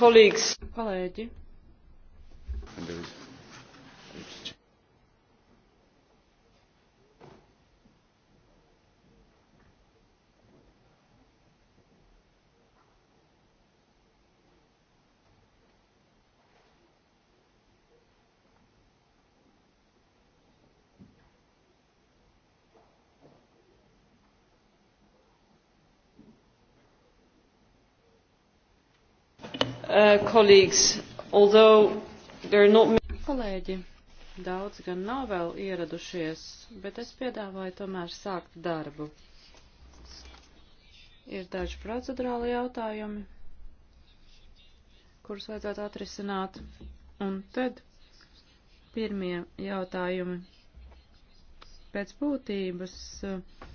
Kolēģis. Um, Kolēģi. Uh, Kolēģi, daudz gan nav vēl ieradušies, bet es piedāvāju tomēr sākt darbu. Ir daži procedurāli jautājumi, kurus vajadzētu atrisināt, un tad pirmie jautājumi pēc būtības uh,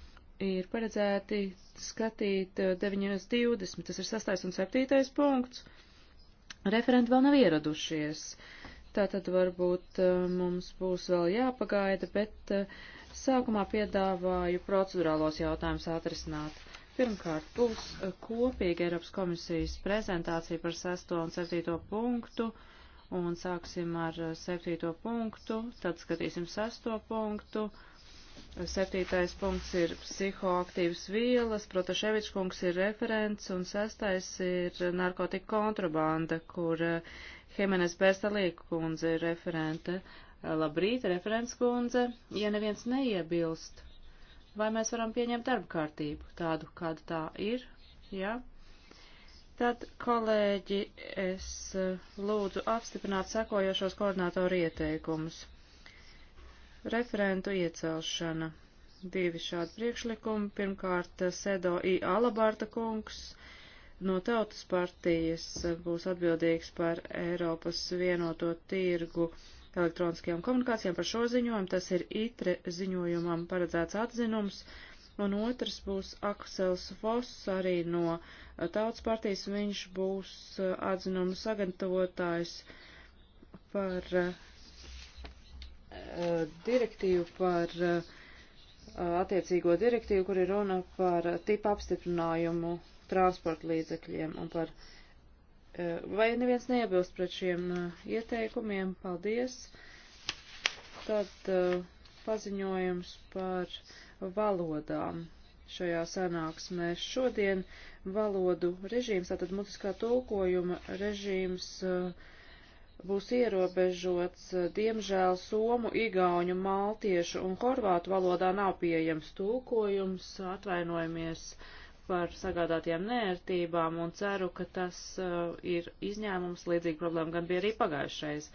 ir paredzēti skatīt 9.20, uh, tas ir 6. un 7. punkts Referenti vēl nav ieradušies. Tātad varbūt eh, mums būs vēl jāpagaida, bet eh, sākumā piedāvāju procedurālos jautājumus atrisināt. Pirmkārt, būs eh, kopīga Eiropas komisijas prezentācija par 6. un 7. punktu, un sāksim ar 7. punktu, tad skatīsim 6. punktu Septītais punkts ir psihoaktīvas vielas, Protaševičs kungs ir referents, un sestais ir narkotika kontrabanda, kur Hemenes eh, Bērsalīka kundze ir referente. Eh, labrīt, referents kundze, ja neviens neiebilst, vai mēs varam pieņemt darba kārtību tādu, kāda tā ir, jā? Ja? Tad, kolēģi, es eh, lūdzu apstiprināt sekojošos koordinātoru ieteikumus referentu iecelšana. Divi šādi priekšlikumi. Pirmkārt, Sedo I. Alabarta kungs no Tautas partijas būs atbildīgs par Eiropas vienoto tirgu elektroniskajām komunikācijām par šo ziņojumu. Tas ir ITRE ziņojumam paredzēts atzinums. Un otrs būs Aksels Voss arī no Tautas partijas. Viņš būs atzinuma sagatavotājs par direktīvu par attiecīgo direktīvu, kur ir runa par tipu apstiprinājumu transporta līdzekļiem un par. Vai neviens neiebilst pret šiem ieteikumiem? Paldies! Tad paziņojums par valodām šajā sanāksmē. Šodien valodu režīms, tātad mutiskā tulkojuma režīms uh, būs ierobežots. Eh, diemžēl somu, igauņu, maltiešu un horvātu valodā nav pieejams tulkojums. Atvainojamies par sagādātajām nērtībām un ceru, ka tas uh, ir izņēmums. Līdzīga problēma gan bija arī pagājušais.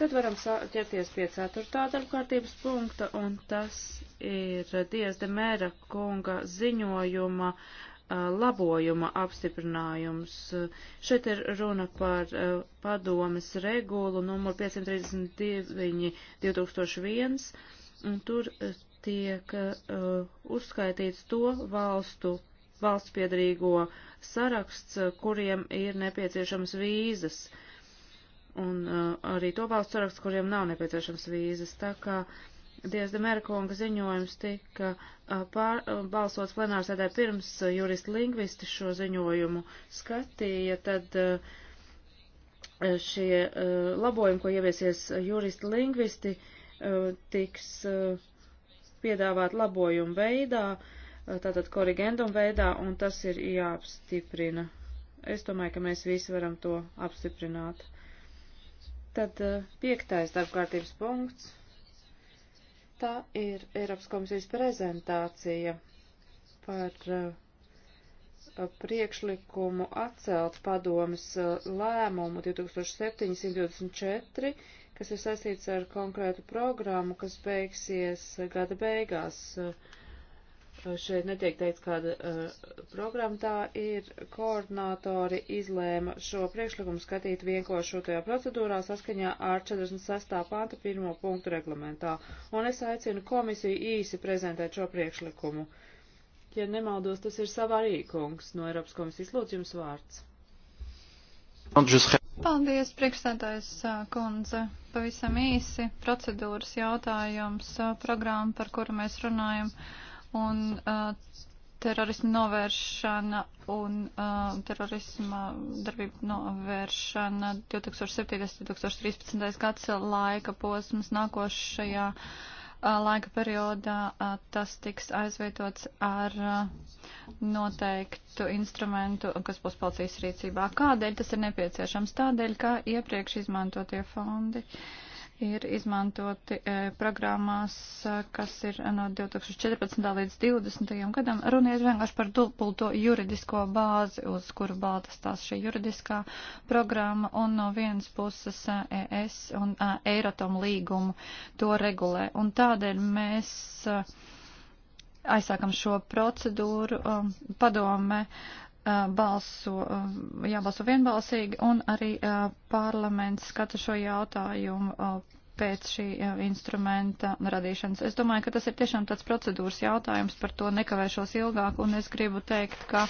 Tad varam ķerties pie ceturtā darbkārtības punkta, un tas ir Diezde Mēra kunga ziņojuma uh, labojuma apstiprinājums. Šeit ir runa par padomes regulu numur 539 2001, un tur tiek uzskaitīts to valstu, valsts piedrīgo saraksts, kuriem ir nepieciešams vīzas, un arī to valsts saraksts, kuriem nav nepieciešams vīzas. Tā kā uh, Dievs Demērkunga ziņojums tika pār, balsots plenārsēdē pirms juristi lingvisti šo ziņojumu skatīja, tad šie labojumi, ko ieviesies juristi lingvisti, tiks piedāvāt labojumu veidā, tātad korigendum veidā, un tas ir jāapstiprina. Es domāju, ka mēs visi varam to apstiprināt. Tad piektais darbkārtības punkts. Tā ir Eiropas komisijas prezentācija par uh, priekšlikumu atcelt padomas uh, lēmumu 2724, kas ir saistīts ar konkrētu programmu, kas beigsies gada beigās. Uh, Šeit netiek teikt, kāda uh, programma tā ir. Koordinātori izlēma šo priekšlikumu skatīt vienkošotajā procedūrā saskaņā ar 46. panta 1. punktu reglamentā. Un es aicinu komisiju īsi prezentēt šo priekšlikumu. Ja nemaldos, tas ir Savarīkungs no Eiropas komisijas. Lūdzu, jums vārds. Paldies, priekšstādājs uh, kundze. Pavisam īsi procedūras jautājums, uh, programma, par kuru mēs runājam. Uh, un uh, terorisma novēršana un uh, terorisma darbību novēršana 2007.-2013. gads laika posms nākošajā uh, laika periodā uh, tas tiks aizvietots ar uh, noteiktu instrumentu, kas būs policijas rīcībā. Kādēļ tas ir nepieciešams? Tādēļ, ka iepriekš izmantotie fondi. Uh, ir izmantoti e, programmās, e, kas ir no 2014. līdz 2020. gadam. Runa ir vienkārši par dubulto juridisko bāzi, uz kuru balstās šī juridiskā programma, un no vienas puses ES e un Eiratom līgumu to regulē. Un tādēļ mēs aizsākam šo procedūru. Um, padome balso, jābalso vienbalsīgi, un arī parlaments skata šo jautājumu pēc šī instrumenta radīšanas. Es domāju, ka tas ir tiešām tāds procedūras jautājums, par to nekavēšos ilgāk, un es gribu teikt, ka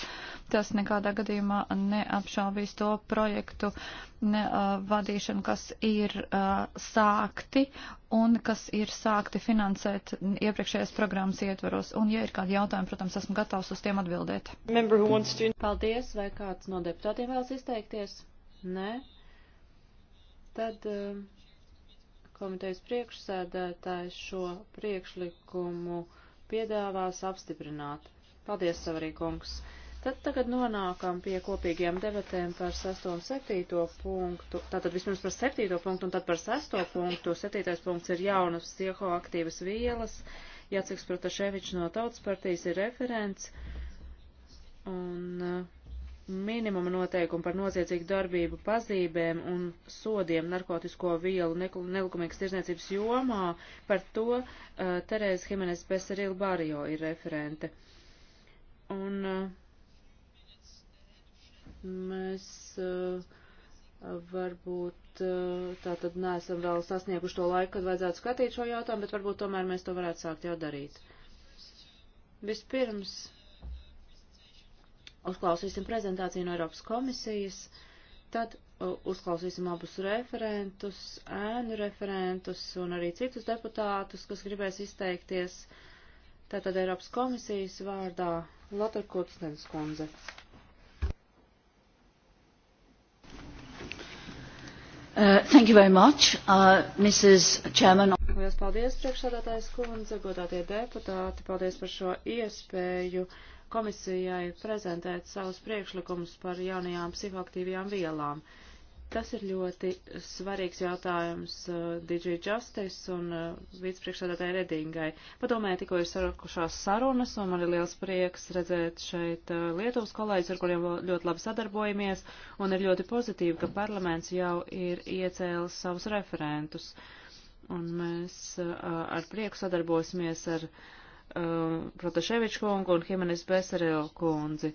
tas nekādā gadījumā neapšaubīs to projektu ne, uh, vadīšanu, kas ir uh, sākti un kas ir sākti finansēt iepriekšējās programmas ietvaros. Un, ja ir kādi jautājumi, protams, esmu gatavs uz tiem atbildēt. Paldies, vai kāds no deputātiem vēlas izteikties? Nē. Tad. Uh... Komitejas priekšsēdētājs šo priekšlikumu piedāvās apstiprināt. Paldies, Savarīkungs! Tad tagad nonākam pie kopīgiem debatēm par 6 un 7 punktu. Tātad vispirms par 7 punktu un tad par 6 punktu. 7 punkts ir jaunas psihoaktīvas vielas. Jāciks Protaševičs no Tautas partijas ir referents. Un uh, minimuma noteikumi par noziedzīgu darbību pazīmēm un sodiem narkotisko vielu nelikumīgas tirzniecības jomā, par to uh, Terēza Himenes Beserila Barijo ir referente. Un uh, mēs uh, varbūt uh, tātad neesam vēl sasnieguši to laiku, kad vajadzētu skatīt šo jautājumu, bet varbūt tomēr mēs to varētu sākt jau darīt. Vispirms uzklausīsim prezentāciju no Eiropas komisijas, tad uzklausīsim abus referentus, ēnu referentus un arī citus deputātus, kas gribēs izteikties. Tātad Eiropas komisijas vārdā Lotar Kutstens kundze. Uh, thank you very much, uh, Mrs. Chairman. Lielas paldies, priekšsādātājs kundze, godātie deputāti, paldies par šo iespēju uh, komisijai prezentēt savus priekšlikumus par jaunajām psihoaktīvajām vielām. Tas ir ļoti svarīgs jautājums uh, DJ Justice un uh, vicepriekšsēdētāji Redingai. Padomē, tikko ir sarukušās sarunas, un man ir liels prieks redzēt šeit uh, Lietuvas kolēģis, ar kuriem ļoti labi sadarbojamies, un ir ļoti pozitīvi, ka parlaments jau ir iecēlis savus referentus. Un mēs uh, ar prieku sadarbosimies ar uh, um, Protaševiču kungu un Himenes Besereo kundzi.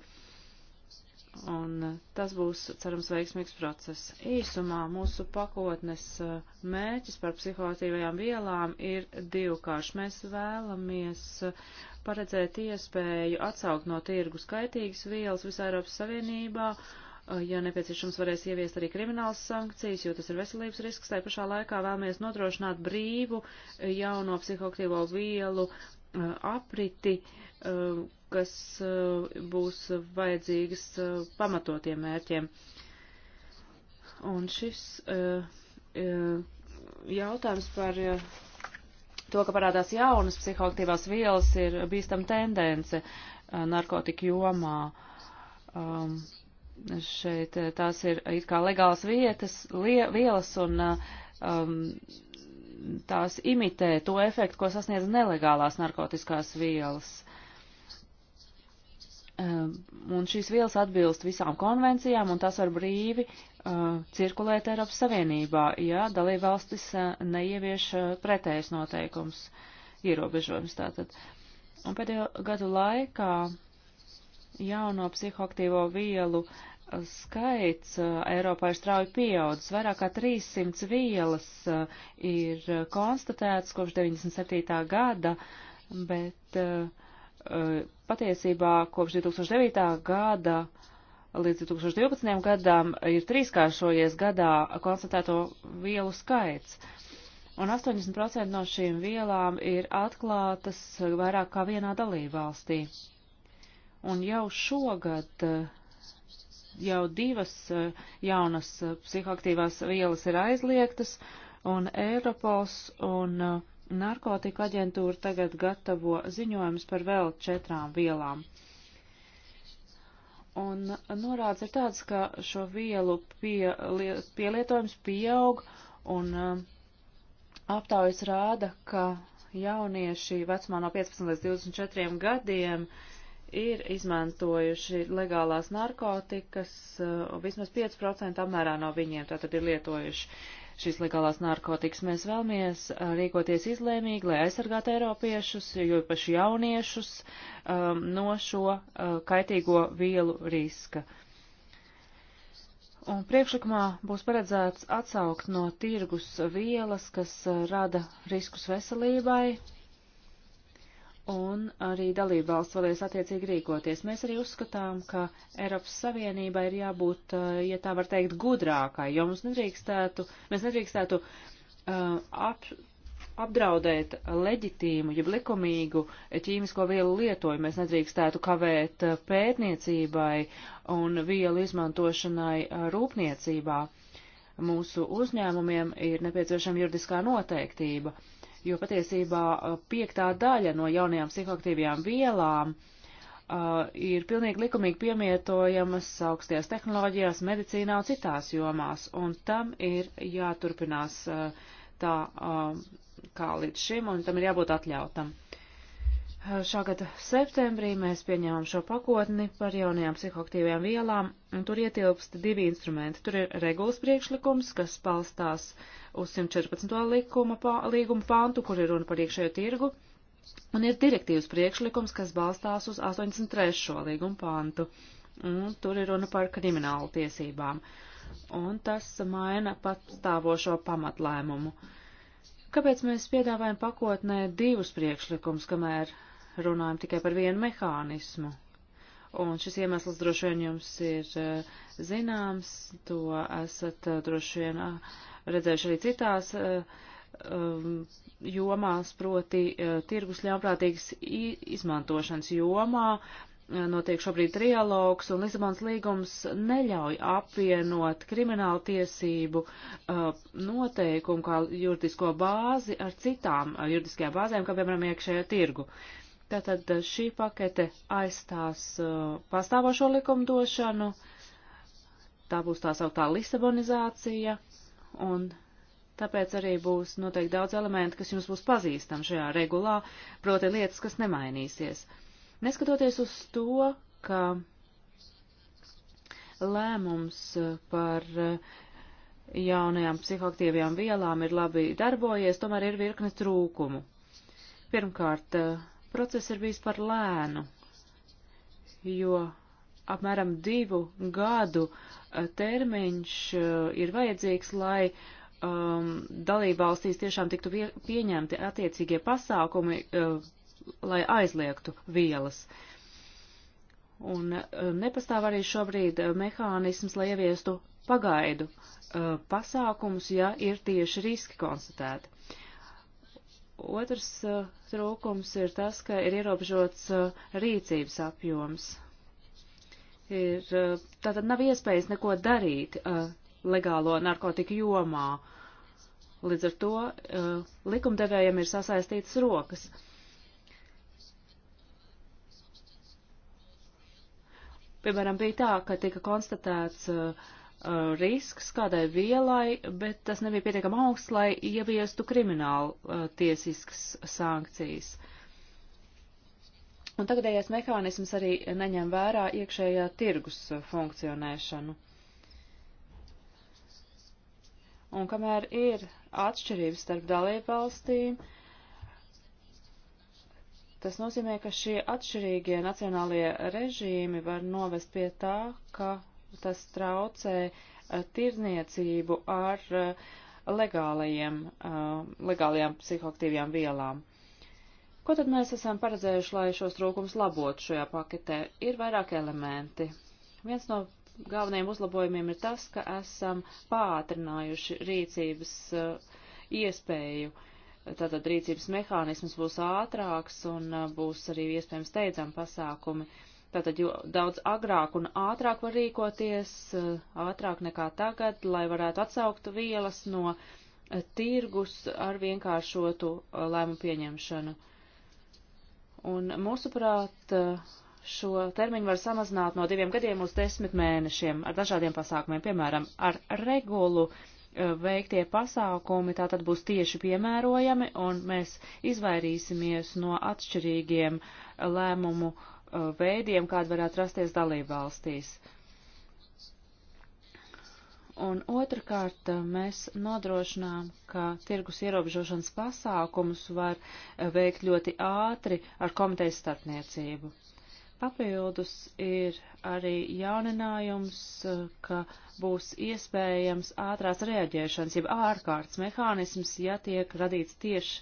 Un uh, tas būs, cerams, veiksmīgs process. Īsumā mūsu pakotnes uh, mērķis par psihoaktīvajām vielām ir divkārši. Mēs vēlamies uh, paredzēt iespēju atsaukt no tirgu skaitīgas vielas visā Eiropas Savienībā, ja nepieciešams varēs ieviest arī kriminālas sankcijas, jo tas ir veselības risks. Tā pašā laikā vēlamies nodrošināt brīvu jauno psihoaktīvo vielu apriti, kas būs vajadzīgas pamatotiem mērķiem. Un šis jautājums par to, ka parādās jaunas psihoaktīvās vielas, ir bīstam tendence narkotika jomā. Um, šeit tās ir it kā legālas vietas, lie, vielas un um, tās imitē to efektu, ko sasniedz nelegālās narkotiskās vielas. Ehm, un šīs vielas atbilst visām konvencijām, un tas var brīvi uh, cirkulēt Eiropas Savienībā, ja dalībvalstis uh, neievieš uh, pretējais noteikums, ierobežojums tātad. Un pēdējo gadu laikā jauno psihoaktīvo vielu uh, skaits Eiropā ir strauji pieaudzis. Vairāk kā 300 vielas ir konstatētas kopš 97. gada, bet patiesībā kopš 2009. gada līdz 2012. gadam ir trīskāršojies gadā konstatēto vielu skaits. Un 80% no šīm vielām ir atklātas vairāk kā vienā dalībvalstī. Un jau šogad uh, jau divas eh, jaunas eh, psihoaktīvās vielas ir aizliegtas, un Eiropols un eh, narkotika aģentūra tagad gatavo ziņojumus par vēl četrām vielām. Un norāds ir tāds, ka šo vielu pie, li, pielietojums pieaug, un um, aptaujas rāda, ka jaunieši vecumā no 15 līdz 24 gadiem uh, ir izmantojuši legālās narkotikas, uh, vismaz 5% apmērā no viņiem tātad ir lietojuši šīs legālās narkotikas. Mēs vēlamies uh, rīkoties izlēmīgi, lai aizsargātu eiropiešus, jo īpaši jauniešus, um, no šo uh, kaitīgo vielu riska. Un priekšlikumā būs paredzēts atsaukt no tirgus vielas, kas rada riskus veselībai, un arī dalībvalsts vēlies attiecīgi rīkoties. Mēs arī uzskatām, ka Eiropas Savienībai ir jābūt, eh, ja tā var teikt, gudrākai, jo mums nedrīkstētu, mēs nedrīkstētu uh, ap, apdraudēt leģitīmu, jeb likumīgu ķīmisko vielu lietojumu. Mēs nedrīkstētu kavēt eh, pētniecībai un vielu izmantošanai rūpniecībā. Mūsu uzņēmumiem ir nepieciešama juridiskā noteiktība. Uh, jo patiesībā uh, piektā daļa no jaunajām psihoaktīvajām vielām uh, ir pilnīgi likumīgi piemietojamas augstajās tehnoloģijās, medicīnā un citās jomās, un tam ir jāturpinās uh, tā uh, kā līdz šim, un tam ir jābūt atļautam. Šā gada septembrī mēs pieņēmām šo pakotni par jaunajām psihoaktīvajām vielām, un tur ietilpst divi instrumenti. Tur ir regulas priekšlikums, kas palstās uz 114. Likuma, pā, līguma pantu, kur ir runa par iekšējo tirgu, un ir direktīvas priekšlikums, kas balstās uz 83. līguma pantu, un tur ir runa par kriminālu tiesībām, un tas maina patstāvošo pamatlēmumu. Kāpēc mēs piedāvājam pakotnē divus priekšlikumus, kamēr runājam tikai par vienu mehānismu. Un šis iemesls droši vien jums ir eh, zināms, to esat eh, droši vien ah, redzējuši arī citās eh, um, jomās, proti tirgus ļaunprātīgas izmantošanas jomā. Notiek šobrīd trialogs, un Lisabons līgums neļauj apvienot kriminālu tiesību noteikumu kā juridisko bāzi ar citām juridiskajām bāzēm, kā piemēram iekšējo tirgu. Uh, Tātad eh, šī pakete aizstās uh, pastāvošo likumdošanu, tā būs tā sauktā Lisabonizācija, un tāpēc arī būs noteikti daudz elementu, kas jums būs pazīstam šajā regulā, proti lietas, kas nemainīsies. Neskatoties uz to, ka lēmums eh, par jaunajām psihoaktīvajām vielām ir labi darbojies, tomēr ir virkne trūkumu. Pirmkārt, uh, Process ir bijis par lēnu, jo apmēram divu gadu eh, termiņš eh, ir vajadzīgs, lai um, dalībvalstīs tiešām tiktu vie, pieņemti attiecīgie pasākumi, uh, lai aizliegtu vielas. Un uh, nepastāv arī šobrīd mehānisms, lai ieviestu pagaidu uh, pasākumus, ja ir tieši riski konstatēti. Otrs uh, trūkums ir tas, ka ir ierobežots uh, rīcības apjoms. Ir, uh, tātad nav iespējas neko darīt legālo narkotiku jomā. Līdz ar to likumdevējiem ir sasaistītas rokas. Piemēram, bija tā, ka tika konstatēts uh, uh, risks kādai vielai, bet tas nebija pietiekami augsts, lai ieviestu kriminālu uh, tiesiskas sankcijas. Un tagadējais mehānisms arī neņem vērā iekšējā tirgus uh, funkcionēšanu. Un kamēr ir atšķirības starp dalībvalstīm, tas nozīmē, ka šie atšķirīgie nacionālie režīmi var novest pie tā, ka tas traucē tirniecību ar legālajiem, legālajām psihoaktīvajām vielām. Ko tad mēs esam paredzējuši, lai šos trūkums labotu šajā paketē? Ir vairāk elementi. Viens no galvenajiem uzlabojumiem ir tas, ka esam pātrinājuši rīcības iespēju. Tātad rīcības mehānisms būs ātrāks un būs arī iespējams steidzami pasākumi. Uh, Tātad, jo daudz agrāk un ātrāk var rīkoties, eh, ātrāk nekā tagad, lai varētu atsaukt vielas no eh, tirgus ar vienkāršotu eh, lēmu pieņemšanu. Un mūsuprāt, šo termiņu var samazināt no diviem gadiem uz desmit mēnešiem ar dažādiem pasākumiem, piemēram, ar regulu veiktie pasākumi tātad būs tieši piemērojami, un mēs izvairīsimies no atšķirīgiem lēmumu uh, Uh, veidiem, kāda varētu rasties dalībvalstīs. Un otrkārt, uh, mēs nodrošinām, ka tirgus ierobežošanas pasākumus var uh, veikt ļoti ātri ar komitejas starpniecību. Papildus ir arī jauninājums, ka būs iespējams ātrās reaģēšanas, jeb ārkārtas mehānisms, ja tiek radīts tieši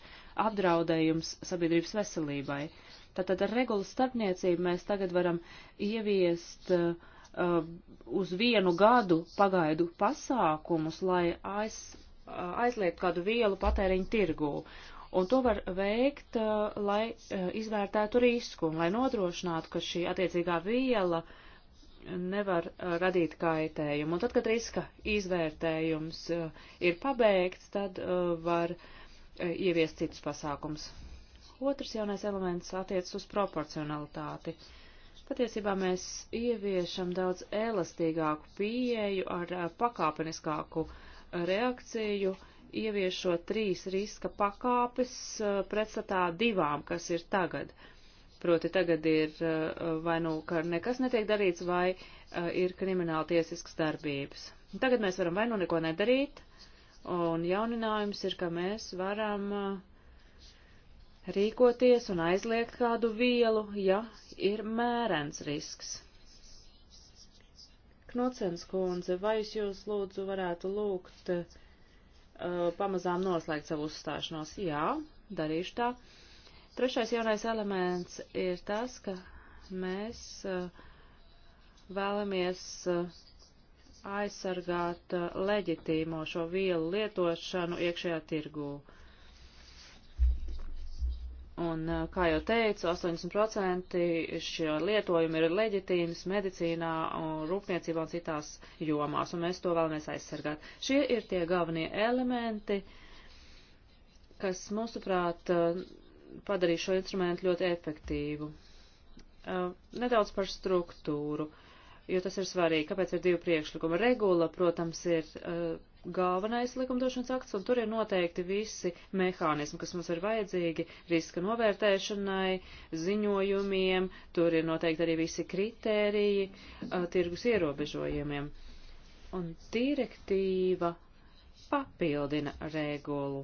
apdraudējums sabiedrības veselībai. Uh, Tātad ar regulu starpniecību mēs tagad varam ieviest uh, uz vienu gadu pagaidu pasākumus, lai aiz, uh, aizliegt kādu vielu patēriņu tirgū. Un to var veikt, uh, lai uh, izvērtētu risku un lai nodrošinātu, ka šī attiecīgā viela nevar uh, radīt kaitējumu. Un tad, kad riska izvērtējums uh, ir pabeigts, tad var ieviest citus pasākums. Otrs jaunais elements attiecas uz proporcionalitāti. Patiesībā mēs ieviešam daudz elastīgāku pieeju ar pakāpeniskāku reakciju, ieviešot trīs riska pakāpes pretstatā divām, kas ir tagad. Proti tagad ir vai nu, ka nekas netiek darīts, vai ir krimināla tiesiskas darbības. Tagad mēs varam vai nu neko nedarīt, un jauninājums ir, ka mēs varam uh, rīkoties un aizliegt kādu vielu, ja ir mērens risks. Knocens kundze, vai es jūs lūdzu varētu lūgt uh, pamazām noslēgt savu uzstāšanos? Jā, darīšu tā. Trešais jaunais elements ir tas, ka mēs uh, vēlamies uh, aizsargāt uh, leģitīmo šo vielu lietošanu iekšējā tirgū. Uh, Un, eh, kā jau teicu, 80% šie lietojumi ir leģitīmas medicīnā, rūpniecībā un citās jomās, un mēs to vēlamies aizsargāt. Šie ir tie galvenie elementi, kas, mūsuprāt, eh, padarīs šo instrumentu ļoti efektīvu. Eh, nedaudz par struktūru. Uh, jo tas ir svarīgi. Kāpēc ir divi priekšlikumi? Regula, protams, ir uh, galvenais likumdošanas akts, un tur ir noteikti visi mehānismi, kas mums ir vajadzīgi riska novērtēšanai, ziņojumiem, tur ir noteikti arī visi kritēriji uh, tirgus ierobežojumiem. Un direktīva papildina regulu.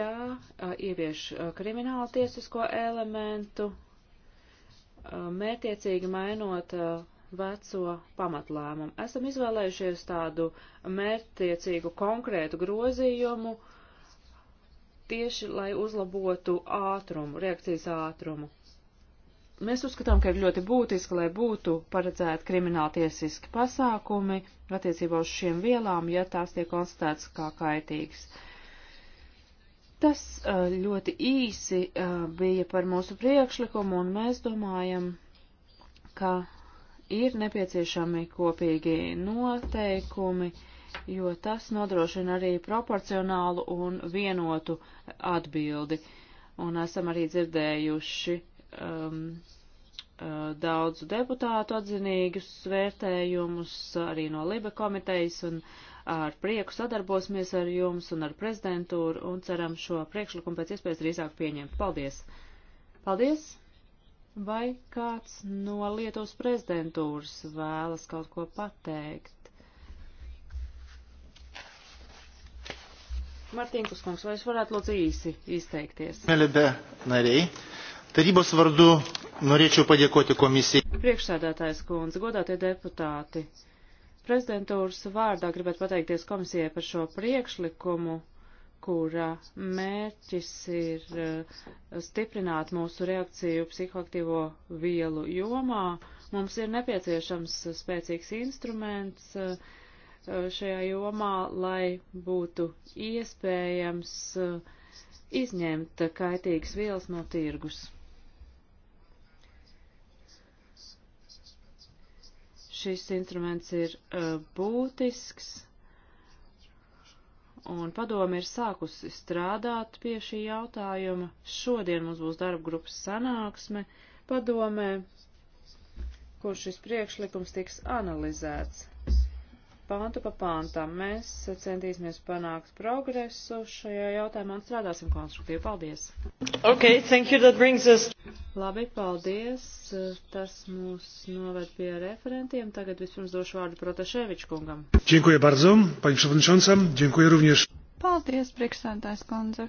Tā uh, ievieš uh, kriminālu tiesisko elementu, mērtiecīgi mainot uh, veco pamatlēmumu. Esam izvēlējušies tādu mērtiecīgu konkrētu grozījumu tieši, lai uzlabotu ātrumu, reakcijas ātrumu. Mēs uzskatām, ka ir ļoti būtiski, lai būtu paredzēti krimināltiesiski pasākumi attiecībā uz šiem vielām, ja tās tiek konstatētas kā kaitīgas. Uh, Tas uh, ļoti īsi uh, bija par mūsu priekšlikumu, un mēs domājam, ka ir nepieciešami kopīgi noteikumi, jo tas nodrošina arī proporcionālu un vienotu atbildi. Un esam arī dzirdējuši um, uh, daudzu deputātu atzinīgus vērtējumus arī no Liba komitejas un Ar prieku sadarbosimies ar jums un ar prezidentūru un ceram šo priekšlikumu pēc iespējas drīzāk pieņemt. Paldies! Paldies! Vai kāds no Lietuvas prezidentūras vēlas kaut ko pateikt? Martīnkus kungs, vai jūs varētu lūdzu īsi izteikties? Melebe nariai, tarybos vardu norėčiau padėkoti komisijai. Priekšsēdētājs kundze, godātie deputāti, Prezidentūras vārdā gribētu pateikties komisijai par šo priekšlikumu, kura mērķis ir eh, stiprināt mūsu reakciju psihoaktīvo vielu jomā. Mums ir nepieciešams spēcīgs instruments eh, šajā jomā, lai būtu iespējams eh, izņemt kaitīgas vielas no tirgus. Šis instruments ir uh, būtisks, un padomi ir sākusi strādāt pie šī jautājuma. Šodien mums būs darba grupas sanāksme padomē, kur šis priekšlikums tiks analizēts pāntu pa pāntām. Mēs centīsimies panākt progresu šajā jautājumā un strādāsim konstruktīvi. Paldies! Okay, thank you, that brings us. Labi, paldies. Tas mūs noved pie referentiem. Tagad vispirms došu vārdu Protaševiču kungam. Dziękuję bardzo, pani przewodniczącam. Dziękuję również. Paldies, priekšsēdājs kundze.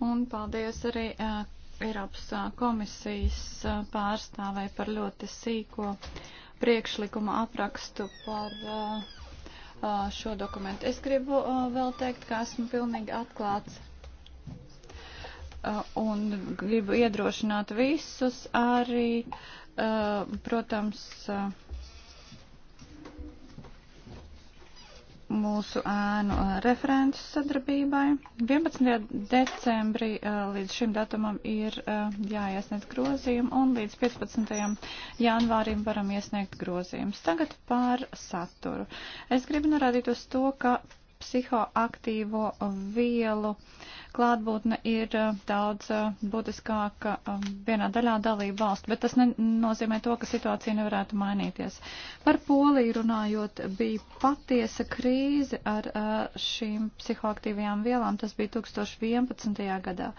Un paldies arī uh, Eiropas uh, komisijas uh, pārstāvai par ļoti sīko. Uh, priekšlikuma aprakstu par uh, uh, šo dokumentu. Es gribu uh, vēl teikt, ka esmu pilnīgi atklāts un gribu iedrošināt visus arī, protams, mūsu ēnu referentu sadarbībai. 11. decembrī līdz šim datumam ir jāiesniedz grozījumi un līdz 15. janvārim varam iesniegt grozījumus. Tagad par saturu. Es gribu norādīt uz to, ka psihoaktīvo vielu klātbūtne ir eh, daudz eh, būtiskāka eh, vienā daļā dalību valstu, bet tas nenozīmē to, ka situācija nevarētu mainīties. Par Poliju runājot, bija patiesa krīze ar šīm psihoaktīvajām vielām, tas bija 2011. gadā.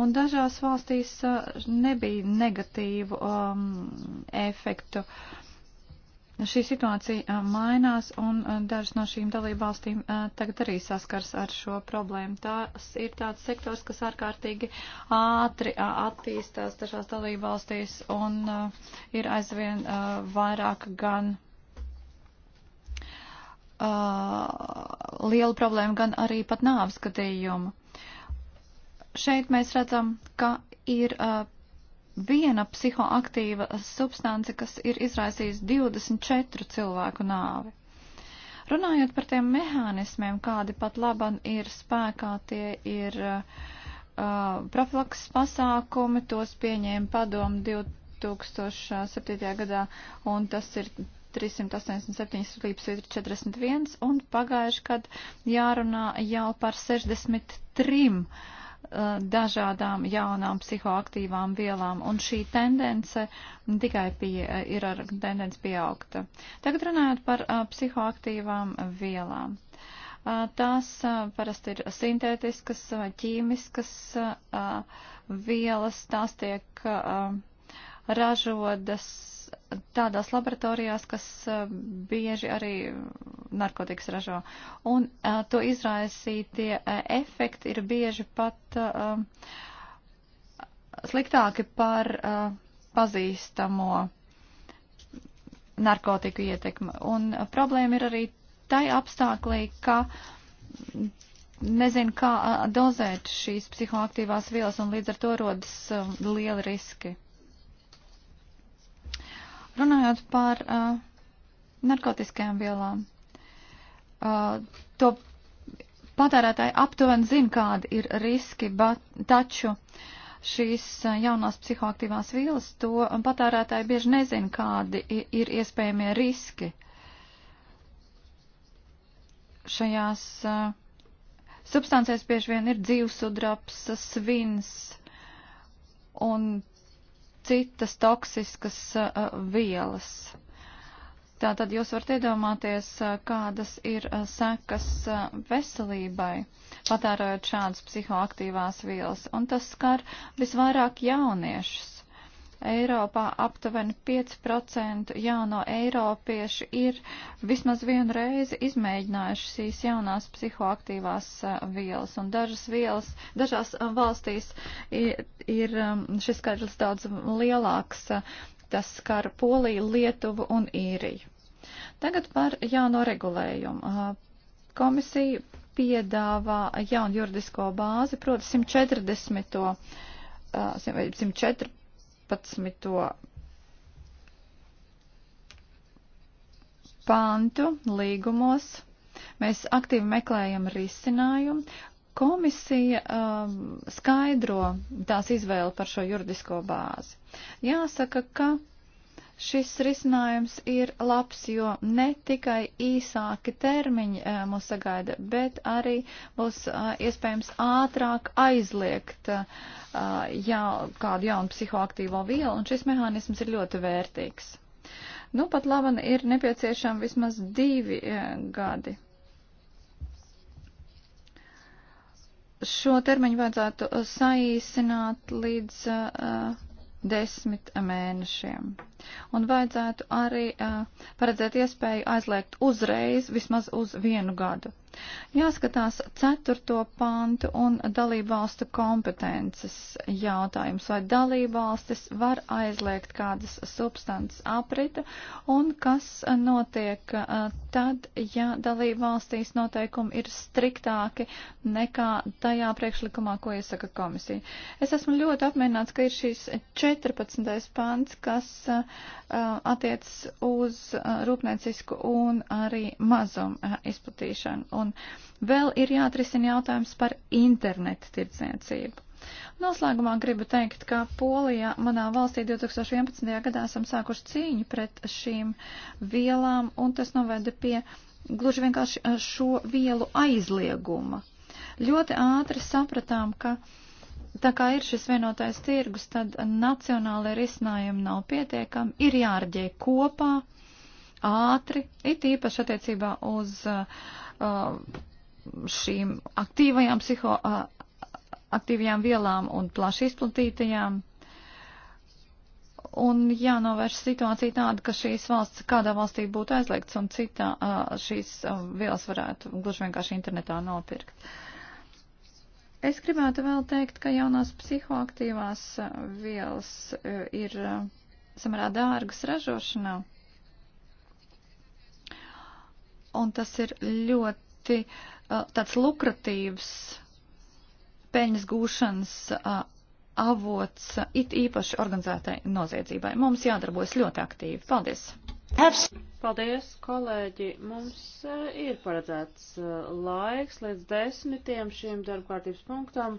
Un dažās valstīs nebija negatīvu um, efektu. Uh, Šī situācija mainās, un dažas no šīm dalībvalstīm tagad arī saskars ar šo problēmu. Tās ir tāds sektors, kas ārkārtīgi ātri attīstās dažās dalībvalstīs, un ir aizvien vairāk gan liela problēma, gan arī pat nāvs gadījumu. Šeit mēs redzam, ka ir viena psihoaktīva substance, kas ir izraisījusi 24 cilvēku nāvi. Runājot par tiem mehānismiem, kādi pat laban ir spēkā, tie ir uh, profilaks pasākumi, tos pieņēma padomu 2007. gadā, un tas ir 387 līdz 41, un pagājuši, kad jārunā jau par 63 Eh, dažādām jaunām psihoaktīvām vielām, un šī tendence tikai pie, eh, ir ar tendence pieaugta. Tagad runājot par eh, psihoaktīvām vielām. Tās parasti ir sintētiskas vai ķīmiskas vielas, tās tiek ražotas tādās laboratorijās, kas eh, bieži arī narkotikas ražo. Un eh, to izraisītie eh, efekti ir bieži pat sliktāki par pazīstamo narkotiku ietekmi. Un problēma ir arī tai apstāklī, ka nezinu, kā dozēt šīs psihoaktīvās vielas, un līdz ar to rodas lieli riski. Runājot par uh, narkotiskajām vielām, uh, to patērētāji aptuveni zina, kādi ir riski, bet taču šīs uh, jaunās psihoaktīvās vielas, to patērētāji bieži nezina, kādi ir iespējamie riski šajās uh, substancēs bieži vien ir dzīvesudraps, svins, un citas toksiskas uh, vielas. Tātad jūs varat iedomāties, uh, kādas ir uh, sekas veselībai, patērojot šādas psihoaktīvās vielas, un tas skar visvairāk jauniešus. Eiropā aptuveni 5% jauno eiropiešu ir vismaz vienu reizi izmēģinājuši šīs jaunās psihoaktīvās eh, vielas, un dažas vielas, dažās eh, valstīs ir, ir um, šis skaidrs daudz lielāks, eh, tas skar Poliju, Lietuvu un Īriju. Tagad par jauno regulējumu. Komisija piedāvā jaunu juridisko bāzi, proti 140. 140 15. pantu līgumos mēs aktīvi meklējam risinājumu. Komisija um, skaidro tās izvēli par šo juridisko bāzi. Jāsaka, ka Šis risinājums ir labs, jo ne tikai īsāki termiņi eh, mūs sagaida, bet arī būs eh, iespējams ātrāk aizliegt eh, jā, kādu jaunu psihoaktīvo vielu, un šis mehānisms ir ļoti vērtīgs. Nu, pat laban ir nepieciešami vismaz divi gadi. Šo termiņu vajadzētu saīsināt līdz uh, desmit mēnešiem. Un vajadzētu arī uh, paredzēt iespēju aizliegt uzreiz vismaz uz vienu gadu. Jāskatās ceturto pantu un dalībvalstu kompetences jautājums, vai dalībvalstis var aizliegt kādas substances apritu un kas notiek uh, tad, ja dalībvalstīs noteikumi ir striktāki nekā tajā priekšlikumā, ko iesaka komisija. Es esmu ļoti apmierināts, ka ir šīs 14. pants, kas uh, attiec uz uh, rūpniecisku un arī mazumu izplatīšanu un vēl ir jāatrisina jautājums par internetu tirdzniecību. Noslēgumā gribu teikt, ka Polijā, manā valstī 2011. gadā esam sākuši cīņu pret šīm vielām, un tas noveda pie gluži vienkārši eh, šo vielu aizlieguma. Ļoti ātri sapratām, ka tā kā ir šis vienotais tirgus, tad nacionālai risinājumi nav pietiekami, ir jārģē kopā, ātri, it īpaši attiecībā uz uh, Uh, šīm aktīvajām psihoaktīvajām uh, vielām un plaši izplatītajām. Un jānovērš situācija tāda, ka šīs valsts kādā valstī būtu aizliegts un citā uh, šīs vielas varētu gluži vienkārši internetā nopirkt. Es gribētu vēl teikt, ka jaunās psihoaktīvās vielas ir samērā dārgas ražošanā un tas ir ļoti uh, tāds lukratīvs peļņas gūšanas uh, avots uh, it īpaši organizētai noziedzībai. Mums jādarbojas ļoti aktīvi. Paldies! Paldies, kolēģi! Mums uh, ir paredzēts uh, laiks līdz desmitiem šiem darbkārtības punktam,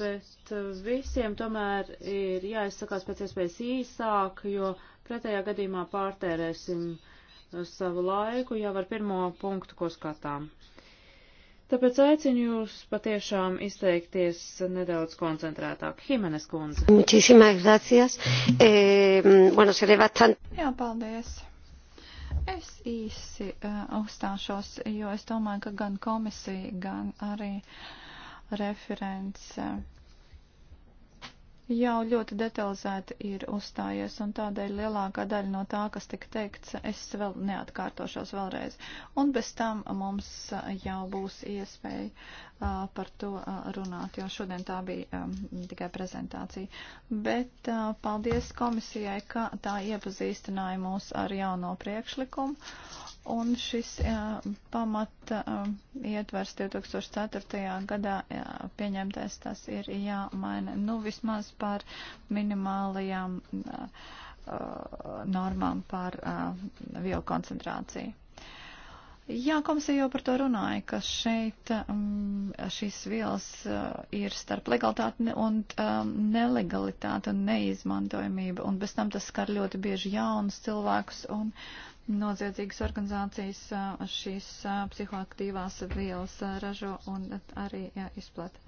bet uh, visiem tomēr ir jāizsakās pēc iespējas īsāk, jo pretējā gadījumā pārtērēsim uh, savu laiku jau ar pirmo punktu, ko skatām. Tāpēc aicinu jūs patiešām izteikties nedaudz koncentrētāk. Himenes kundze. Muchísimas gracias. Eh, bueno, seré bastante. Jā, paldies. Es īsi uh, uzstāšos, jo es domāju, ka gan komisija, gan arī referents. Uh, jau ļoti detalizēti ir uzstājies, un tādēļ lielākā daļa no tā, kas tika teikts, es vēl neatkārtošos vēlreiz. Un bez tam mums jau būs iespēja par to runāt, jo šodien tā bija tikai prezentācija. Bet paldies komisijai, ka tā iepazīstināja mūs ar jauno priekšlikumu Un šis jā, pamata ietvers 2004. gadā jā, pieņemtais tas ir jāmaina nu vismaz par minimālajām jā, normām par vielu koncentrāciju. Jā, komisija jau par to runāja, ka šeit um, šīs vielas uh, ir starp legalitāti un um, nelegalitāti un neizmantojamība, un bez tam tas skar ļoti bieži jaunus cilvēkus, un uh, noziedzīgas organizācijas šīs psihoaktīvās vielas ražo un arī izplata.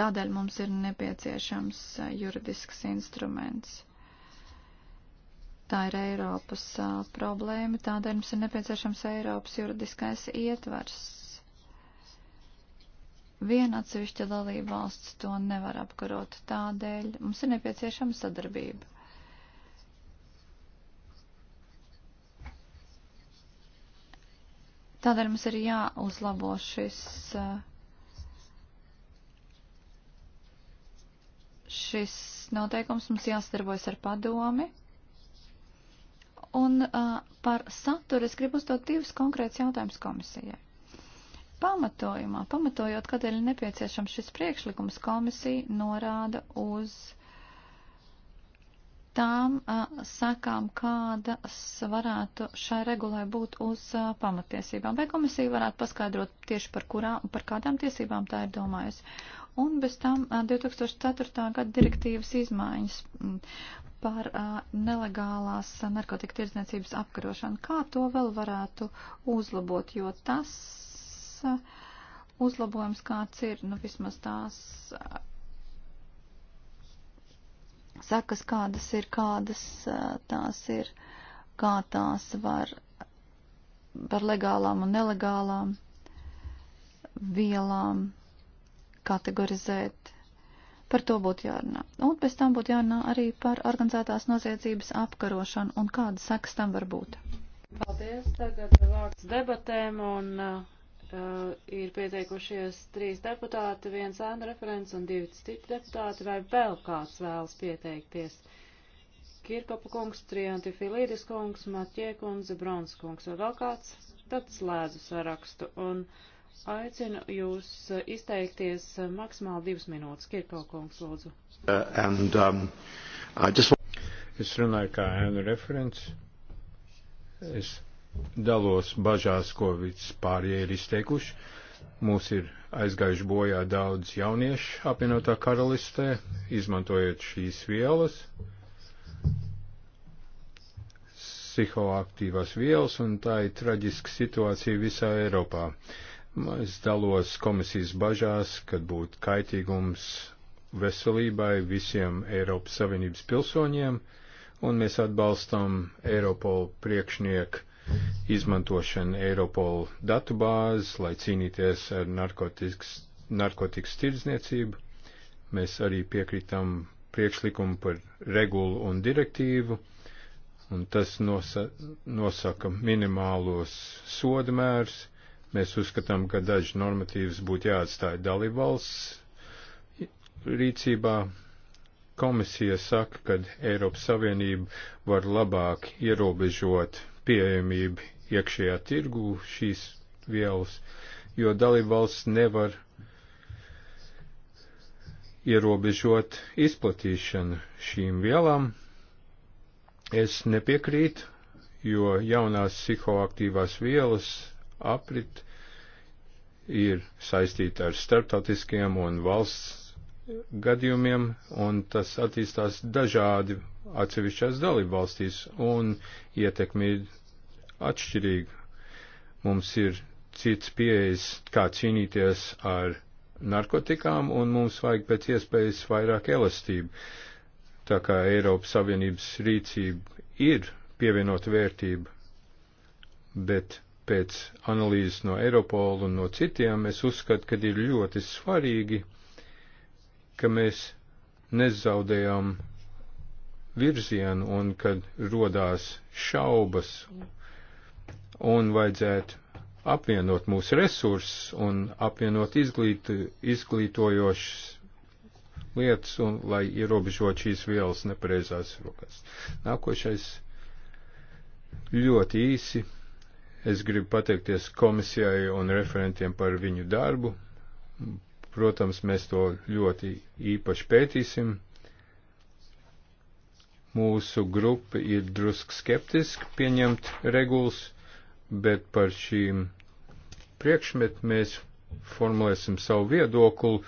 Tādēļ mums ir nepieciešams juridisks instruments. Tā ir Eiropas problēma, tādēļ mums ir nepieciešams Eiropas juridiskais ietvars. Viena atsevišķa dalība valsts to nevar apkarot, tādēļ mums ir nepieciešama sadarbība Tādēļ mums ir jāuzlabo šis, eh, šis noteikums, mums jāsadarbojas ar padomi. Un uh, par saturu es gribu uzdot divus konkrētus jautājumus komisijai pamatojumā, pamatojot, kādēļ ir nepieciešams šis priekšlikums, komisija norāda uz tām sakām, kādas varētu šai regulai būt uz pamatiesībām. Vai komisija varētu paskaidrot tieši par, kurā, par kādām tiesībām tā ir domājusi? Un bez tam 2004. gada direktīvas izmaiņas par nelegālās narkotika tirdzniecības apkarošanu. Kā to vēl varētu uzlabot, jo tas uzlabojums kāds ir, nu vismaz tās sakas, kādas ir, kādas eh, tās ir, kā tās var par legālām un nelegālām vielām kategorizēt. Par to būtu jārunā. Un pēc tam būtu jārunā arī par organizētās noziedzības apkarošanu un kāda sekas tam var būt. Paldies, tagad vārds debatēm un uh, Uh, ir pieteikušies trīs deputāti, viens ēnu referents un divi citi deputāti, vai vēl kāds vēlas pieteikties. Kirkopa kungs, Trianti Filīdis kungs, Matjē kundze, Brons kungs, vai vēl kāds? Tad slēdzu sarakstu un aicinu jūs eh, izteikties eh, maksimāli divas minūtes. Kirkopa kungs, lūdzu. Uh, and, um, just... Es runāju kā ēnu referents. Es dalos bažās, ko vispārējie ir izteikuši. Mūs ir aizgājuši bojā daudz jauniešu apvienotā karalistē, izmantojot šīs vielas, psihoaktīvās vielas, un tā ir traģiska situācija visā Eiropā. Es dalos komisijas bažās, kad būtu kaitīgums veselībai visiem Eiropas Savienības pilsoņiem, un mēs atbalstam Eiropolu priekšnieku izmantošana Eiropola datubāzes, lai cīnīties ar narkotikas, narkotikas tirdzniecību. Mēs arī piekrītam priekšlikumu par regulu un direktīvu, un tas nosa, nosaka minimālos sodamērs. Mēs uzskatām, ka daži normatīvas būtu jāatstāja dalībvalsts rīcībā, komisija saka, ka Eiropas Savienība var labāk ierobežot pieejamību iekšējā tirgu šīs vielas, jo dalībvalsts nevar ierobežot izplatīšanu šīm vielām. Es nepiekrītu, jo jaunās psihoaktīvās vielas aprit ir saistīta ar starptautiskiem un valsts gadījumiem, un tas attīstās dažādi atsevišķās dalībvalstīs, un ietekmi ir atšķirīga. Mums ir cits pieejas, kā cīnīties ar narkotikām, un mums vajag pēc iespējas vairāk elastību. Tā kā Eiropas Savienības rīcība ir pievienota vērtība, bet pēc analīzes no Eiropola un no citiem es uzskatu, ka ir ļoti svarīgi, ka mēs nezaudējām virzienu un kad rodās šaubas un vajadzētu apvienot mūsu resursus un apvienot izglīt, izglītojošas lietas, un, lai ierobežot šīs vielas nepareizās rokās. Nākošais ļoti īsi. Es gribu pateikties komisijai un referentiem par viņu darbu. Protams, mēs to ļoti īpaši pētīsim mūsu grupa ir drusk skeptiski pieņemt regulas, bet par šīm priekšmet mēs formulēsim savu viedokli,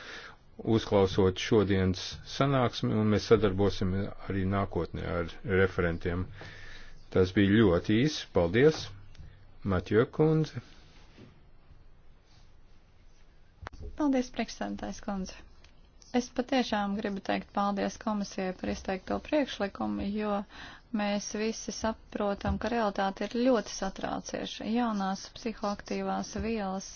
uzklausot šodienas sanāksmi, un mēs sadarbosim arī nākotnē ar referentiem. Tas bija ļoti īsi. Paldies, Matjo kundze. Paldies, priekšsēdētājs kundze. Es patiešām gribu teikt paldies komisijai par izteikto priekšlikumu, jo mēs visi saprotam, ka realitāte ir ļoti satraucieša. Jaunās psihoaktīvās vielas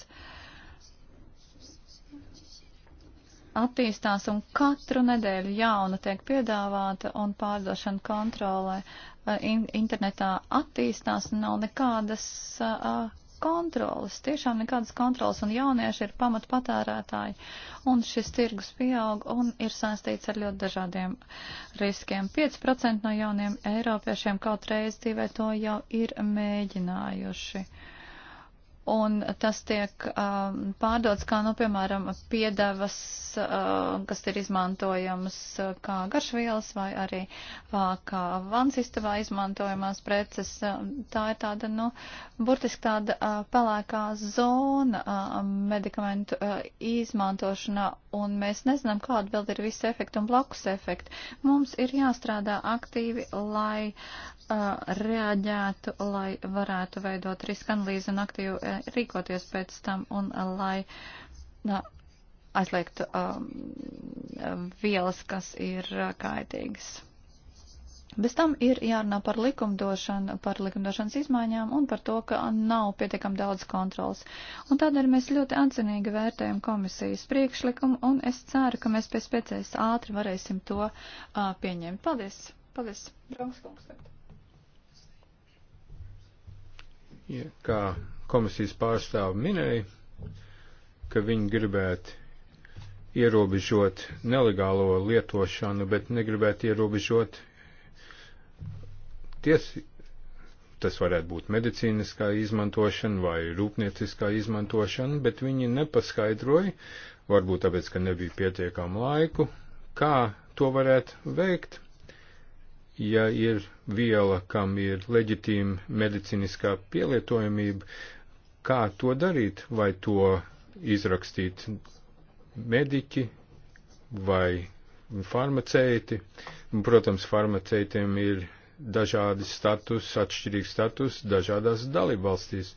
attīstās un katru nedēļu jauna tiek piedāvāta un pārdošana kontrolē eh, internetā attīstās un nav nekādas eh, kontrolas, tiešām nekādas kontrolas, un jaunieši ir pamat patērētāji, un šis tirgus pieaug un ir saistīts ar ļoti dažādiem riskiem. 5% no jauniem eiropiešiem kaut reiz dzīvē to jau ir mēģinājuši. Uh, un tas tiek uh, pārdots kā, nu, piemēram, piedevas, uh, kas ir izmantojams uh, kā garšvielas vai arī uh, kā vansistavā izmantojamās preces. Uh, tā ir tāda, nu, burtiski tāda uh, pelēkā zona uh, medikamentu uh, izmantošanā un mēs nezinām, kāda vēl ir visa efekta un blakus efekta. Mums ir jāstrādā aktīvi, lai uh, reaģētu, lai varētu veidot riska analīzi un aktīvi uh, rīkoties pēc tam, un uh, lai uh, aizliegtu uh, um, vielas, kas ir uh, kaitīgas. Bez tam ir jārunā par likumdošanu, par likumdošanas izmaiņām un par to, ka nav pietiekam daudz kontrols. Un tādēļ mēs ļoti atzinīgi vērtējam komisijas priekšlikumu, un es ceru, ka mēs pēc pēcējas ātri varēsim to uh, pieņemt. Paldies! Paldies! Draugs kungs! Ja, kā komisijas pārstāvi minēja, ka viņi gribētu ierobežot nelegālo lietošanu, bet negribētu ierobežot Ties, tas varētu būt medicīniskā izmantošana vai rūpnieciskā izmantošana, bet viņi nepaskaidroja, varbūt tāpēc, ka nebija pietiekama laiku, kā to varētu veikt, ja ir viela, kam ir leģitīma medicīniskā pielietojamība, kā to darīt, vai to izrakstīt mediķi vai farmaceiti. Protams, farmaceitiem ir dažādi status, atšķirīgs status dažādās dalībvalstīs.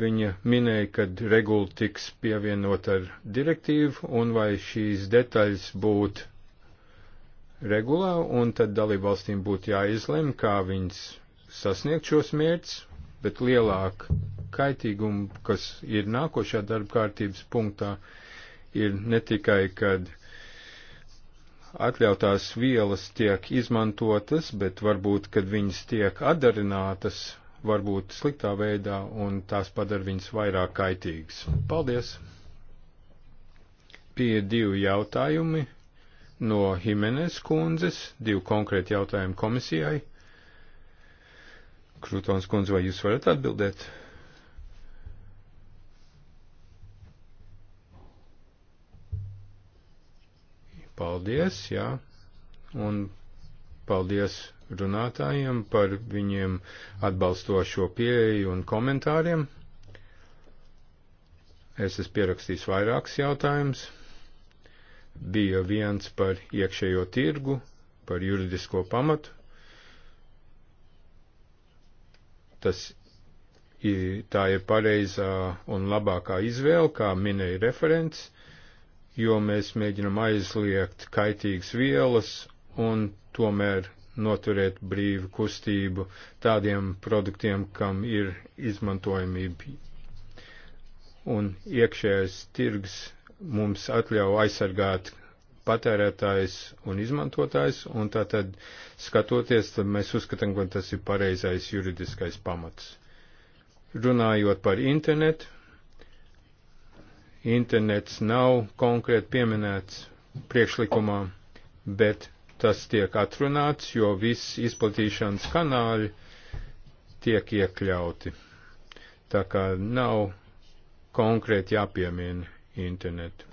Viņa minēja, ka regula tiks pievienot ar direktīvu un vai šīs detaļas būtu regulā, un tad dalībvalstīm būtu jāizlem, kā viņas sasniegt šos mērķus, bet lielāka kaitīguma, kas ir nākošā darba kārtības punktā, ir ne tikai, kad atļautās vielas tiek izmantotas, bet varbūt, kad viņas tiek atdarinātas, varbūt sliktā veidā, un tās padara viņas vairāk kaitīgas. Paldies! Pie divi jautājumi no Himenes kundzes, divi konkrēti jautājumi komisijai. Krūtons kundze, vai jūs varat atbildēt? Paldies, jā. Un paldies runātājiem par viņiem atbalstošo pieeju un komentāriem. Es esmu pierakstījis vairākus jautājumus. Bija viens par iekšējo tirgu, par juridisko pamatu. Tas ir, tā ir pareizā un labākā izvēle, kā minēja referents jo mēs mēģinam aizliegt kaitīgas vielas un tomēr noturēt brīvu kustību tādiem produktiem, kam ir izmantojamība. Un iekšējais tirgs mums atļauj aizsargāt patērētājs un izmantotājs, un tātad skatoties, tad mēs uzskatām, ka tas ir pareizais juridiskais pamats. Runājot par internetu, internets nav konkrēti pieminēts priekšlikumā, bet tas tiek atrunāts, jo viss izplatīšanas kanāļi tiek iekļauti. Tā kā nav konkrēti jāpiemina internetu.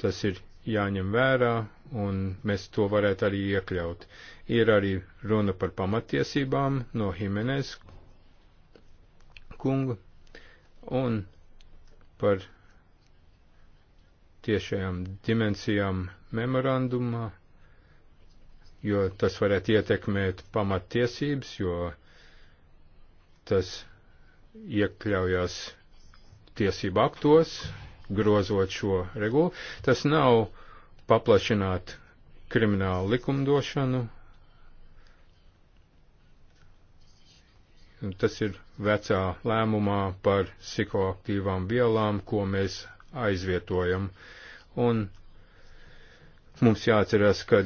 Tas ir jāņem vērā, un mēs to varētu arī iekļaut. Ir arī runa par pamatiesībām no Himenes kunga, un par tiešajām dimensijām memorandumā, jo tas varētu ietekmēt pamattiesības, jo tas iekļaujās tiesību aktos, grozot šo regulu. Tas nav paplašināt kriminālu likumdošanu, Tas ir vecā lēmumā par psihoaktīvām vielām, ko mēs aizvietojam. Un mums jāatcerās, ka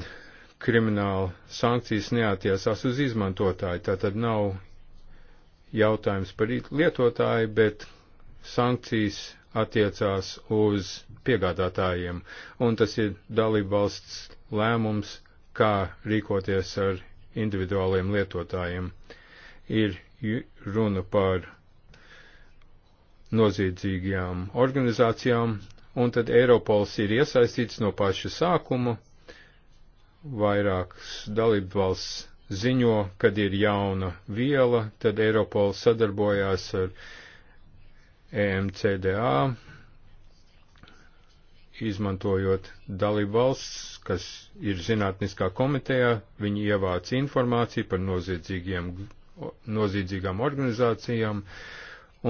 krimināla sankcijas neatiesās uz izmantotāju. Tā tad nav jautājums par lietotāju, bet sankcijas attiecās uz piegādātājiem. Un tas ir dalībvalsts lēmums, kā rīkoties ar individuāliem lietotājiem. Ir runa par noziedzīgajām organizācijām, un tad Eiropols ir iesaistīts no paša sākuma. Vairākas dalību valsts ziņo, kad ir jauna viela, tad Eiropols sadarbojās ar EMCDA, izmantojot dalību valsts, kas ir zinātniskā komitejā, viņi ievāc informāciju par noziedzīgiem nozīdzīgām organizācijām,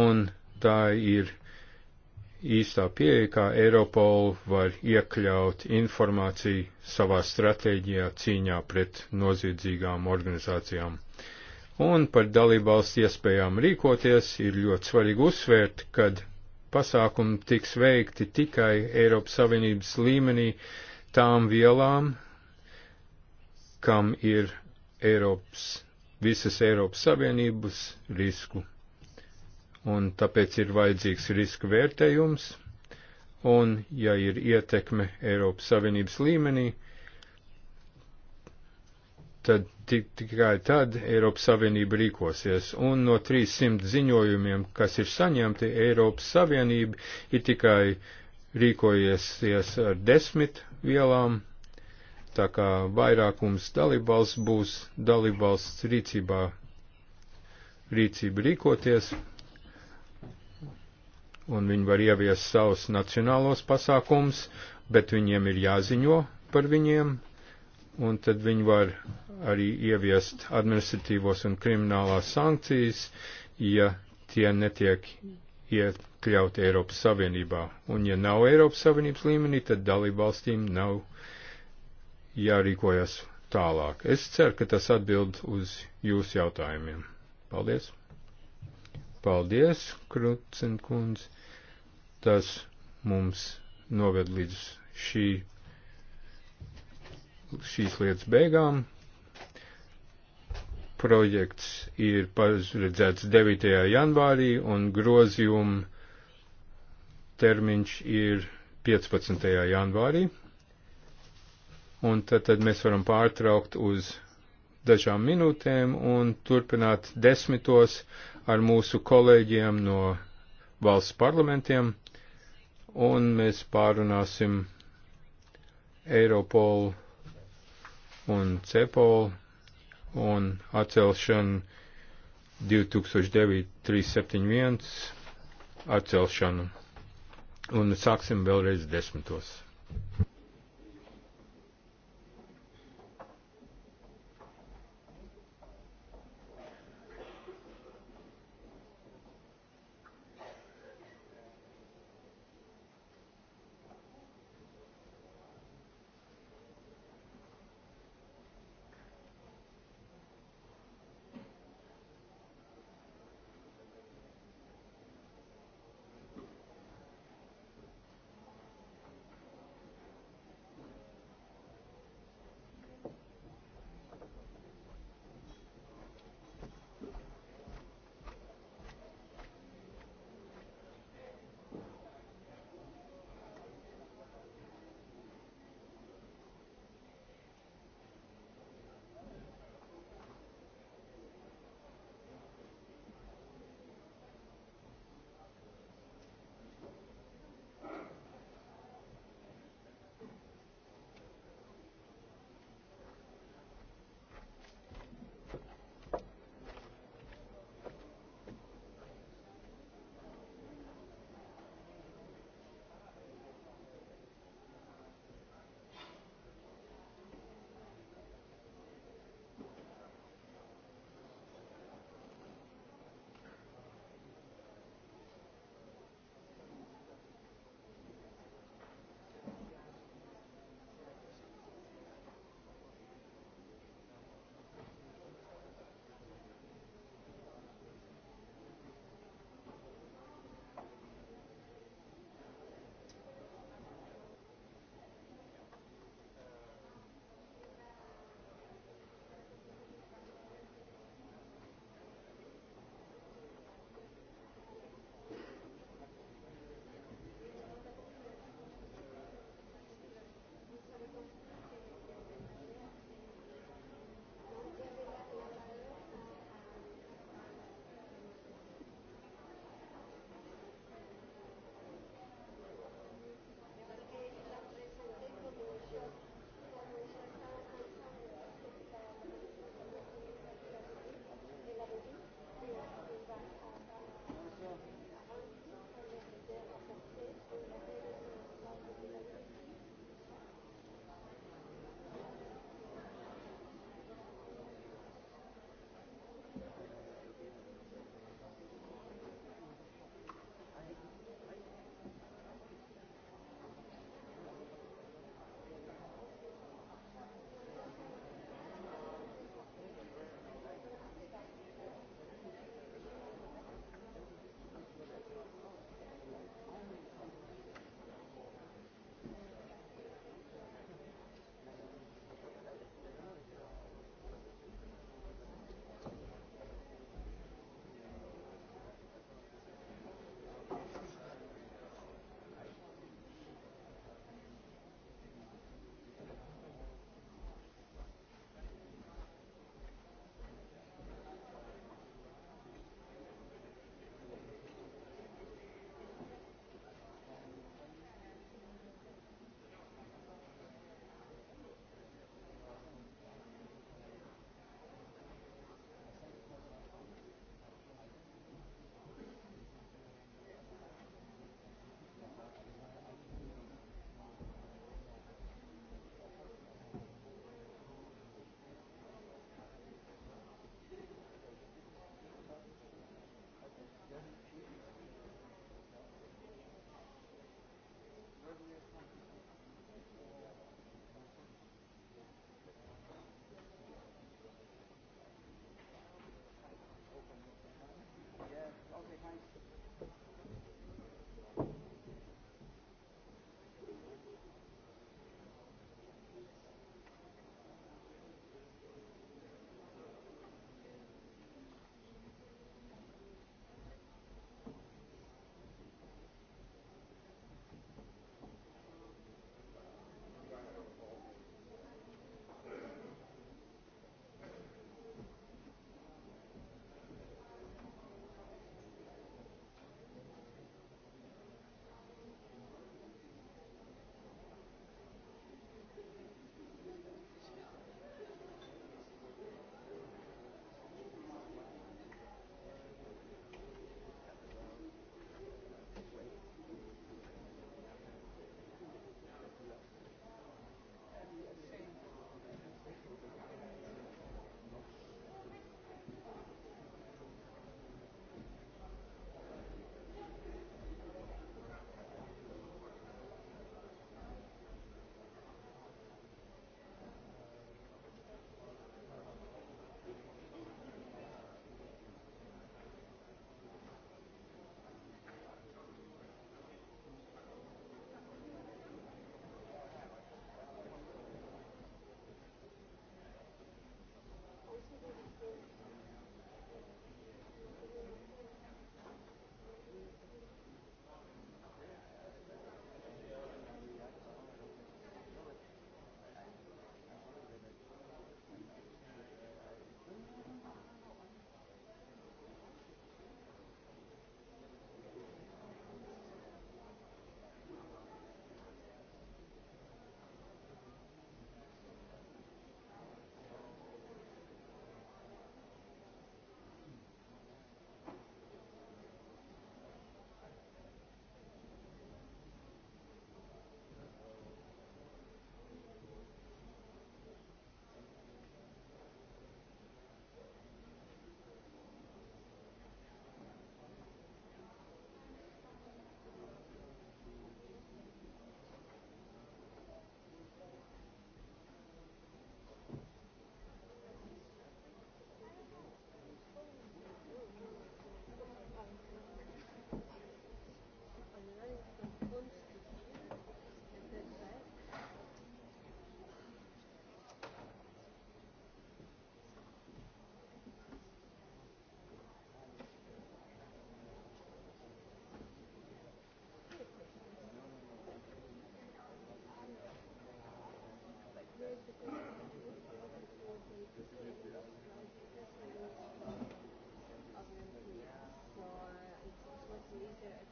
un tā ir īstā pieeja, kā Eiropol var iekļaut informāciju savā stratēģijā cīņā pret noziedzīgām organizācijām. Un par dalībvalsts iespējām rīkoties ir ļoti svarīgi uzsvērt, kad pasākumi tiks veikti tikai Eiropas Savienības līmenī tām vielām, kam ir Eiropas visas Eiropas Savienības risku. Un tāpēc ir vajadzīgs riska vērtējums, un, ja ir ietekme Eiropas Savienības līmenī, tad tik, tikai tad Eiropas Savienība rīkosies, un no 300 ziņojumiem, kas ir saņemti, Eiropas Savienība ir tikai rīkojies ar desmit vielām, tā kā vairākums dalībvalsts būs dalībvalsts rīcībā, rīcība rīkoties, un viņi var ieviest savus nacionālos pasākums, bet viņiem ir jāziņo par viņiem, un tad viņi var arī ieviest administratīvos un kriminālās sankcijas, ja tie netiek iekļauti Eiropas Savienībā. Un ja nav Eiropas Savienības līmenī, tad dalībvalstīm nav jārīkojas tālāk. Es ceru, ka tas atbild uz jūsu jautājumiem. Paldies! Paldies, Krucenkundz! Tas mums noved līdz šī, šīs lietas beigām. Projekts ir paredzēts 9. janvārī un grozījuma termiņš ir 15. janvārī. Un tad, tad mēs varam pārtraukt uz dažām minūtēm un turpināt desmitos ar mūsu kolēģiem no valsts parlamentiem, un mēs pārunāsim Eiropolu un Cepolu un atcelšanu 2009-371 atcelšanu. Un sāksim vēlreiz desmitos.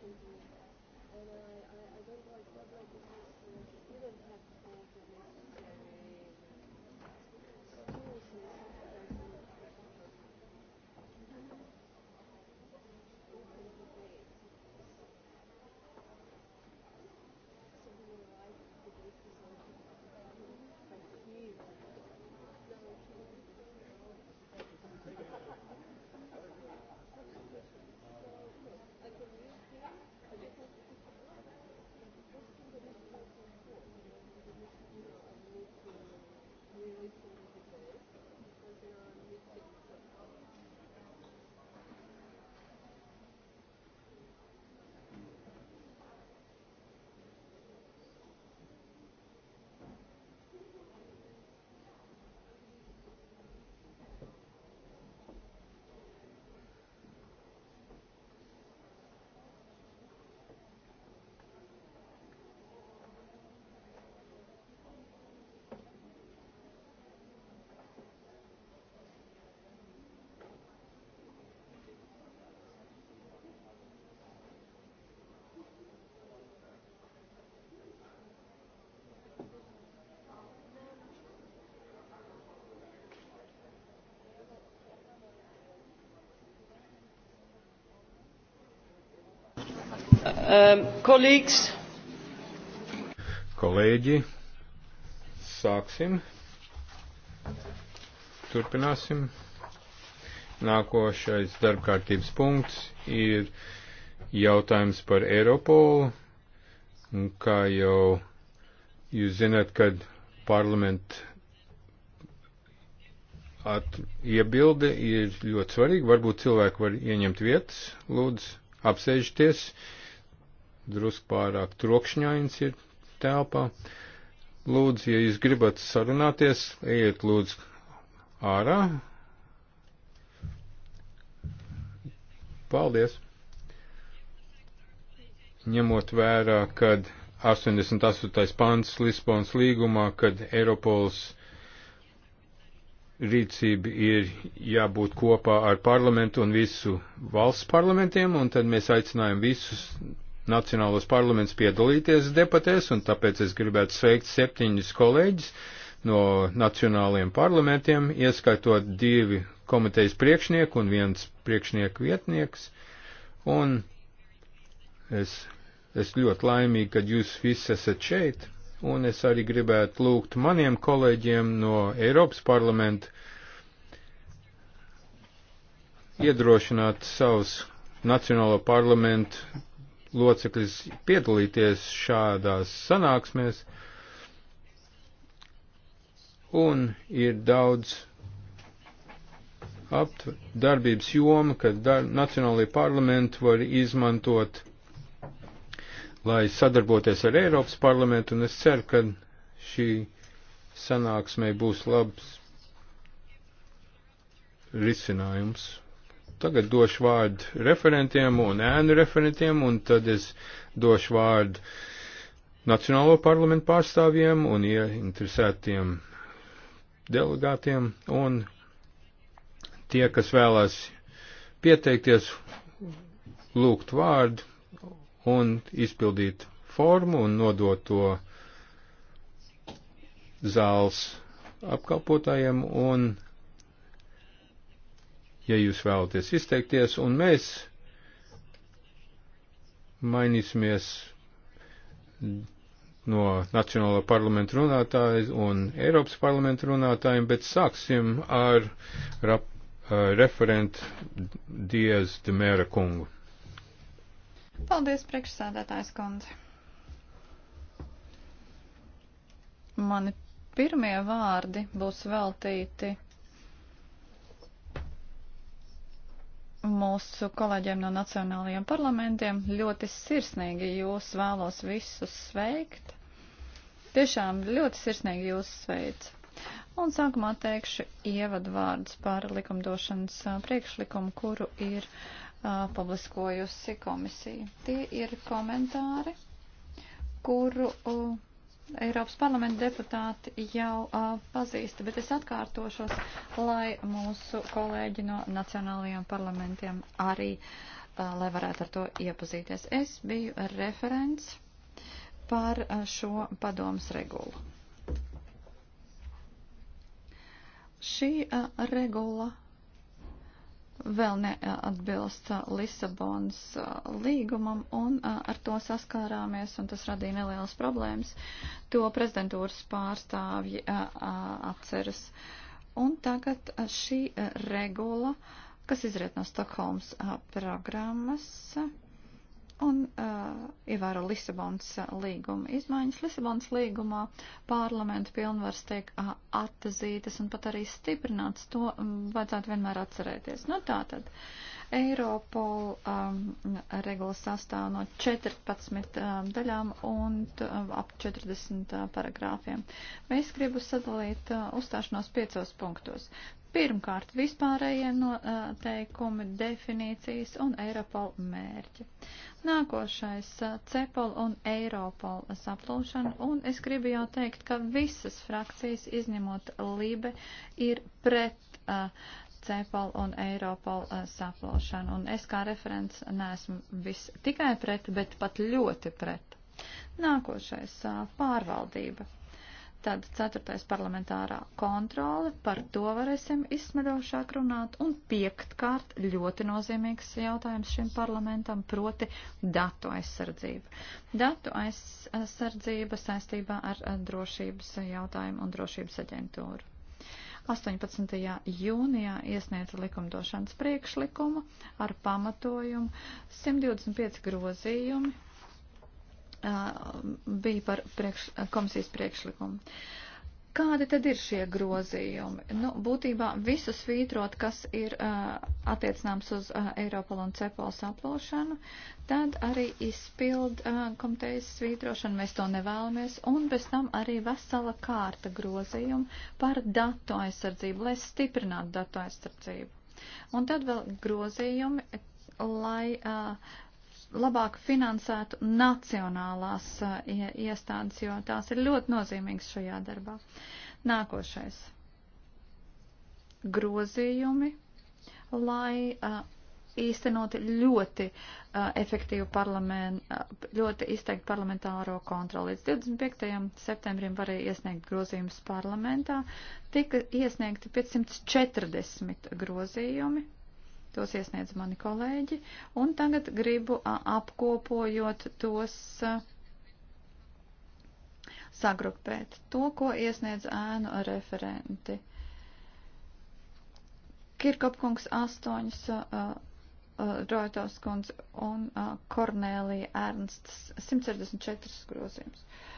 thinking. I know I Um, kolīgs. Kolēģi, sāksim. Turpināsim. Nākošais darbkārtības punkts ir jautājums par Eiropolu. Un kā jau jūs zināt, kad parlamenta at, iebilde ir ļoti svarīga, varbūt cilvēki var ieņemt vietas, lūdzu, apsēžties. Uh, drusku pārāk trokšņains ir telpā. Lūdzu, ja jūs gribat sarunāties, ejiet lūdzu ārā. Paldies! Ņemot vērā, kad 88. pants Lisbonas līgumā, kad Eiropols rīcība ir jābūt kopā ar parlamentu un visu valsts parlamentiem, un tad mēs aicinājām visus nacionālos parlamentus piedalīties debatēs, un tāpēc es gribētu sveikt septiņus kolēģus no nacionāliem parlamentiem, ieskaitot divi komitejas priekšnieku un viens priekšnieku vietnieks. Un es, es ļoti laimīgi, ka jūs visi esat šeit, un es arī gribētu lūgt maniem kolēģiem no Eiropas parlamenta iedrošināt savus nacionālo parlamentu locekļus piedalīties šādās sanāksmēs, un ir daudz aptver darbības joma, kad dar nacionālajie parlamenti var izmantot, lai sadarboties ar Eiropas parlamentu, un es ceru, ka šī sanāksmē būs labs risinājums. Tagad došu vārdu referentiem un ēnu referentiem, un tad es došu vārdu Nacionālo parlamentu pārstāvjiem un ieinteresētiem delegātiem, un tie, kas vēlās pieteikties, lūgt vārdu un izpildīt formu un nodot to zāles apkalpotājiem un ja jūs vēlaties izteikties, un mēs mainīsimies no Nacionālā parlamenta runātāja un Eiropas parlamenta runātājiem, bet sāksim ar rap, referentu Diez de Mēra kungu. Paldies, priekšsādātājs kundze. Mani pirmie vārdi būs veltīti mūsu kolēģiem no nacionālajiem parlamentiem. Ļoti sirsnīgi jūs vēlos visus sveikt. Tiešām ļoti sirsnīgi jūs sveicu. Un sākumā teikšu ievadu vārdus par likumdošanas priekšlikumu, kuru ir uh, publiskojusi komisija. Tie ir komentāri, kuru uh, Eiropas parlamenta deputāti jau uh, pazīsta, bet es atkārtošos, lai mūsu kolēģi no nacionālajiem parlamentiem arī, uh, lai varētu ar to iepazīties. Es biju referents par uh, šo padomas regulu. Šī uh, regula vēl neatbilst Lisabonas līgumam, un ar to saskārāmies, un tas radīja nelielas problēmas. To prezidentūras pārstāvji atceras. Un tagad šī regula, kas izriet no Stokholmas programmas, un uh, ievēro Lisabons uh, līguma izmaiņas. Lisabons līgumā parlamentu pilnvars tiek uh, atzītas un pat arī stiprināts. To um, vajadzētu vienmēr atcerēties. Nu tā tad. Eiropol um, regula sastāv no 14 um, uh, daļām un um, ap 40 uh, paragrāfiem. Mēs gribu sadalīt uh, uzstāšanos piecos punktos. Pirmkārt, vispārējie noteikumi, definīcijas un Eiropol mērķi. Nākošais - Cepol un Eiropol saplūšana, un es gribu jau teikt, ka visas frakcijas, izņemot Libe, ir pret uh, Cepol un Eiropol uh, saplūšanu, un es kā referents neesmu vis tikai pret, bet pat ļoti pret. Nākošais - pārvaldība. Tad ceturtais parlamentārā kontrole, par to varēsim izsmeļošāk runāt. Un piektkārt ļoti nozīmīgs jautājums šim parlamentam, proti datu aizsardzība. Datu aizsardzība saistībā ar drošības jautājumu un drošības aģentūru. 18. jūnijā iesniedza likumdošanas priekšlikumu ar pamatojumu 125 grozījumi bija par priekš, komisijas priekšlikumu. Kādi tad ir šie grozījumi? Nu, būtībā visu svītrot, kas ir uh, attiecināms uz uh, Eiropolu un Cepolu saplošanu, tad arī izpild uh, komitejas svītrošanu, mēs to nevēlamies, un bez tam arī vesela kārta grozījumu par datu aizsardzību, lai stiprinātu datu aizsardzību. Un tad vēl grozījumi, lai. Uh, labāk finansētu nacionālās eh, iestādes, jo tās ir ļoti nozīmīgas šajā darbā. Nākošais. Grozījumi, lai eh, īstenoti ļoti eh, efektīvu parlamentu, ļoti izteikti parlamentāro kontroli. Līdz 25. septembrim varēja iesniegt grozījumus parlamentā. Tika iesniegti 540 grozījumi, tos iesniedz mani kolēģi, un tagad gribu apkopojot tos sagrupēt to, ko iesniedz ēnu referenti. Kirkopkungs astoņas, uh, uh, Roitovskunds un uh, Kornēlija Ernsts 164 grozījums. Uh,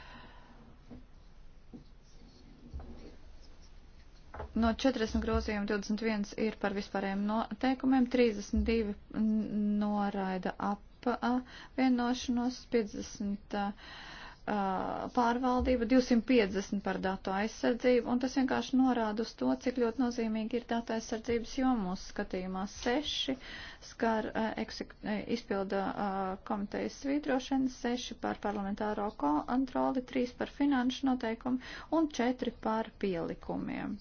no 40 grozījuma 21 ir par vispārējiem noteikumiem, 32 noraida ap vienošanos, 50. Uh, Uh, pārvaldība, 250 par datu aizsardzību, un tas vienkārši norāda uz to, cik ļoti nozīmīgi ir datu aizsardzības joma. Mūsu skatījumā seši skar uh, uh, izpilda komitejas svītrošana, seši par parlamentāro kontroli, trīs par finanšu noteikumu un četri par pielikumiem.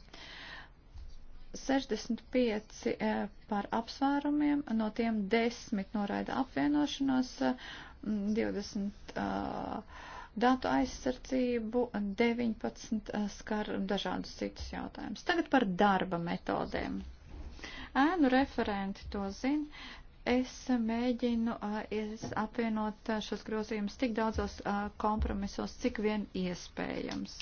65 par apsvērumiem, no tiem 10 noraida apvienošanos, 20 uh, Datu aizsardzību 19 eh, skar dažādus citus jautājumus. Tagad par darba metodēm. Ēnu referenti to zina. Es mēģinu eh, es apvienot eh, šos grozījumus tik daudzos kompromisos, cik vien iespējams.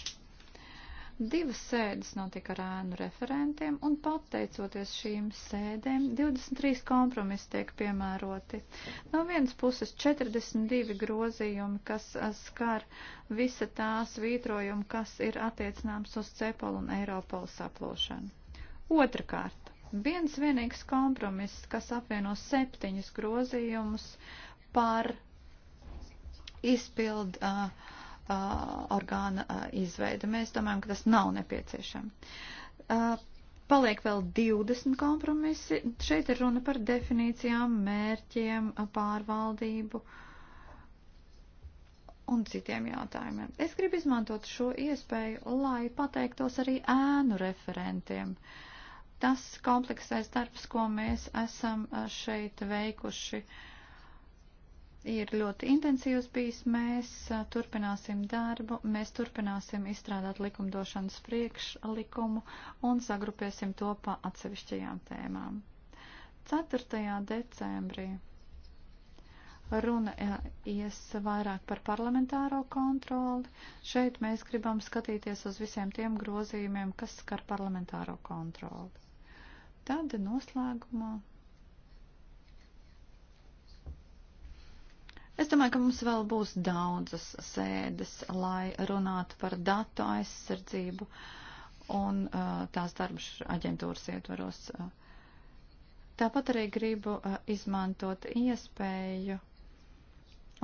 Divas sēdes notika ar ēnu referentiem, un pateicoties šīm sēdēm, 23 kompromisi tiek piemēroti. No vienas puses 42 grozījumi, kas skar visa tās vītrojumu, kas ir attiecināms uz Cepolu un Eiropolu saplošanu. Otrakārt, viens vienīgs kompromiss, kas apvieno septiņus grozījumus par izpildu. Uh, orgāna izveida. Mēs domājam, ka tas nav nepieciešams. Paliek vēl 20 kompromisi. Šeit ir runa par definīcijām, mērķiem, pārvaldību un citiem jautājumiem. Es gribu izmantot šo iespēju, lai pateiktos arī ēnu referentiem. Tas kompleksais darbs, ko mēs esam šeit veikuši, uh, ir ļoti intensīvs bijis. Mēs turpināsim darbu, mēs turpināsim izstrādāt likumdošanas priekšlikumu un sagrupēsim to pa atsevišķajām tēmām. 4. decembrī runa ies vairāk par parlamentāro kontroli. Šeit mēs gribam skatīties uz visiem tiem grozījumiem, kas skar parlamentāro kontroli. Tad noslēgumā Es domāju, ka mums vēl būs daudzas sēdes, lai runātu par datu aizsardzību un uh, tās darbas aģentūras ietvaros. Uh, tāpat arī gribu uh, izmantot iespēju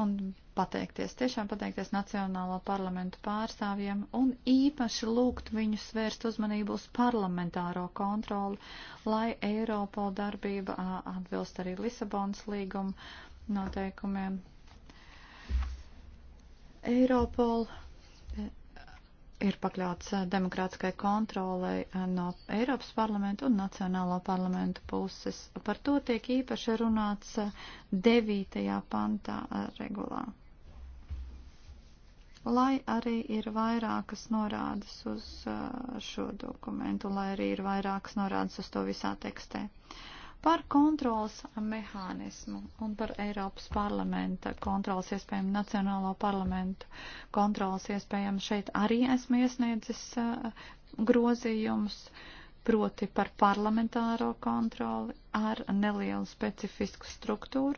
un pateikties, tiešām pateikties Nacionālo parlamentu pārstāvjiem un īpaši lūgt viņu svērst uzmanību uz parlamentāro kontroli, lai Eiropola darbība uh, atbilst arī Lisabonas līgumu noteikumiem Eiropol eh, ir pakļauts eh, demokrātiskai kontrolei eh, no Eiropas parlamenta un Nacionālo parlamentu puses. Par to tiek īpaši runāts 9. pantā regulā. Lai arī ir vairākas norādes uz šo dokumentu, lai arī ir vairākas norādes uz to visā tekstē. Uh, par kontrols mehānismu un par Eiropas parlamenta kontrols iespējamu Nacionālo parlamentu kontrols iespējamu. Šeit arī esmu iesniedzis uh, grozījumus, proti par parlamentāro kontroli ar nelielu specifisku struktūru.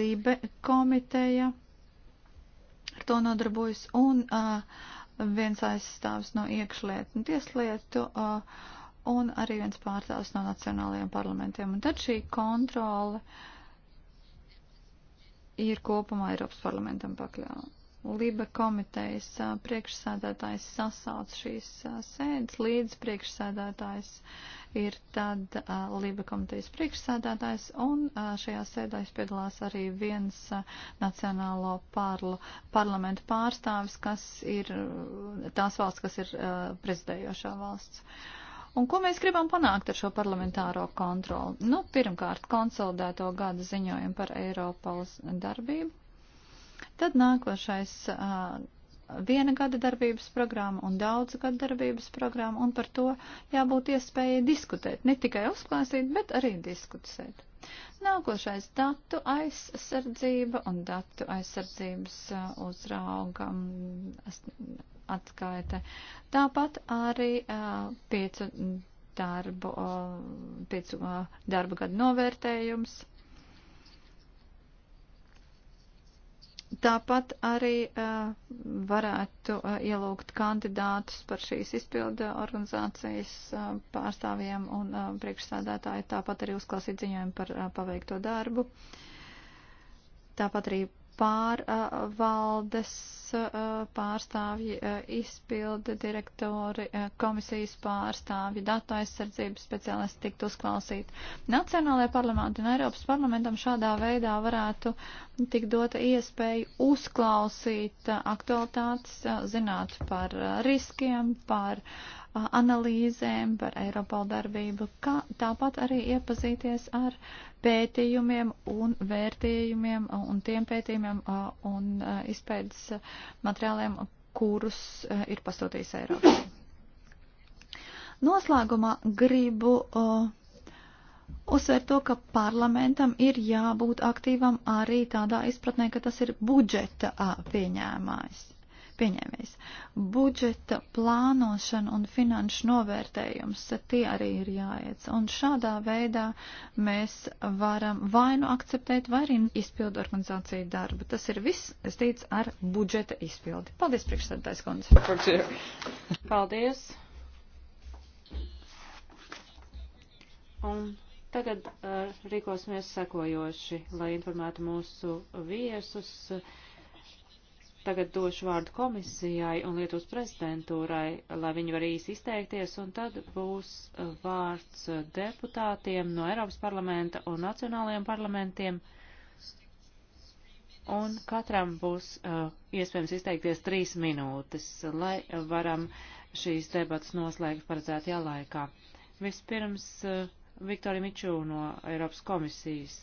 Libe komiteja ar to nodarbojas un uh, viens aizstāvs no iekšlietu un tieslietu. Uh, un arī viens pārstāvs no nacionālajiem parlamentiem. Un tad šī kontrole ir kopumā Eiropas parlamentam pakļauta. Liba komitejas priekšsēdētājs sasauc šīs sēdes, līdz priekšsēdētājs ir tad Liba komitejas priekšsēdētājs, un šajā sēdēs piedalās arī viens nacionālo parlu, parlamentu pārstāvis, kas ir tās valsts, kas ir prezidējošā valsts. Uh, Un ko mēs gribam panākt ar šo parlamentāro kontroli? Nu, pirmkārt, konsolidēto gada ziņojumu par Eiropas darbību. Tad nākošais uh, viena gada darbības programma un daudz gada darbības programma, un par to jābūt iespējai diskutēt, ne tikai uzklāsīt, bet arī diskusēt. Nākošais datu aizsardzība un datu aizsardzības uzrauga atskaite. Tāpat arī uh, piecu darbu, uh, piecu uh, darba gadu novērtējums. Tāpat arī uh, varētu uh, ielūgt kandidātus par šīs izpildu organizācijas uh, pārstāvjiem un uh, priekšsādātāju, tāpat arī uzklausīt ziņojumu par uh, paveikto darbu. Tāpat arī pārvaldes pārstāvji, izpilda direktori, komisijas pārstāvji, datu aizsardzības speciālisti tiktu uzklausīti. Nacionālajā parlamentā un Eiropas parlamentam šādā veidā varētu tik dota iespēja uzklausīt aktualitātes, zināt par riskiem, par uh, analīzēm, par Eiropalu darbību, kā tāpat arī iepazīties ar pētījumiem un vērtījumiem un tiem pētījumiem un izpēdas materiāliem, kurus ir pasūtījis Eiropai. Noslēgumā gribu uh, uzsver to, ka parlamentam ir jābūt aktīvam arī tādā izpratnē, ka tas ir budžeta pieņēmājs pieņēmējs. Budžeta plānošana un finanšu novērtējums, tie arī ir jāiec. Un šādā veidā mēs varam vai nu akceptēt, vai arī izpildu organizāciju darbu. Tas ir viss stīts ar budžeta izpildi. Paldies, priekšsēdētājs kundze. Paldies. Un tagad uh, rīkosimies sekojoši, lai informētu mūsu viesus. Uh, Tagad došu vārdu komisijai un Lietuvas prezidentūrai, lai viņi var īsi izteikties, un tad būs uh, vārds uh, deputātiem no Eiropas parlamenta un nacionālajiem parlamentiem. Un katram būs uh, iespējams izteikties trīs minūtes, lai varam šīs debatas noslēgt paredzētajā laikā. Vispirms uh, Viktorija Mičū no Eiropas komisijas.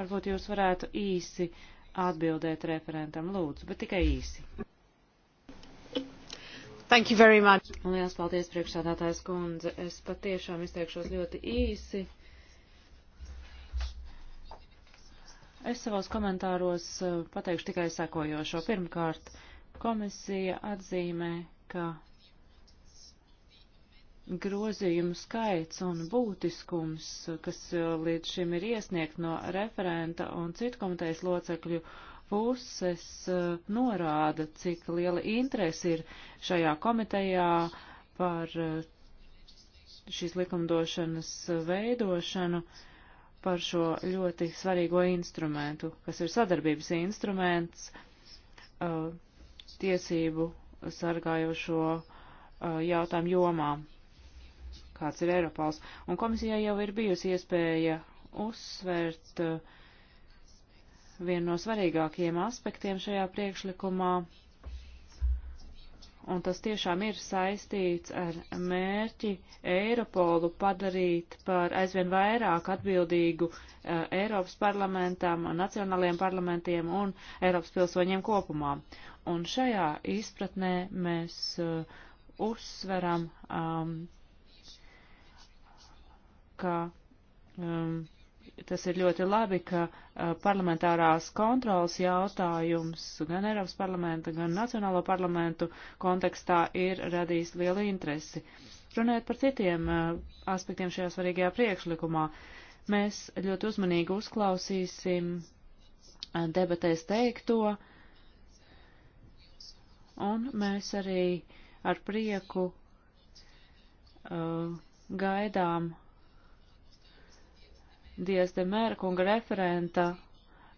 Varbūt jūs varētu īsi uh, atbildēt referentam lūdzu, bet tikai īsi. Thank you very much. Lielas paldies, priekšsādātājs kundze. Es patiešām izteikšos ļoti īsi. Es savos komentāros eh, pateikšu tikai sekojošo. Pirmkārt, komisija atzīmē, ka grozījumu skaits un būtiskums, kas eh, līdz šim ir iesniegt no referenta un citu komitejas locekļu puses, eh, norāda, cik liela interese ir šajā komitejā par eh, šīs likumdošanas veidošanu, par šo ļoti svarīgo instrumentu, kas ir sadarbības instruments tiesību sargājošo jautājumu jomām kāds ir Eiropals. Un komisijai jau ir bijusi iespēja uzsvērt uh, vienu no svarīgākajiem aspektiem šajā priekšlikumā, un tas tiešām ir saistīts ar mērķi Eiropolu padarīt par aizvien vairāk atbildīgu uh, Eiropas parlamentam, nacionālajiem parlamentiem un Eiropas pilsoņiem kopumā. Un šajā izpratnē mēs uh, uzsveram um, ka um, tas ir ļoti labi, ka uh, parlamentārās kontrolas jautājums gan Eiropas parlamenta, gan Nacionālo parlamentu kontekstā ir radījis lielu interesi. Runājot par citiem uh, aspektiem šajā svarīgajā priekšlikumā, mēs ļoti uzmanīgi uzklausīsim uh, debatēs teikto, un mēs arī ar prieku uh, gaidām Dievs de Mērkunga referenta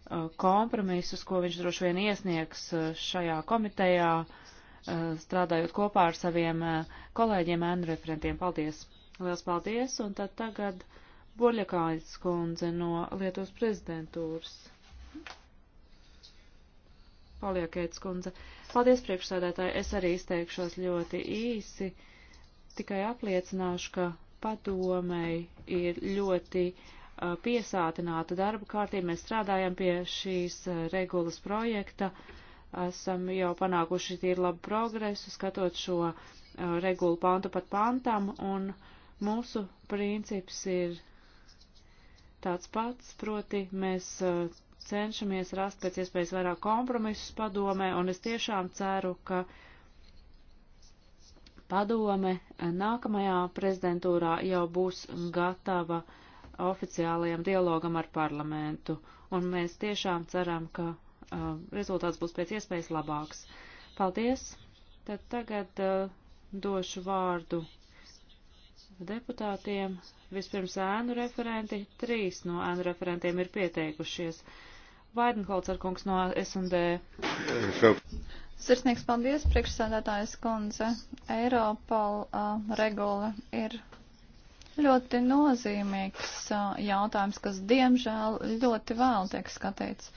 uh, kompromisus, ko viņš droši vien iesniegs uh, šajā komitejā, uh, strādājot kopā ar saviem kolēģiem ēnu referentiem. Paldies! Liels paldies! Un tad tagad Boļakājas kundze no Lietuvas prezidentūras. Paliekēts kundze. Paldies priekšsēdētāji, es arī izteikšos ļoti īsi, tikai apliecināšu, ka padomei ir ļoti uh, Uh, piesātinātu darba kārtību. Mēs strādājam pie šīs uh, regulas projekta, esam jau panākuši tīri labu progresu, skatot šo uh, regulu pantu pat pantam, un mūsu princips ir tāds pats, proti mēs cenšamies rast pēc iespējas vairāk kompromisus padomē, un es tiešām ceru, ka padome nākamajā prezidentūrā jau būs gatava uh, oficiālajam dialogam ar parlamentu, un mēs tiešām ceram, ka uh, rezultāts būs pēc iespējas labāks. Paldies! Tad tagad uh, došu vārdu deputātiem. Vispirms ēnu referenti, trīs no ēnu referentiem ir pieteikušies. Vaidenholzer kungs no S&D. Sirsnīgs paldies, priekšsēdētājs kundze. Eiropa uh, regula ir ļoti nozīmīgs jautājums, kas diemžēl ļoti vēl tiek skatīts.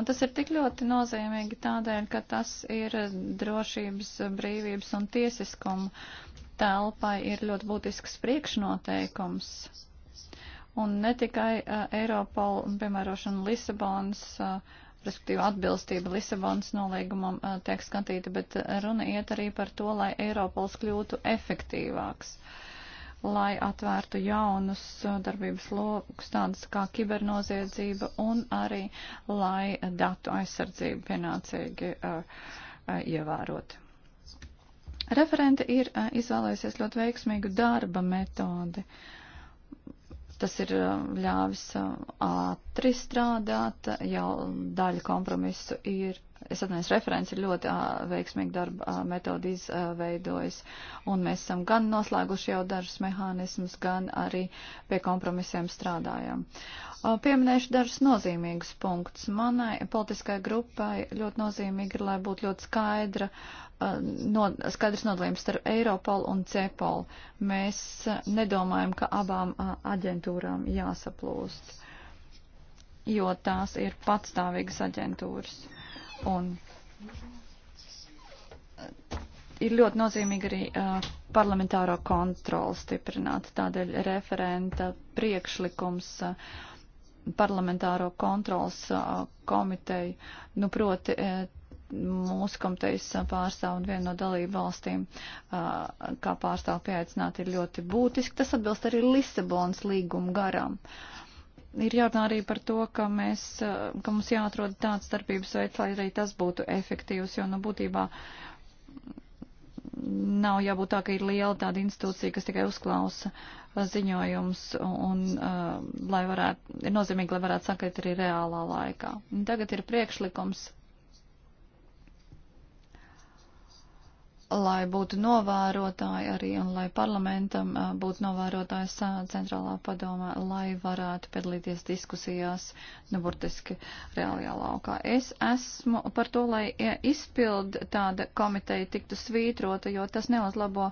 Un tas ir tik ļoti nozīmīgi tādēļ, ka tas ir drošības, brīvības un tiesiskuma telpai ir ļoti būtisks priekšnoteikums. Un ne tikai uh, Eiropola, piemērošana Lisabonas, uh, respektīvi atbilstība Lisabonas nolīgumam uh, tiek skatīta, bet runa iet arī par to, lai Eiropols kļūtu efektīvāks. Uh, lai atvērtu jaunus uh, darbības lokus, tādas kā kibernoziedzība un arī, lai datu aizsardzību pienācīgi uh, uh, ievērot. Referente ir izvēlējusies ļoti veiksmīgu darba metodi. Uh, Tas ir um, ļāvis um, ātri strādāt, jau daļa kompromisu ir, es atnēs referents, ir ļoti veiksmīgi darba metodi izveidojis, un mēs esam gan noslēguši jau dažus mehānismus, gan arī pie kompromisiem strādājam. Pieminēšu dažus nozīmīgus punktus. Manai politiskai grupai ļoti nozīmīgi ir, lai būtu ļoti skaidra no, skaidrs nodalījums starp Eiropolu un Cepolu. Mēs eh, nedomājam, ka abām eh, aģentūrām jāsaplūst, jo tās ir patstāvīgas aģentūras. Un eh, ir ļoti nozīmīgi arī uh, parlamentāro kontroli stiprināt. Tādēļ referenta priekšlikums uh, parlamentāro kontrols uh, komiteju, nu proti uh, mūsu komitejas pārstāv un viena no dalību valstīm, kā pārstāv pieaicināt, ir ļoti būtiski. Tas atbilst arī Lisabonas līguma garam. Ir jārunā arī par to, ka, mēs, ka mums jāatrod tāds starpības veids, lai arī tas būtu efektīvs, jo, nu, būtībā nav jābūt tā, ka ir liela tāda institūcija, kas tikai uzklausa ziņojums un, un lai varētu, ir nozīmīgi, lai varētu sakot arī reālā laikā. Tagad ir priekšlikums lai būtu novērotāji arī un lai parlamentam būtu novērotājs centrālā padomā, lai varētu piedalīties diskusijās, nu, burtiski reālajā laukā. Es esmu par to, lai izpild tāda komiteja tiktu svītrota, jo tas neuzlabo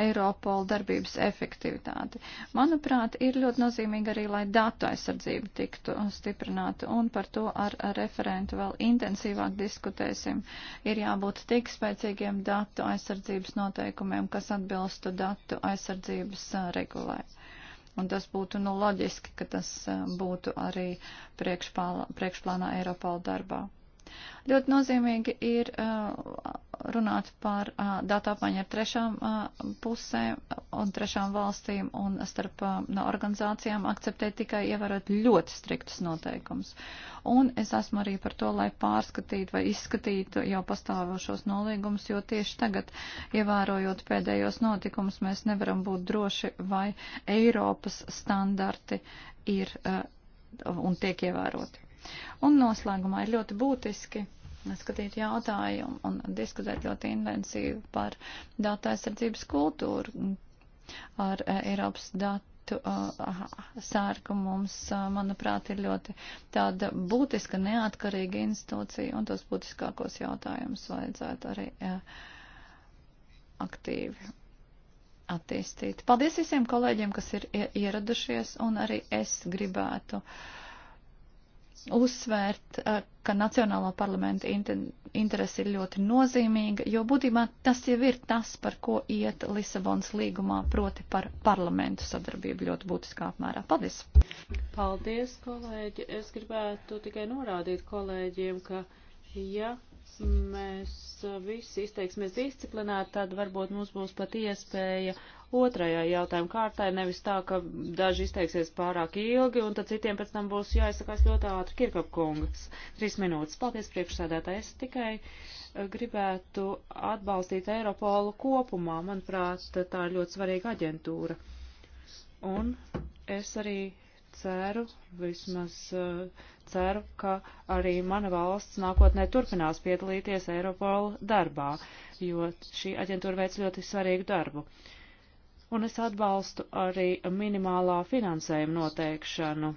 Eiropola darbības efektivitāti. Manuprāt, ir ļoti nozīmīgi arī, lai datu aizsardzība tiktu stiprināta, un par to ar referentu vēl intensīvāk diskutēsim. Ir jābūt tik spēcīgiem datu aizsardzības aizsardzības noteikumiem, kas atbilstu datu aizsardzības regulē. Un tas būtu nu, loģiski, ka tas būtu arī priekšplānā Eiropāla darbā. Ļoti nozīmīgi ir uh, runāt par uh, datu apmaiņu ar trešām uh, pusēm un trešām valstīm un starp no organizācijām akceptēt tikai ievērot ļoti striktus noteikumus. Un es esmu arī par to, lai pārskatītu vai izskatītu jau pastāvošos nolīgumus, jo tieši tagad, ievērojot pēdējos notikumus, mēs nevaram būt droši, vai Eiropas standarti ir un tiek ievēroti. Un noslēgumā ir ļoti būtiski skatīt jautājumu un diskutēt ļoti intensīvi par datu aizsardzības kultūru ar eh, Eiropas datu tu, uh, eh, sārka mums, uh, manuprāt, ir ļoti tāda būtiska neatkarīga institūcija, un tos būtiskākos jautājumus vajadzētu arī uh, aktīvi attīstīt. Paldies visiem kolēģiem, kas ir ieradušies, un arī es gribētu uh, uzsvērt, eh, ka Nacionālā parlamenta interese ir ļoti nozīmīga, jo būtībā tas jau ir tas, par ko iet Lisabons līgumā, proti par parlamentu sadarbību ļoti būtiskā apmērā. Paldies! Paldies, kolēģi! Es gribētu tikai norādīt kolēģiem, ka ja mēs visi izteiksimies disciplinēti, tad varbūt mums būs pat iespēja otrajai jautājumu kārtai, nevis tā, ka daži izteiksies pārāk ilgi, un tad citiem pēc tam būs jāizsakās ļoti ātri. Kirkapkungs, trīs minūtes. Paldies, priekšsēdētāji. Es tikai eh, gribētu atbalstīt Eiropolu kopumā. Manuprāt, tā ir ļoti svarīga aģentūra. Un es arī ceru, vismaz eh, ceru, ka arī mana valsts nākotnē turpinās piedalīties Eiropola darbā, jo šī aģentūra veic ļoti svarīgu darbu. Uh, un es atbalstu arī minimālā finansējuma noteikšanu.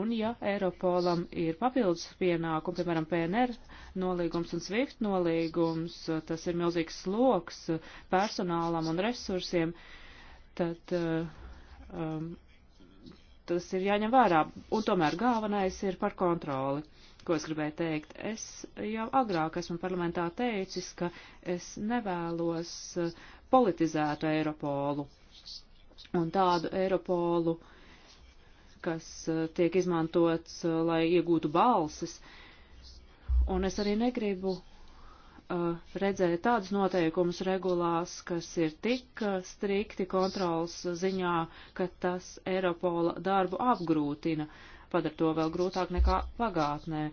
Un ja Eiropolam ir papildus pienākumi, piemēram, PNR nolīgums un SWIFT nolīgums, tas ir milzīgs sloks personālam un resursiem, tad um, tas ir jāņem vērā. Un tomēr galvenais ir par kontroli. Ko es gribēju teikt? Es jau agrāk esmu parlamentā teicis, ka es nevēlos politizētu Eiropolu un tādu Eiropolu, kas uh, tiek izmantots, uh, lai iegūtu balsis. Un es arī negribu uh, redzēt tādus noteikumus regulās, kas ir tik uh, strikti kontrols ziņā, ka tas Eiropola darbu apgrūtina, padara to vēl grūtāk nekā pagātnē.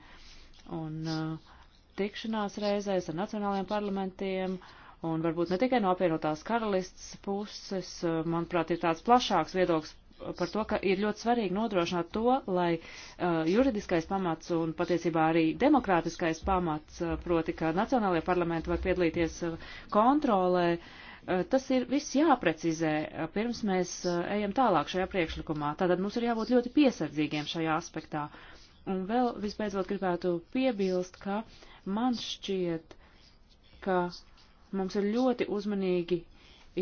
Un uh, tikšanās reizēs ar nacionālajiem parlamentiem uh, Un varbūt ne tikai no apvienotās karalists puses, eh, manuprāt, ir tāds plašāks viedoklis par to, ka ir ļoti svarīgi nodrošināt to, lai uh, juridiskais pamats un patiesībā arī demokrātiskais pamats, uh, proti, ka nacionālajie parlamenti var piedalīties uh, kontrolē, uh, tas ir viss jāprecizē, uh, pirms mēs uh, ejam tālāk šajā priekšlikumā. Tātad mums ir jābūt ļoti piesardzīgiem šajā aspektā. Un vēl vispēcot gribētu piebilst, ka man šķiet, ka Mums ir ļoti uzmanīgi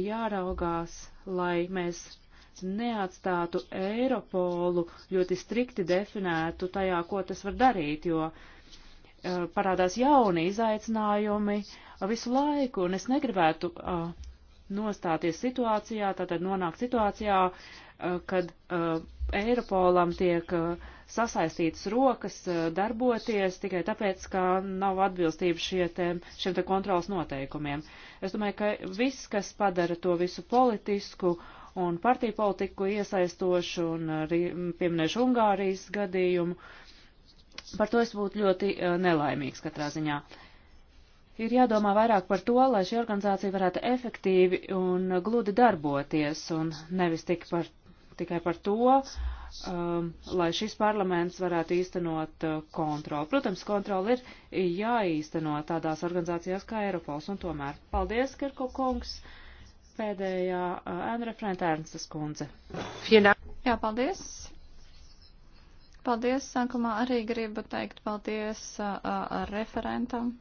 jāraugās, lai mēs neatstātu Eiropolu ļoti strikti definētu tajā, ko tas var darīt, jo eh, parādās jauni izaicinājumi visu laiku, un es negribētu nostāties situācijā, tātad nonākt situācijā, Eh, kad eh, Eiropolam tiek eh, sasaistītas rokas darboties tikai tāpēc, ka nav atbilstība šiem, šiem te kontrols noteikumiem. Es domāju, ka viss, kas padara to visu politisku un partiju politiku iesaistošu un arī mm, pieminēšu Ungārijas gadījumu, par to es būtu ļoti nelaimīgs katrā ziņā. Ir jādomā vairāk par to, lai šī organizācija varētu efektīvi un gludi darboties, un nevis tik par tikai par to, um, lai šis parlaments varētu īstenot uh, kontroli. Protams, kontroli ir jāīsteno tādās organizācijās kā Eiropols, un tomēr paldies, Kirko kungs, pēdējā uh, Enreferenta Ernstas kundze. Jā, paldies. Paldies, sākumā arī gribu teikt paldies uh, uh referentam,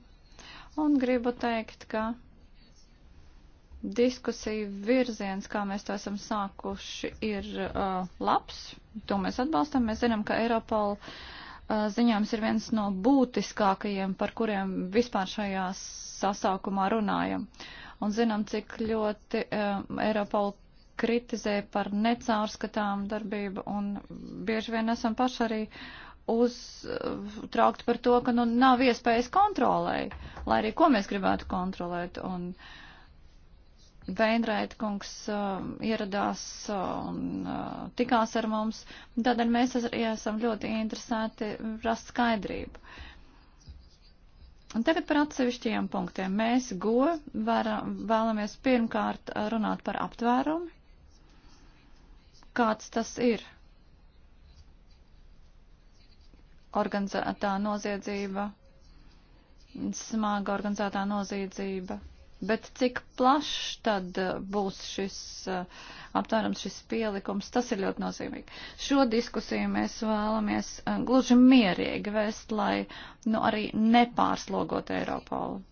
un gribu teikt, ka diskusiju virziens, kā mēs to esam sākuši, ir uh, labs. To mēs atbalstam. Mēs zinām, ka Eiropola uh, ziņojums ir viens no būtiskākajiem, par kuriem vispār šajā sasaukumā runājam. Un zinām, cik ļoti uh, Eiropola kritizē par necaurskatām darbību un bieži vien esam paši arī uztraukti par to, ka nu, nav iespējas kontrolēt, lai arī ko mēs gribētu kontrolēt. Un, uh, Veinraita kungs uh, ieradās uh, un uh, tikās ar mums, tādēļ mēs arī esam ļoti interesēti rast skaidrību. Un tagad par atsevišķiem punktiem. Mēs go var, vēlamies pirmkārt uh, runāt par aptvērumu. Kāds tas ir? Organizētā noziedzība, smaga organizētā noziedzība, Bet cik plašs tad eh, būs šis eh, aptvērums, šis pielikums, tas ir ļoti nozīmīgi. Šo diskusiju mēs vēlamies eh, gluži mierīgi vēst, lai nu, arī nepārslogot Eiropolu.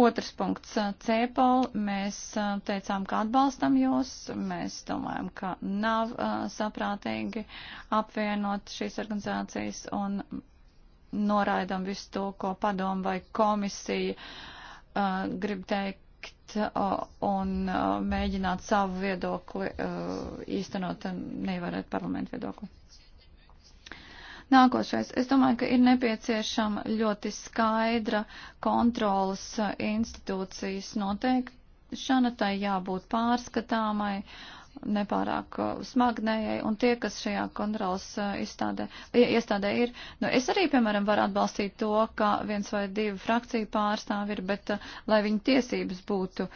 Otrs punkts - CEPOL. Mēs teicām, ka atbalstam jūs. Mēs domājam, ka nav saprātīgi apvienot šīs organizācijas un noraidam visu to, ko padomu vai komisija. Uh, uh, gribu teikt uh, un uh, mēģināt savu viedokli uh, īstenot un nevarēt parlamentu viedokli. Nākošais. Es domāju, ka ir nepieciešama ļoti skaidra kontrolas institūcijas noteikšana, tai jābūt pārskatāmai nepārāk uh, smagnējai, un tie, kas šajā kontrolas uh, izstādē, iestādē ir. Nu, es arī, piemēram, varu atbalstīt to, ka viens vai divi frakciju pārstāvi ir, bet uh, lai viņu tiesības būtu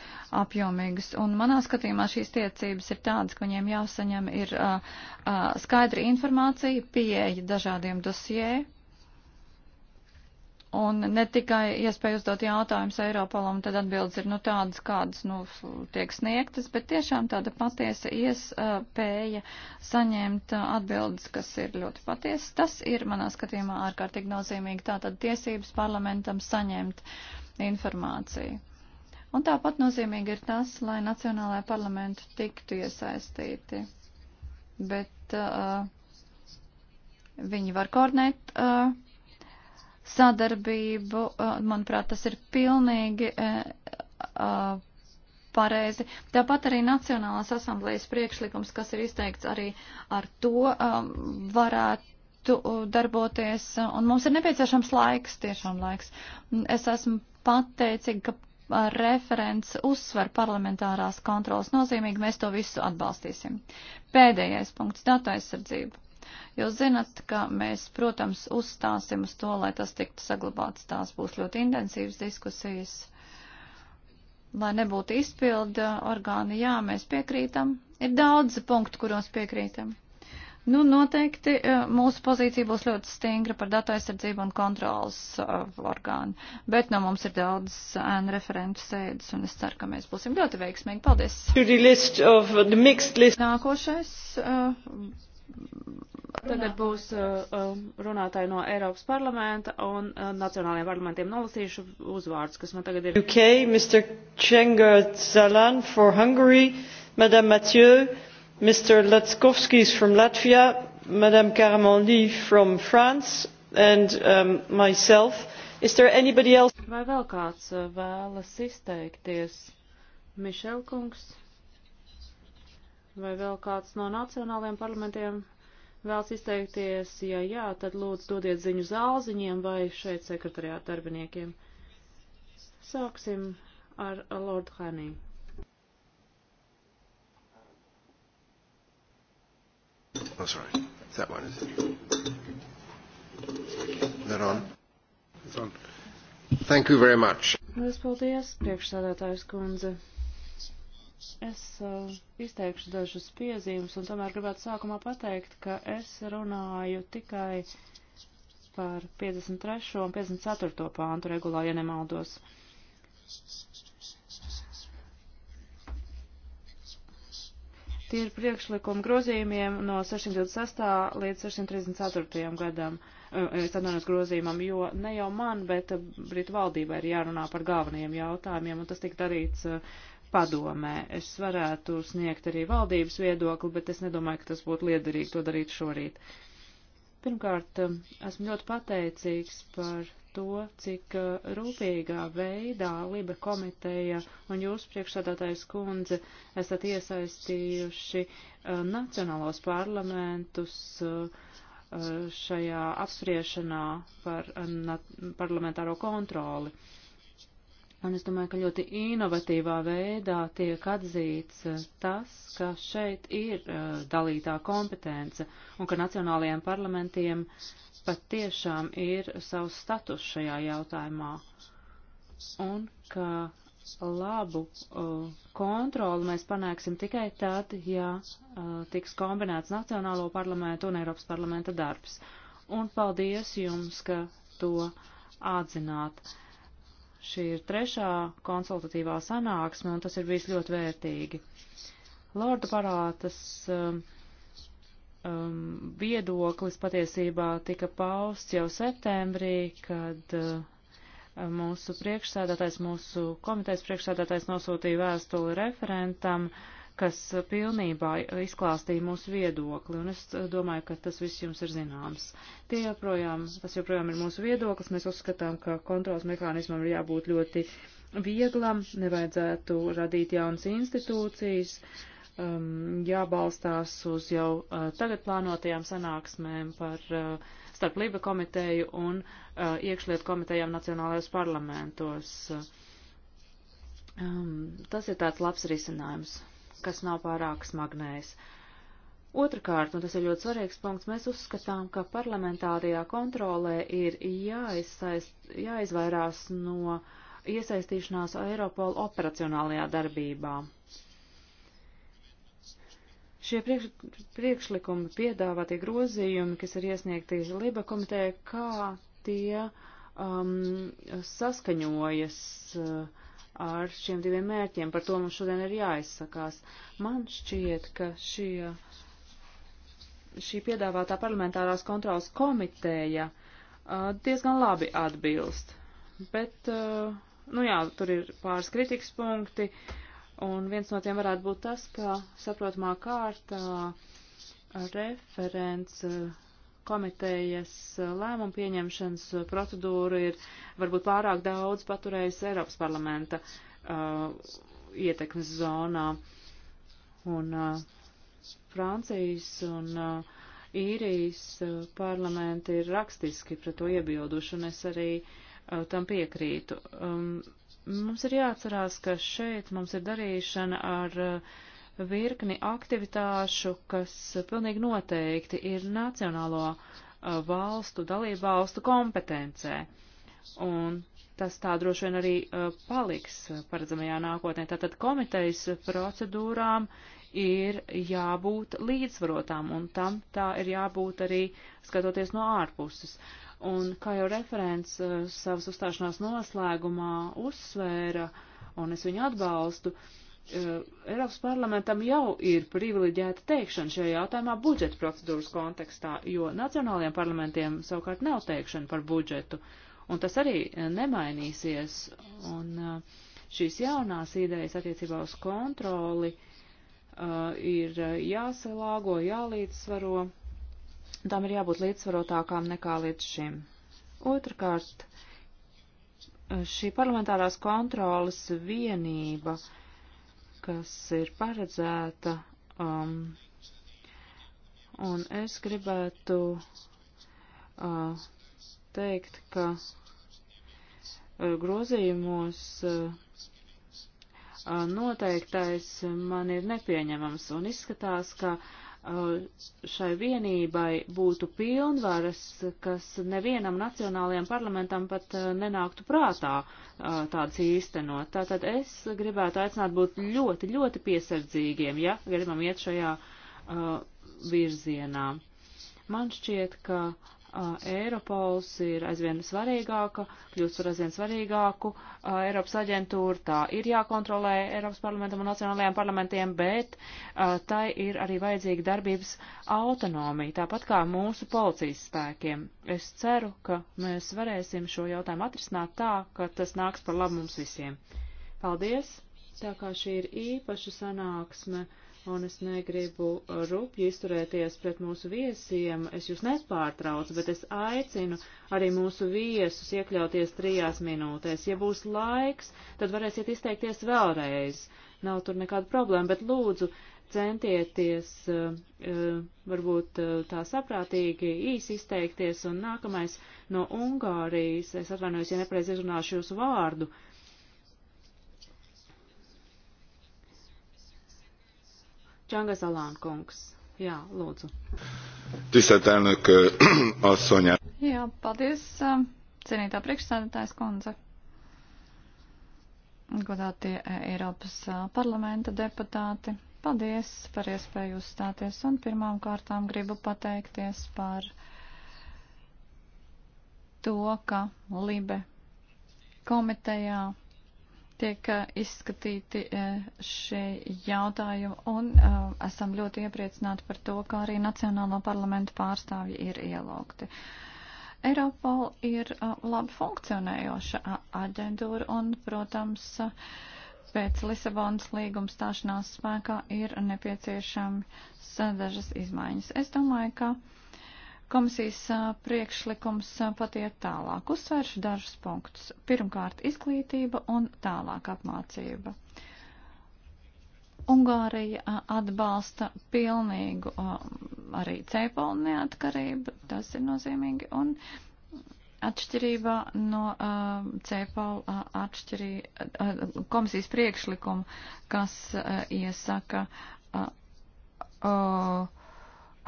apjomīgas. Un manā skatījumā šīs tiesības ir tādas, ka viņiem jāsaņem ir uh, uh, skaidra informācija, pieeja dažādiem dosijiem Un ne tikai iespēja uzdot jautājumus Eiropalam, tad atbildes ir nu, tādas, kādas nu, tiek sniegtas, bet tiešām tāda patiesa iespēja saņemt uh, atbildes, kas ir ļoti patiesa. Tas ir manā skatījumā ārkārtīgi nozīmīgi. Tātad tiesības parlamentam saņemt informāciju. Un tāpat nozīmīgi ir tas, lai nacionālajā parlamentu tiktu iesaistīti. Bet uh, viņi var koordinēt. Uh, sadarbību. Uh, manuprāt, tas ir pilnīgi uh, uh, pareizi. Tāpat arī Nacionālās asamblējas priekšlikums, kas ir izteikts arī ar to, um, varētu darboties. Un mums ir nepieciešams laiks, tiešām laiks. Es esmu pateicīga, ka referents uzsver parlamentārās kontrolas nozīmīgi, mēs to visu atbalstīsim. Pēdējais punkts - datu aizsardzība. Jūs zinat, ka mēs, protams, uzstāsim uz to, lai tas tiktu saglabāts. Tās būs ļoti intensīvas diskusijas. Lai nebūtu izpilda orgāni, jā, mēs piekrītam. Ir daudz punktu, kuros piekrītam. Nu, noteikti e, mūsu pozīcija būs ļoti stingra par datu aizsardzību un kontrolas uh, e, orgānu, bet no nu, mums ir daudz ēnu referentu sēdes, un es ceru, ka mēs būsim ļoti veiksmīgi. Paldies! Nākošais uh, Tagad būs uh, um, runātāji no Eiropas parlamenta un uh, nacionālajiem parlamentiem nolasīšu uzvārdus, kas man tagad ir. UK, Mr. Cengar Zalan for Hungary, Madame Mathieu, Mr. Latskovskis from Latvia, Madame Karamondi from France and um, myself. Is there anybody else? Vai vēl kāds uh, vēlas izteikties? Mišel kungs. Vai vēl kāds no nacionālajiem parlamentiem vēlas izteikties? Ja jā, tad lūdzu dodiet ziņu zālziņiem vai šeit sekretariāt darbiniekiem. Sāksim ar Lordu Hanī. Oh, sorry. It's that one, is it? Is that on? It's on. Thank you very much. Lielas paldies, priekšsādātājs kundze. Es uh, izteikšu dažas piezīmes un tomēr gribētu sākumā pateikt, ka es runāju tikai par 53. un 54. pāntu regulā, ja nemaldos. Tie ir priekšlikumi grozījumiem no 626. līdz 634. gadam, eh, es atvainojos grozījumam, jo ne jau man, bet Britu valdībai ir jārunā par galvenajiem jautājumiem, un tas tika darīts uh, padomē. Es varētu sniegt arī valdības viedokli, bet es nedomāju, ka tas būtu liederīgi to darīt šorīt. Pirmkārt, um, esmu ļoti pateicīgs par to, cik uh, rūpīgā veidā Libe komiteja un jūs priekšsādātājs kundze esat iesaistījuši uh, nacionālos parlamentus uh, uh šajā apspriešanā par uh, parlamentāro kontroli. Uh, Un es domāju, ka ļoti inovatīvā veidā tiek atzīts eh, tas, ka šeit ir eh, dalītā kompetence un ka nacionālajiem parlamentiem pat tiešām ir savs status šajā jautājumā. Un ka labu uh, kontroli mēs panāksim tikai tad, ja uh, tiks kombinēts Nacionālo parlamentu un Eiropas parlamenta darbs. Un paldies jums, ka to atzināt. Šī ir trešā konsultatīvā sanāksme, un tas ir bijis ļoti vērtīgi. Lordu parātas um, um, viedoklis patiesībā tika pausts jau septembrī, kad uh, mūsu priekšsēdētājs, mūsu komitejas priekšsēdētājs nosūtīja vēstuli referentam uh, kas pilnībā izklāstīja mūsu viedokli, un es domāju, ka tas viss jums ir zināms. Tie joprojām, tas joprojām ir mūsu viedoklis, mēs uzskatām, ka kontrols mehānismam ir jābūt ļoti vieglam, nevajadzētu radīt jaunas institūcijas, um, jābalstās uz jau uh, tagad plānotajām sanāksmēm par uh, starp Liba komiteju un uh, iekšlietu komitejām nacionālajos parlamentos. Um, tas ir tāds labs risinājums kas nav pārāk smagnējs. Otrakārt, un tas ir ļoti svarīgs punkts, mēs uzskatām, ka parlamentārajā kontrolē ir jāizsaist, jāizvairās no iesaistīšanās Eiropola operacionālajā darbībā. Šie priekš, priekšlikumi piedāvātie grozījumi, kas ir iesniegti Liba komiteja, kā tie um, saskaņojas uh, ar šiem diviem mērķiem. Par to mums šodien ir jāizsakās. Man šķiet, ka šie, šī piedāvātā parlamentārās kontrolas komiteja uh, diezgan labi atbilst. Bet, uh, nu jā, tur ir pāris kritikas punkti, un viens no tiem varētu būt tas, ka saprotamā kārtā referents. Uh, komitejas eh, lēmumu pieņemšanas eh, procedūra ir varbūt pārāk daudz paturējusi Eiropas parlamenta uh, ietekmes zonā. Un uh, Francijas un uh, īrijas parlamenti ir rakstiski pret to iebilduši, un es arī uh, tam piekrītu. Um, mums ir jāatcerās, ka šeit mums ir darīšana ar uh, virkni aktivitāšu, kas pilnīgi noteikti ir nacionālo valstu, dalību valstu kompetencē. Un tas tā droši vien arī paliks paredzamajā nākotnē. Tātad komitejas procedūrām ir jābūt līdzsvarotām, un tam tā ir jābūt arī skatoties no ārpuses. Un kā jau referents savas uzstāšanās noslēgumā uzsvēra, un es viņu atbalstu, uh, Eh, Eiropas parlamentam jau ir privileģēta teikšana šajā jautājumā budžeta procedūras kontekstā, jo nacionālajiem parlamentiem savukārt nav teikšana par budžetu, un tas arī eh, nemainīsies. Un eh, šīs jaunās idejas attiecībā uz kontroli uh, ir jāsalāgo, jālīdzsvaro, tam ir jābūt līdzsvarotākām nekā līdz šim. Otrakārt, šī parlamentārās kontrolas vienība uh, kas ir paredzēta, um, un es gribētu uh, teikt, ka uh, grozījumos uh, uh noteiktais man ir nepieņemams, un izskatās, ka uh, Uh, šai vienībai būtu pilnvaras, kas nevienam nacionālajam parlamentam pat uh, nenāktu prātā uh, tāds īstenot. Tātad es gribētu aicināt būt ļoti, ļoti piesardzīgiem, ja gribam iet šajā uh, virzienā. Man šķiet, ka uh, Eiropols ir aizvien svarīgāka, kļūst par aizvien svarīgāku Eiropas aģentūru. Tā ir jākontrolē Eiropas parlamentam un nacionālajiem parlamentiem, bet tai ir arī vajadzīga darbības autonomija, tāpat kā mūsu policijas spēkiem. Es ceru, ka mēs varēsim šo jautājumu atrisināt tā, ka tas nāks par labu mums visiem. Paldies! Tā kā šī ir īpaša sanāksme un es negribu uh, rupji izturēties pret mūsu viesiem. Es jūs nepārtraucu, bet es aicinu arī mūsu viesus iekļauties trijās minūtēs. Ja būs laiks, tad varēsiet izteikties vēlreiz. Nav tur nekāda problēma, bet lūdzu centieties uh, uh, varbūt tā saprātīgi īsi izteikties. Un nākamais no Ungārijas, es atvainojos, ja nepareiz izrunāšu jūsu vārdu. Uh, Čanga Zalānkungs. Jā, lūdzu. Tisztelt elnök asszony. Jā, paldies, cienītā priekšsēdētājs kundze. Godātie Eiropas parlamenta deputāti, paldies par iespēju uzstāties un pirmām kārtām gribu pateikties par to, ka Libe komitejā tiek eh, izskatīti eh, šie jautājumi, un eh, esam ļoti iepriecināti par to, ka arī Nacionālo parlamentu pārstāvji ir ielaukti. Eiropol ir labi funkcionējoša aģentūra, un, protams, pēc Lisabonas līguma stāšanās spēkā ir nepieciešams dažas izmaiņas. Es domāju, ka Komisijas priekšlikums patiet tālāk. Uzsvēršu dažus punktus. Pirmkārt, izglītība un tālāk apmācība. Ungārija atbalsta pilnīgu arī cepalu neatkarību, tas ir nozīmīgi, un atšķirībā no uh, cepalu uh, atšķirī, uh, komisijas priekšlikuma, kas uh, iesaka. Uh, uh,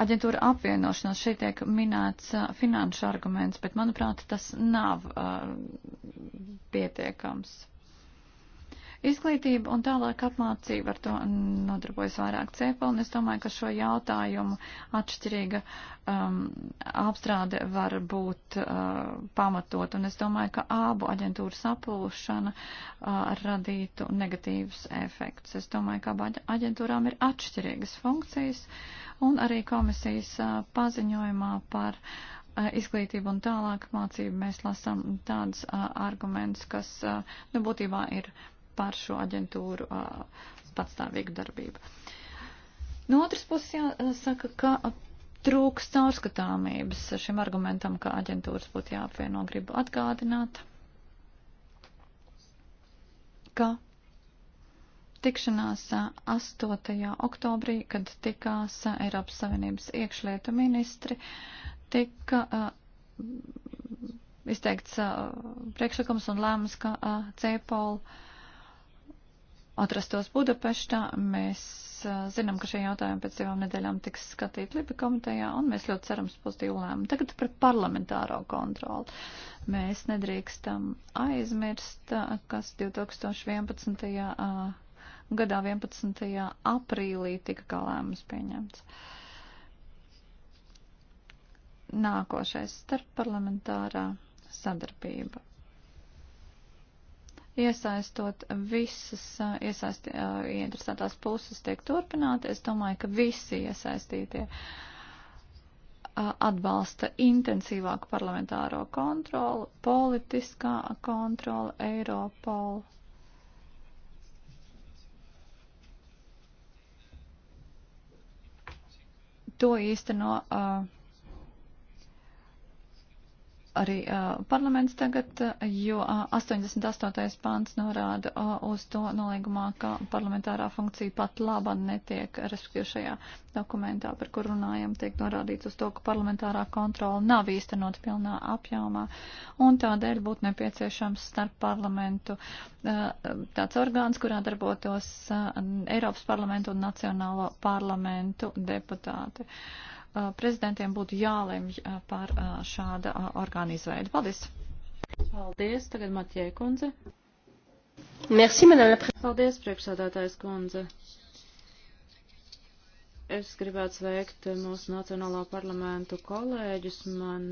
aģentūra apvienošanos. Šeit tiek minēts finanšu arguments, bet manuprāt, tas nav uh, pietiekams. Izglītība un tālāk apmācība ar to nodarbojas vairāk CEPA, un es domāju, ka šo jautājumu atšķirīga um, apstrāde var būt uh, pamatot, un es domāju, ka abu aģentūru sapulšana uh, radītu negatīvus efektus. Es domāju, ka aģentūrām ir atšķirīgas funkcijas, un arī komisijas uh, paziņojumā par uh, izglītību un tālāk mācību mēs lasām tādus uh, argumentus, kas uh, nu, būtībā ir par šo aģentūru patstāvīgu darbību. No otras puses jāsaka, ka trūks caurskatāmības šim argumentam, ka aģentūras būtu jāapvieno, gribu atgādināt, ka tikšanās 8. oktobrī, kad tikās Eiropas Savienības iekšlietu ministri, tika izteikts priekšlikums un lēmums, ka CEPOL uh, atrastos Budapeštā. Mēs zinām, ka šie jautājumi pēc divām nedēļām tiks skatīti Libi komitejā, un mēs ļoti cerams pozitīvu lēmumu. Tagad par parlamentāro kontroli. Mēs nedrīkstam aizmirst, kas 2011. gadā 11. aprīlī tika kā lēmums pieņemts. Nākošais starpparlamentārā sadarbība iesaistot visas iesaisti, ieinteresētās puses tiek turpināta. Es domāju, ka visi iesaistītie atbalsta intensīvāku parlamentāro kontroli, politiskā kontroli, Eiropolu. To īsteno uh, arī uh, parlaments tagad, jo uh, 88. pāns norāda uh, uz to nolīgumā, ka parlamentārā funkcija pat laba netiek, respektīvi šajā dokumentā, par kur runājam, tiek norādīts uz to, ka parlamentārā kontrola nav īstenot pilnā apjomā, un tādēļ būtu nepieciešams starp parlamentu uh, tāds orgāns, kurā darbotos uh, Eiropas parlamentu un Nacionālo parlamentu deputāti. Uh, prezidentiem būtu jālemj par šāda orgāna izveidu. Paldies! Paldies! Tagad Matjē kundze. Merci, madame. Paldies, priekšsādātājs kundze. Es gribētu sveikt mūsu Nacionālā parlamentu kolēģus. Man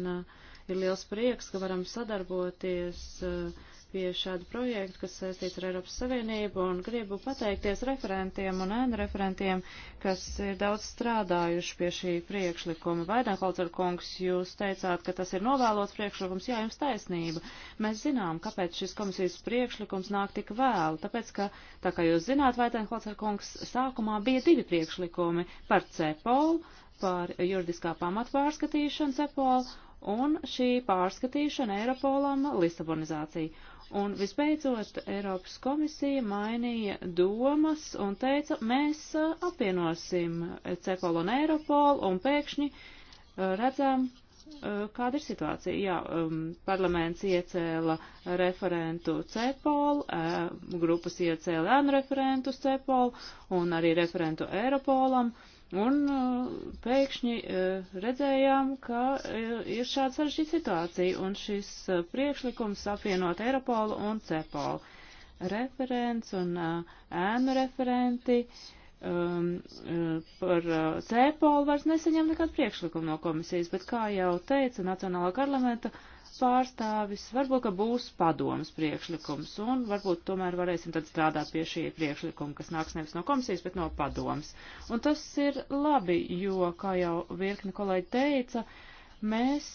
ir liels prieks, ka varam sadarboties uh, pie šāda projekta, kas saistīts ar Eiropas Savienību, un gribu pateikties referentiem un ēnu referentiem, kas ir daudz strādājuši pie šī priekšlikuma. Vaidākolcer kungs, jūs teicāt, ka tas ir novēlots priekšlikums, jā, jums taisnība. Mēs zinām, kāpēc šis komisijas priekšlikums nāk tik vēlu, tāpēc, ka, tā kā jūs zināt, Vaidākolcer kungs, sākumā bija divi priekšlikumi par CEPOL, par juridiskā pamatvārskatīšanu CEPOL, un šī pārskatīšana Eiropolam Lisabonizācija. Un visbeidzot, Eiropas komisija mainīja domas un teica, mēs apvienosim Cepolu un Eiropolu un pēkšņi redzam, kāda ir situācija. Jā, um, parlaments iecēla referentu Cepolu, grupas iecēla ēnu referentu Cepolu un arī referentu Eiropolam. Uh, Un uh, pēkšņi uh, redzējām, ka uh, ir šāda sarežģīta situācija, un šis priekšlikums apvienot Eiropolu un Cepolu referents un ēnu referenti um, par Cepolu vairs nesaņem nekādu priekšlikumu no komisijas, bet kā jau teica Nacionālā parlamenta, uh, pārstāvis, varbūt, ka būs padomas priekšlikums, un varbūt tomēr varēsim tad strādāt pie šī priekšlikuma, kas nāks nevis no komisijas, bet no padomas. Un tas ir labi, jo, kā jau virkni kolēģi teica, mēs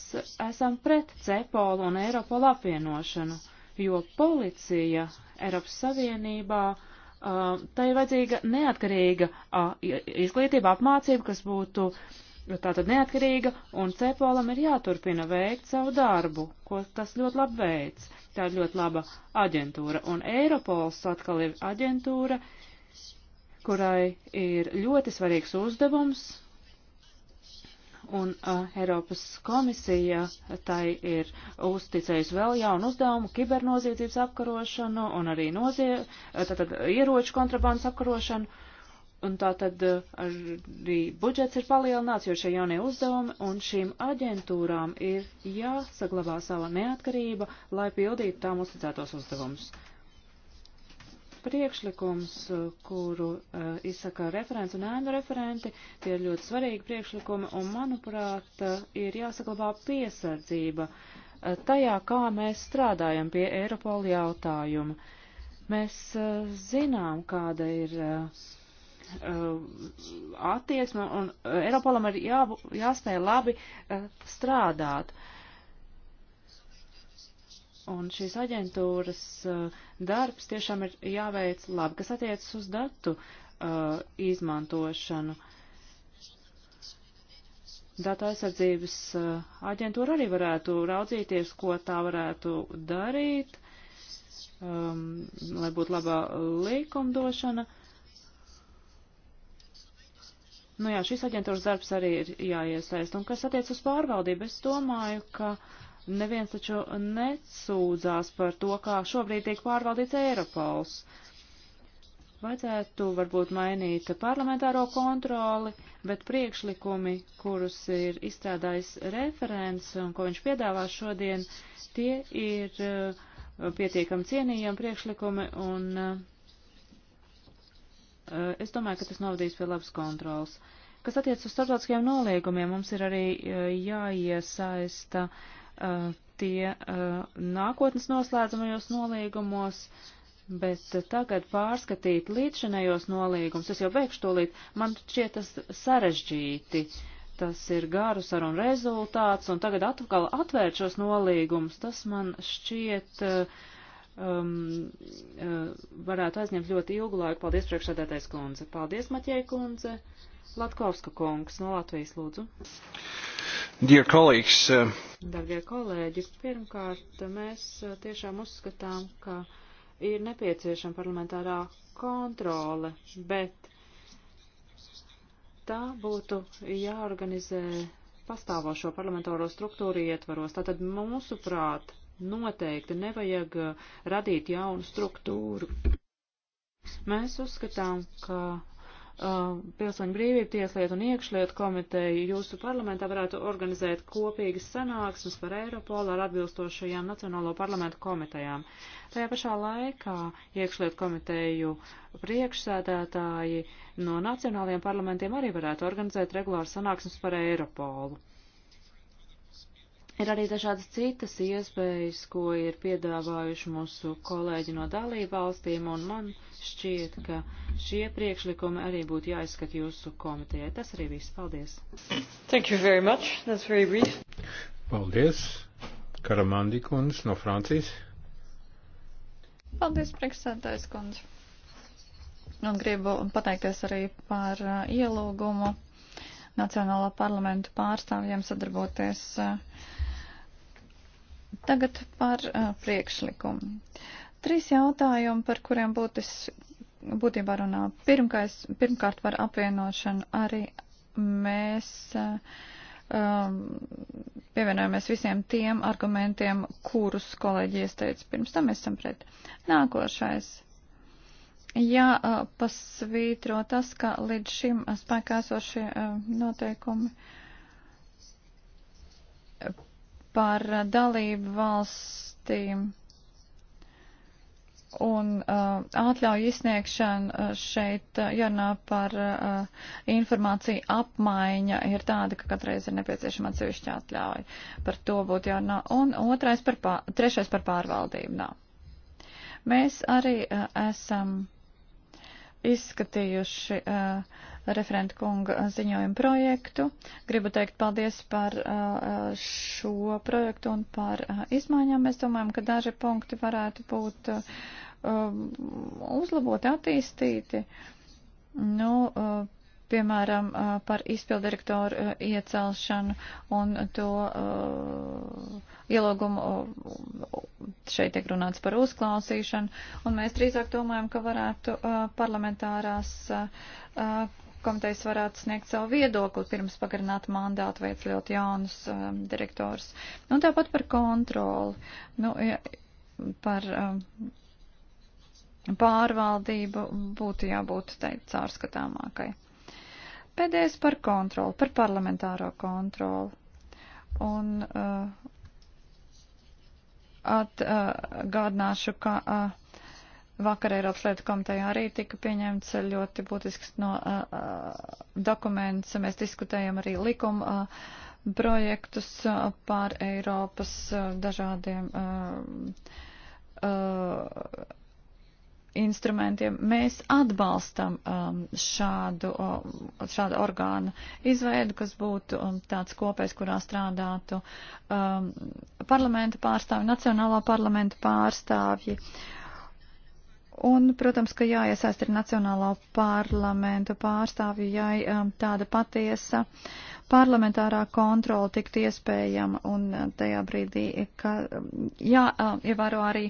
esam pret Cepolu un Eiropolu apvienošanu, jo policija Eiropas Savienībā Uh, tai ir vajadzīga neatkarīga uh, izglītība, apmācība, kas būtu uh, tātad neatkarīga, un Cepolam ir jāturpina veikt savu darbu, ko tas ļoti labi veids. Tā ir ļoti laba aģentūra, un Eiropols atkal ir aģentūra, kurai ir ļoti svarīgs uzdevums, un uh, Eiropas komisija tai ir uzticējusi vēl jaunu uzdevumu - kibernoziedzības apkarošanu un arī nozie, tātad ieroču kontrabandas apkarošanu. Uh, Un tā tad eh, arī budžets ir palielināts, jo šie jaunie uzdevumi un šīm aģentūrām ir jāsaglabā sava neatkarība, lai pildītu tām uzticētos uzdevumus. Priekšlikums, eh, kuru uh, izsaka referents un ēnu referenti, tie ir ļoti svarīgi priekšlikumi un, manuprāt, uh, ir jāsaglabā piesardzība uh, tajā, kā mēs strādājam pie Eiropola jautājuma. Mēs uh, zinām, kāda ir. Uh, Uh, attieksme, un uh, Eiropolam ir jā, jāspēj labi uh, strādāt. Un šīs aģentūras darbs tiešām ir jāveic labi, kas attiecas uz datu izmantošanu. Datu aizsardzības aģentūra arī varētu raudzīties, ko tā varētu darīt, um, lai būtu labā likumdošana. Uh, Nu jā, šīs aģentūras darbs arī ir jāiesaist. Un kas attiec uz pārvaldību, es domāju, ka neviens taču nesūdzās par to, kā šobrīd tiek pārvaldīts Eiropols. Vajadzētu varbūt mainīt parlamentāro kontroli, bet priekšlikumi, kurus ir izstrādājis referents un ko viņš piedāvā šodien, tie ir uh, pietiekami cienījami priekšlikumi un uh, Eh, es domāju, ka tas novadīs pie labas kontrolas. Kas attiec uz starptautiskajiem noliegumiem, mums ir arī eh, jāiesaista eh, tie nākotnes noslēdzamajos noliegumos, bet tagad pārskatīt līdzšanējos nolīgumus, es jau beigšu tūlīt, man šķiet tas sarežģīti. Tas ir garu sarunu rezultāts, un tagad atkal atvērt šos nolīgumus, tas man šķiet uh, um, uh, varētu aizņemt ļoti ilgu laiku. Paldies, priekšsēdētais kundze. Paldies, Maķēja kundze. Latkovska kungs no Latvijas lūdzu. Dear colleagues, uh... Darbie kolēģi, pirmkārt mēs uh, tiešām uzskatām, ka ir nepieciešama parlamentārā kontrole, bet tā būtu jāorganizē pastāvošo parlamentāro struktūru ietvaros. Tātad mūsuprāt, noteikti nevajag uh, radīt jaunu struktūru. Mēs uzskatām, ka uh, Pilsoņu brīvību tieslietu un iekšlietu komiteju jūsu parlamentā varētu organizēt kopīgas sanāksmes par Eiropolu ar atbilstošajām Nacionālo parlamentu komitejām. Tajā pašā laikā iekšlietu komiteju priekšsēdētāji no nacionālajiem parlamentiem arī varētu organizēt regulāru sanāksmes par Eiropolu. Ir arī dažādas citas iespējas, ko ir piedāvājuši mūsu kolēģi no dalību valstīm, un man šķiet, ka šie priekšlikumi arī būtu jāizskat jūsu komitejai. Tas arī viss. Paldies! Thank you very much. That's very brief. Paldies! Karamandi kundze no Francijas. Paldies, priekšsēdājas kundze. Un gribu pateikties arī par uh, ielūgumu Nacionālā parlamenta pārstāvjiem sadarboties. Uh, Tagad par uh, priekšlikumu. Trīs jautājumi, par kuriem būtis, būtībā runā. Pirmkais, pirmkārt par apvienošanu arī mēs uh, um, pievienojamies visiem tiem argumentiem, kurus kolēģi iesteica pirms tam, mēs esam pret. Nākošais. Jā, uh, pasvītro tas, ka līdz šim spēkā esošie uh, noteikumi par uh, dalību valstīm un uh, atļauju izsniegšanu uh, šeit uh, jārunā par uh, informāciju apmaiņa ir tāda, ka katreiz ir nepieciešama atsevišķa atļauja. Par to būtu jārunā. Un otrais par pār, trešais par pārvaldību nav. Mēs arī uh, esam izskatījuši uh, referenta kunga ziņojumu projektu. Gribu teikt paldies par uh, uh, šo projektu un par uh, izmaiņām. Mēs domājam, ka daži punkti varētu būt um, uzlaboti, attīstīti. Nu, piemēram, par izpildirektoru iecelšanu un to uh, ielogumu. Šeit tiek runāts par uzklausīšanu, un mēs drīzāk domājam, ka varētu uh, parlamentārās uh, komitejas varētu sniegt savu viedokli pirms pagarināt mandātu veicot jaunus um, direktors. Nu, tāpat par kontroli, nu, ja, par um, pārvaldību būtu jābūt teikt cārskatāmākai. Pēdējais par kontroli, par parlamentāro kontroli. Un uh, atgādināšu, uh, ka uh, Vakar Eiropas lietu komitejā arī tika pieņemts ļoti būtisks no, uh, dokuments. Mēs diskutējam arī likuma uh, projektus uh, pār Eiropas uh, dažādiem uh, uh, instrumentiem. Mēs atbalstam um, šādu, um, šādu orgānu izveidu, kas būtu um, tāds kopējs, kurā strādātu um, parlamenta pārstāvji, nacionālā parlamenta pārstāvji. Uh, Un, protams, ka jāiesaist ir Nacionālā parlamenta pārstāvju, ja um, tāda patiesa parlamentārā kontrola tiktu iespējama un uh, tajā brīdī, ka um, jāievēro uh, arī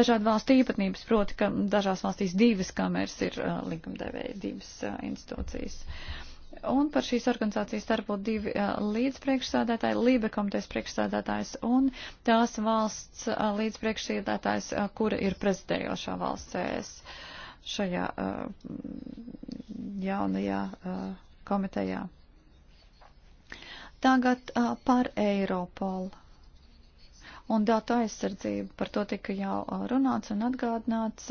dažādu valstu īpatnības, proti, ka dažās valstīs divas kameras ir uh, likumdevēja, divas institūcijas. Uh, Un par šīs organizācijas darbu divi līdzpriekšsādātāji, Lībe komitejas priekšsādātājs un tās valsts līdzpriekšsādātājs, kura ir prezidējošā valsts ES šajā jaunajā komitejā. Tagad par Eiropolu un datu aizsardzību. Par to tika jau runāts un atgādināts.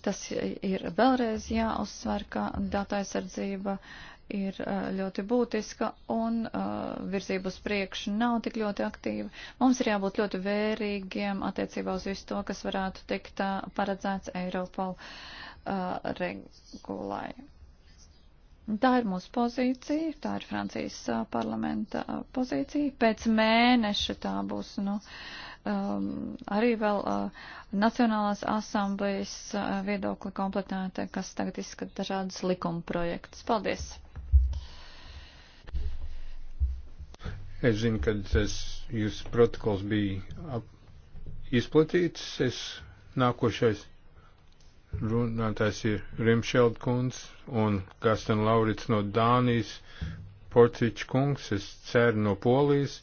Tas ir vēlreiz jāuzsver, ka datu aizsardzība uh, ir uh, ļoti būtiska un uh, virzība uz priekšu nav tik ļoti aktīva. Mums ir jābūt ļoti vērīgiem attiecībā uz visu to, kas varētu tikt uh, paredzēts Eiropol regulai. Tā ir mūsu pozīcija, tā ir Francijas parlamenta pozīcija. Pēc mēneša tā būs, nu, um, arī vēl uh, Nacionālās asamblejas uh, viedokli kompletēta, kas tagad izskata dažādas likuma projektus. Paldies! Es zinu, ka jūsu protokols bija ap, izplatīts. Es nākošais runātājs ir Rimšeld kungs un Kastan Laurits no Dānijas, Porcič kungs, es ceru no Polijas,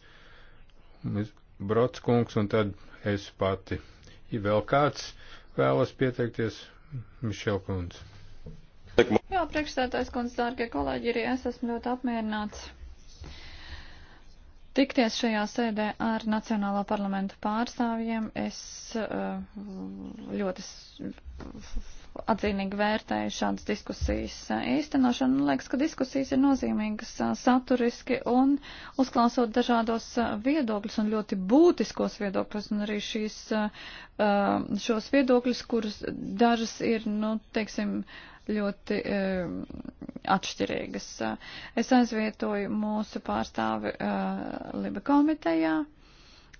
Brots kungs un tad es pati. Ja vēl kāds vēlas pieteikties, Mišel kungs. Jā, priekšstādājs kungs, dārgie kolēģi, arī es esmu ļoti apmierināts tikties šajā sēdē ar Nacionālā parlamenta pārstāvjiem. Es uh, ļoti atzīmīgi vērtēju šādas diskusijas uh, īstenošanu. Man liekas, ka diskusijas ir nozīmīgas uh, saturiski un uzklausot dažādos viedokļus un ļoti būtiskos viedokļus un arī šīs, šos viedokļus, kurus dažas ir, nu, teiksim, ļoti eh, atšķirīgas. Es aizvietoju mūsu pārstāvi eh, Liba komitejā.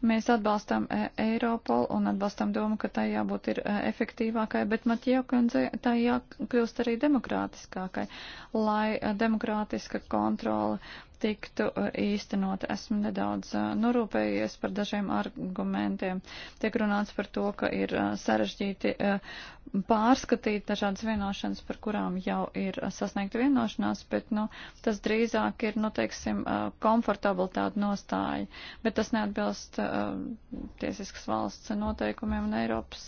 Mēs atbalstam eh, Eiropolu un atbalstam domu, ka tā jābūt ir efektīvākai, bet Matjokundze tā jākļūst arī demokrātiskākai, lai demokrātiska kontrola tiktu uh, īstenot. Esmu nedaudz uh, norūpējies par dažiem argumentiem. Tiek runāts par to, ka ir uh, sarežģīti pārskatīt dažādas vienošanas, par kurām jau ir sasniegta vienošanās, bet nu, tas drīzāk ir, nu, teiksim, komfortabli tāda nostāja, bet tas neatbilst tiesiskas valsts noteikumiem un Eiropas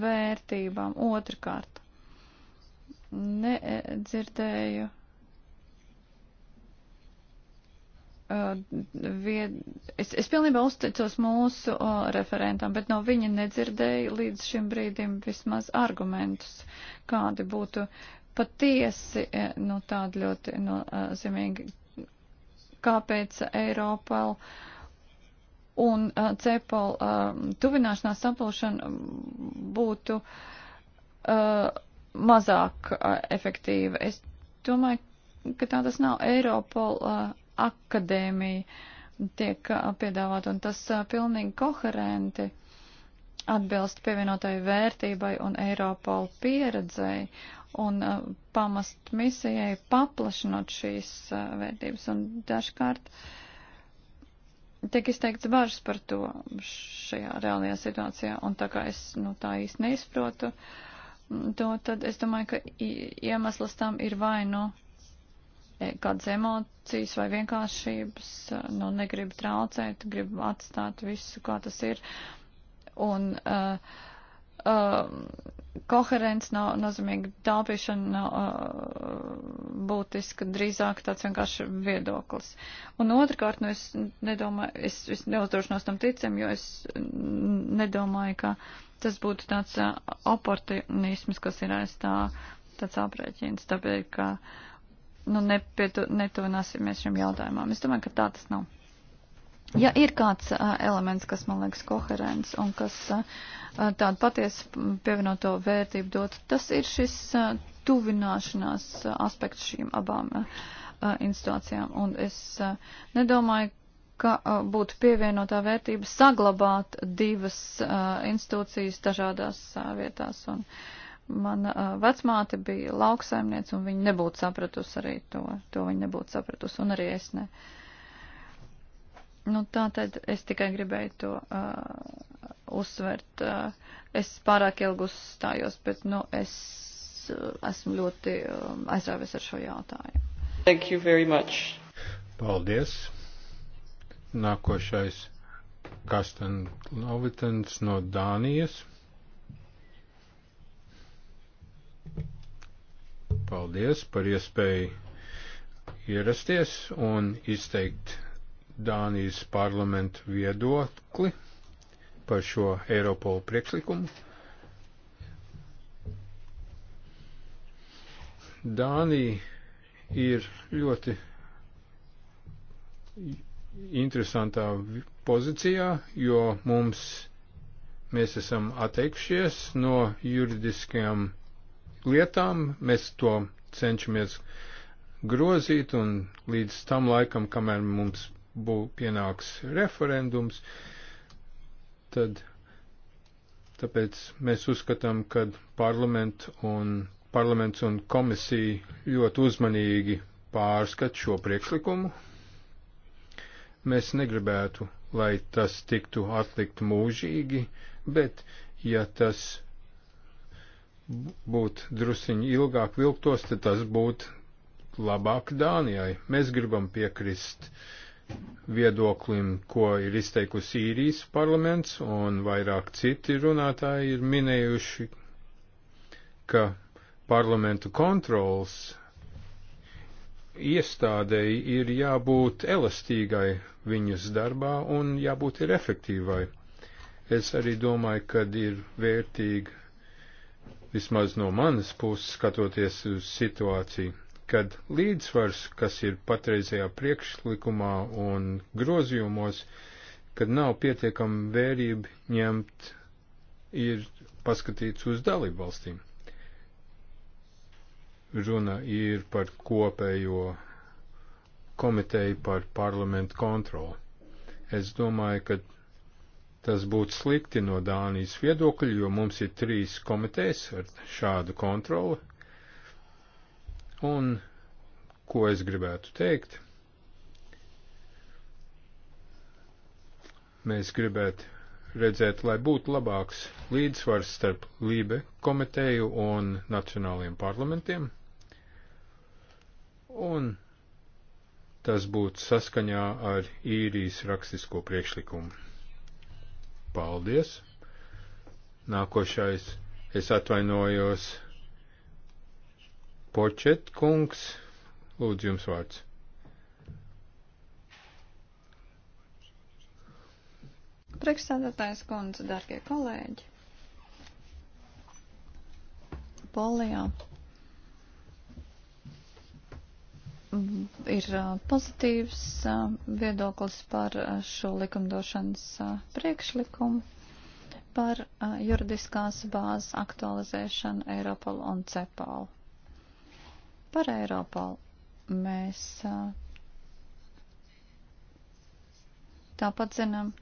vērtībām. Otrakārt, nedzirdēju Uh, vied... es, es pilnībā uzticos mūsu uh, referentam, bet no viņa nedzirdēju līdz šim brīdim vismaz argumentus, kādi būtu patiesi, uh, nu tādi ļoti nu, uh, zemīgi, kāpēc Eiropal un uh, Cepal uh, tuvināšanās sapulšana būtu uh, mazāk uh, efektīva. Es domāju, ka tā tas nav. Eiropol uh, akadēmija tiek piedāvāt, un tas pilnīgi koherenti atbilst pievienotai vērtībai un Eiropola pieredzei un pamast misijai paplašinot šīs vērtības. Un dažkārt tiek izteikts bažas par to šajā reālajā situācijā, un tā kā es nu, tā īsti neizprotu, to tad es domāju, ka iemesls tam ir vai nu. No kādas emocijas vai vienkāršības, nu, negribu traucēt, gribu atstāt visu, kā tas ir. Un uh, uh, koherence nav no, nozīmīgi tāpīšana, nav uh, būtiska, drīzāk tāds vienkārši viedoklis. Un otrkārt, nu, es nedomāju, es, es neuzdrošinos tam ticam, jo es nedomāju, ka tas būtu tāds uh, oportunisms, kas ir aiz tā, tāds aprēķins, tāpēc, ka uh, nu, nepietu, netuvināsimies šim jautājumam. Es domāju, ka tā tas nav. Ja ir kāds uh, elements, kas man liekas koherents un kas uh, tādu patiesu pievienoto vērtību dot, tas ir šis uh, tuvināšanās uh, aspekts šīm abām uh, institūcijām. Un es uh, nedomāju, ka uh, būtu pievienotā vērtība saglabāt divas uh, institūcijas dažādās uh, vietās. Un, uh, Mana uh, vecmāte bija lauksaimniece, un viņa nebūtu sapratusi arī to. To viņa nebūtu sapratusi, un arī es ne. Nu, tā tad es tikai gribēju to uh, uzsvert. Uh, es pārāk ilgi uzstājos, bet, nu, es uh, esmu ļoti uh, aizrāvies ar šo jautājumu. Thank you very much. Paldies. Nākošais Kasten Lovitens no Dānijas. Paldies par iespēju ierasties un izteikt Dānijas parlamentu viedokli par šo Eiropolu priekšlikumu. Dānija ir ļoti interesantā pozīcijā, jo mums mēs esam atteikšies no juridiskajām lietām. Mēs to cenšamies grozīt un līdz tam laikam, kamēr mums būs pienāks referendums, tad tāpēc mēs uzskatām, ka parlament un, parlaments un komisija ļoti uzmanīgi pārskat šo priekšlikumu. Mēs negribētu, lai tas tiktu atlikt mūžīgi, bet ja tas būtu drusiņi ilgāk vilktos, tad tas būtu labāk Dānijai. Mēs gribam piekrist viedoklim, ko ir izteikusi īrijas parlaments, un vairāk citi runātāji ir minējuši, ka parlamentu kontrols iestādēji ir jābūt elastīgai viņas darbā un jābūt ir efektīvai. Es arī domāju, ka ir vērtīgi vismaz no manas puses skatoties uz situāciju, kad līdzsvars, kas ir patreizajā priekšlikumā un grozījumos, kad nav pietiekama vērība ņemt, ir paskatīts uz dalību valstīm. Runa ir par kopējo komiteju par parlamentu kontroli. Es domāju, ka Tas būtu slikti no Dānijas viedokļa, jo mums ir trīs komitejas ar šādu kontroli. Un ko es gribētu teikt? Mēs gribētu redzēt, lai būtu labāks līdzsvars starp Lībe komiteju un nacionāliem parlamentiem, un tas būtu saskaņā ar īrijas rakstisko priekšlikumu. Paldies! Nākošais es atvainojos Počet kungs. Lūdzu, jums vārds. Priekšsēdētājs kundze, darbie kolēģi. Polijā ir pozitīvs viedoklis par šo likumdošanas priekšlikumu par juridiskās bāzes aktualizēšanu Eiropal un Cepālu. Par Eiropalu mēs tāpat zinām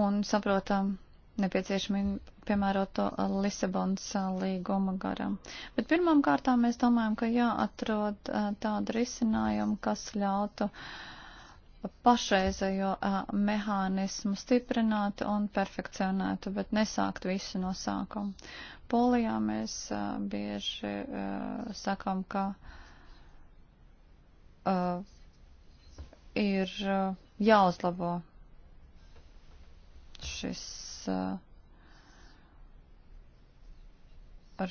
un saprotam nepieciešami piemērot to Lisabons līguma garam. Bet pirmām kārtām mēs domājam, ka jāatrod tādu risinājumu, kas ļautu pašreizējo mehānismu stiprināt un perfekcionēt, bet nesākt visu no sākuma. Polijā mēs bieži sakam, ka ir jāuzlabo šis Uh,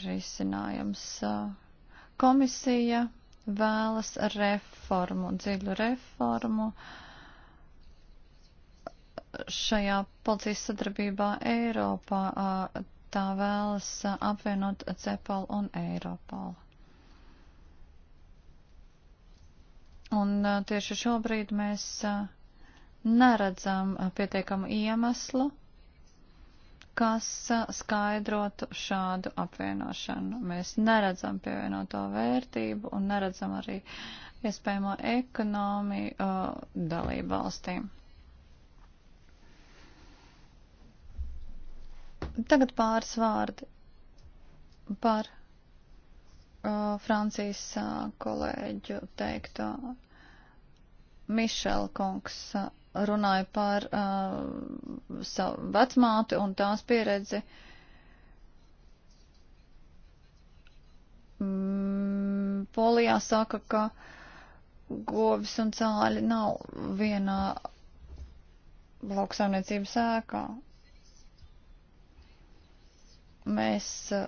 risinājums. Uh, komisija vēlas reformu, dziļu reformu šajā policijas sadarbībā Eiropā. Uh, tā vēlas apvienot Cepalu un Eiropalu. Un tieši šobrīd mēs neredzam pietiekamu iemeslu kas skaidrotu šādu apvienošanu. Mēs neredzam pievienoto vērtību un neredzam arī iespējamo ekonomiju uh, dalību valstīm. Tagad pāris vārdi par uh, Francijas uh, kolēģu teikto. Mišela kungs uh, runāju par uh, savu vecmāti un tās pieredzi. Mm, Polijā saka, ka govis un cāļi nav vienā lauksaimniecības ēkā. Mēs uh,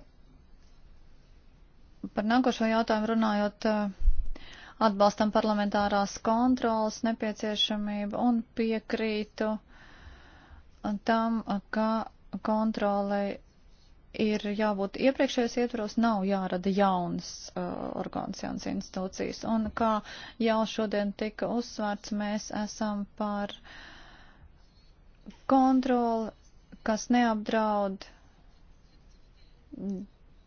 par nākošo jautājumu runājot. Uh, atbalstam parlamentārās kontrolas nepieciešamību un piekrītu tam, ka kontrolei ir jābūt iepriekšējos ietvaros, nav jārada jaunas uh, orgāns, jaunas institūcijas. Un kā jau šodien tika uzsvērts, mēs esam par kontroli, kas neapdraud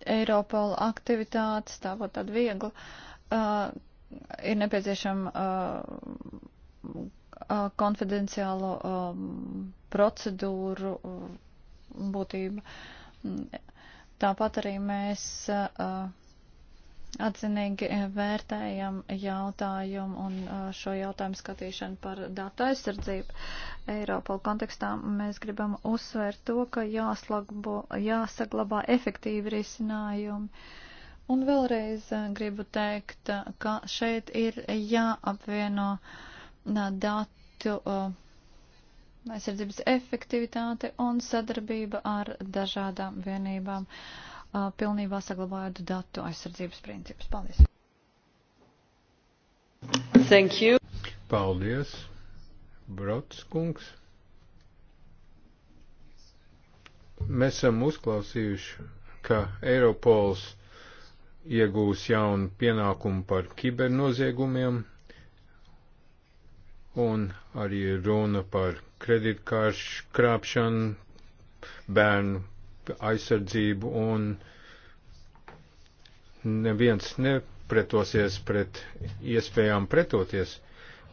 Eiropola aktivitātes, tā būtu tāda viegla uh, ir nepieciešama uh, uh, konfidenciālo uh, procedūru uh, būtība. Tāpat arī mēs uh, atzinīgi vērtējam jautājumu un uh, šo jautājumu skatīšanu par datu aizsardzību. Eiropola kontekstā mēs gribam uzsvērt to, ka jāslagbo, jāsaglabā efektīvi risinājumi Un vēlreiz eh, gribu teikt, eh, ka šeit ir jāapvieno eh, datu aizsardzības efektivitāte un sadarbība ar dažādām vienībām, pilnībā saglabājot datu aizsardzības principus. Paldies! Thank you. Paldies, Brotskungs. Mēs esam uzklausījuši, ka Eiropols iegūs jaunu pienākumu par kibernoziegumiem, un arī runa par kreditkāršu krāpšanu, bērnu aizsardzību, un neviens nepretosies pret iespējām pretoties,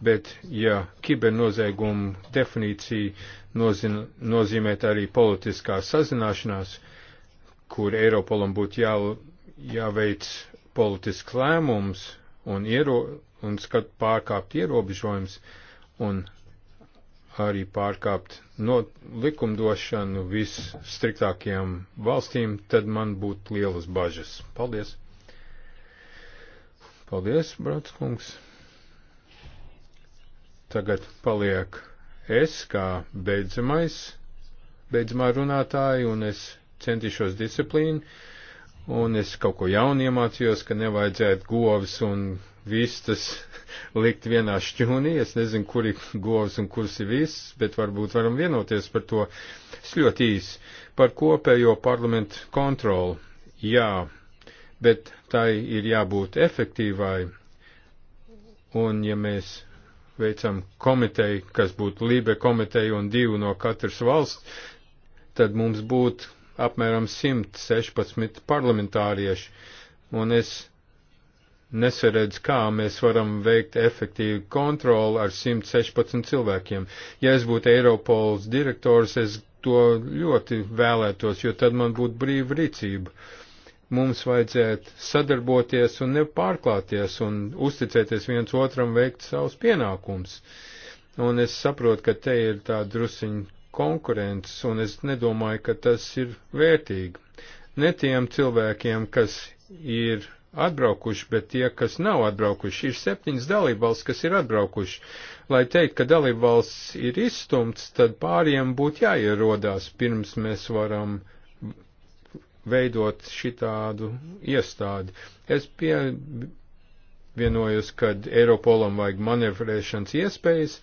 bet ja kibernozieguma definīcija nozina, nozīmē arī politiskā sazināšanās, kur Eiropolam būtu jālu jāveic politisks lēmums un, iero, un skat pārkāpt ierobežojums un arī pārkāpt no likumdošanu visstriktākajām valstīm, tad man būtu lielas bažas. Paldies! Paldies, brats kungs! Tagad paliek es kā beidzamais, beidzamā runātāja, un es centīšos disciplīnu un es kaut ko jaunu iemācījos, ka nevajadzētu govs un vistas likt vienā šķūnī. Es nezinu, kur ir govs un kurs ir viss, bet varbūt varam vienoties par to. Es ļoti īsi par kopējo parlamentu kontroli. Jā, bet tai ir jābūt efektīvai. Un ja mēs veicam komiteju, kas būtu Lībe komiteja un divu no katras valsts, tad mums būtu apmēram 116 parlamentārieši, un es nesaredz, kā mēs varam veikt efektīvu kontroli ar 116 cilvēkiem. Ja es būtu Eiropols direktors, es to ļoti vēlētos, jo tad man būtu brīva rīcība. Mums vajadzētu sadarboties un nepārklāties un uzticēties viens otram veikt savus pienākums. Un es saprotu, ka te ir tā drusiņa konkurences, un es nedomāju, ka tas ir vērtīgi. Ne tiem cilvēkiem, kas ir atbraukuši, bet tie, kas nav atbraukuši, ir septiņas dalībvalsts, kas ir atbraukuši. Lai teikt, ka dalībvalsts ir izstumts, tad pāriem būtu jāierodās, pirms mēs varam veidot šitādu iestādi. Es pievienojos, kad Eiropolam vajag manevrēšanas iespējas.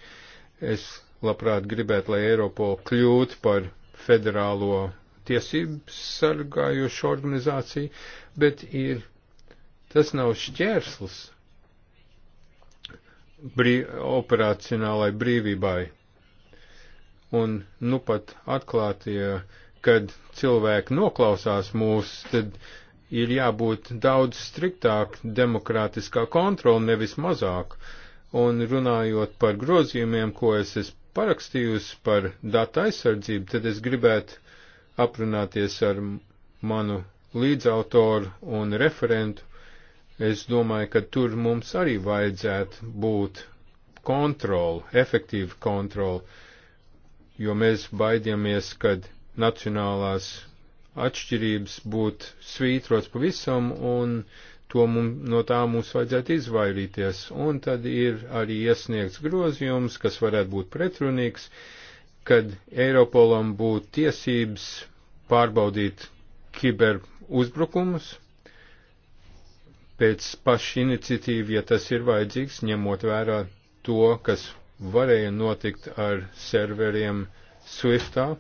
Es labprāt gribētu, lai Eiropola kļūtu par federālo tiesību sargājošu organizāciju, bet ir, tas nav šķērslis brī, operacionālai brīvībai. Un nu pat atklātie, ja, kad cilvēki noklausās mūs, tad ir jābūt daudz striktāk demokrātiskā kontrola, nevis mazāk. Un runājot par grozījumiem, ko es, es parakstījusi par datu aizsardzību, tad es gribētu aprunāties ar manu līdzautoru un referentu. Es domāju, ka tur mums arī vajadzētu būt kontroli, efektīva kontroli, jo mēs baidāmies, kad nacionālās atšķirības būtu svītrots pavisam un uh, to mums, no tā mums vajadzētu izvairīties. Un tad ir arī iesniegts grozījums, kas varētu būt pretrunīgs, kad Eiropolam būtu tiesības pārbaudīt kiber uzbrukumus pēc paša iniciatīva, ja tas ir vajadzīgs, ņemot vērā to, kas varēja notikt ar serveriem Swiftā,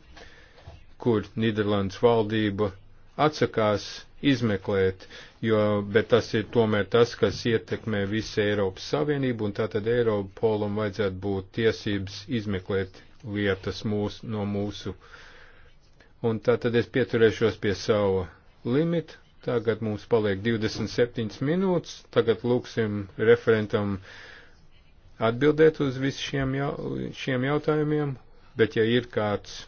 kur Nīderlandes valdība atsakās izmeklēt, jo, bet tas ir tomēr tas, kas ietekmē visu Eiropas Savienību, un tātad Eiropa polam vajadzētu būt tiesības izmeklēt lietas mūs, no mūsu. Un tātad es pieturēšos pie sava limita. Tagad mums paliek 27 minūtes. Tagad lūksim referentam atbildēt uz visiem šiem jautājumiem, bet ja ir kāds,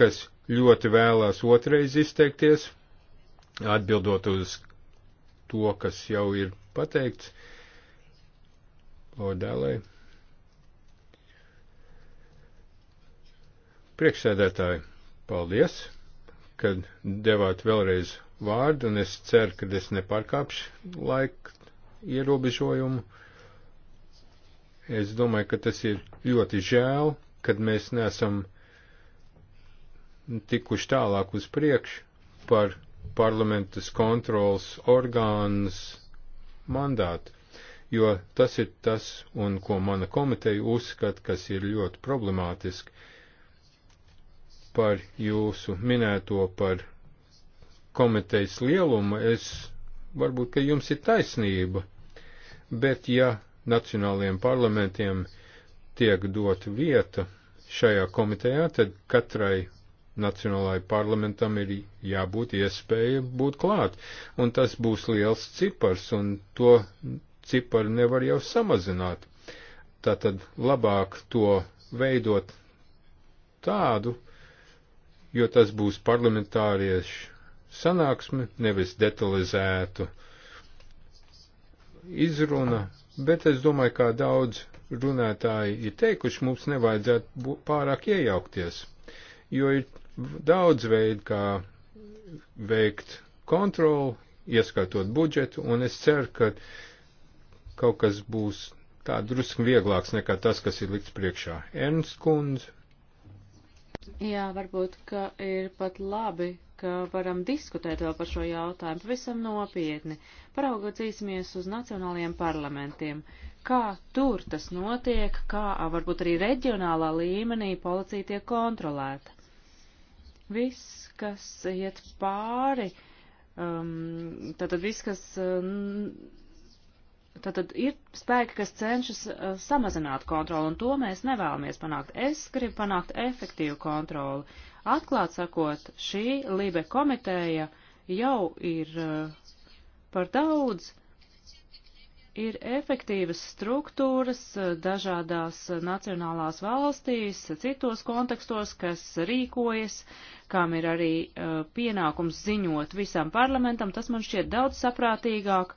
kas ļoti vēlās otrais izteikties, atbildot uz to, kas jau ir pateikts. Odēlē. Priekšsēdētāji, paldies, kad devāt vēlreiz vārdu, un es ceru, ka es nepārkāpšu laika ierobežojumu. Es domāju, ka tas ir ļoti žēl, kad mēs neesam tikuši tālāk uz priekšu par parlamentas kontrols orgānas mandātu, jo tas ir tas, un ko mana komiteja uzskata, kas ir ļoti problemātiski par jūsu minēto par komitejas lielumu, es varbūt, ka jums ir taisnība, bet ja nacionālajiem parlamentiem tiek dot vieta šajā komitejā, tad katrai Nacionālajai parlamentam ir jābūt iespēja būt klāt, un tas būs liels cipars, un to ciparu nevar jau samazināt. Tātad labāk to veidot tādu, jo tas būs parlamentāriešu sanāksme, nevis detalizētu izruna, bet es domāju, kā daudz runātāji ir teikuši, mums nevajadzētu pārāk iejaukties, jo ir daudz veidu, kā veikt kontroli, ieskaitot budžetu, un es ceru, ka kaut kas būs tā drusku vieglāks nekā tas, kas ir likts priekšā. Ernst Kundz. Jā, varbūt, ka ir pat labi, ka varam diskutēt vēl par šo jautājumu pavisam nopietni. Paraugacīsimies uz nacionālajiem parlamentiem. Kā tur tas notiek, kā varbūt arī reģionālā līmenī policija tiek kontrolēta? Viss, kas iet pāri, um, tātad viss, kas. Um, Tātad ir spēki, kas cenšas uh, samazināt kontroli, un to mēs nevēlamies panākt. Es gribu panākt efektīvu kontroli. Atklāt sakot, šī Lībe komiteja jau ir uh, par daudz ir efektīvas struktūras eh, dažādās eh, nacionālās valstīs, citos kontekstos, kas rīkojas, kam ir arī uh, pienākums ziņot visam parlamentam, tas man šķiet daudz saprātīgāk.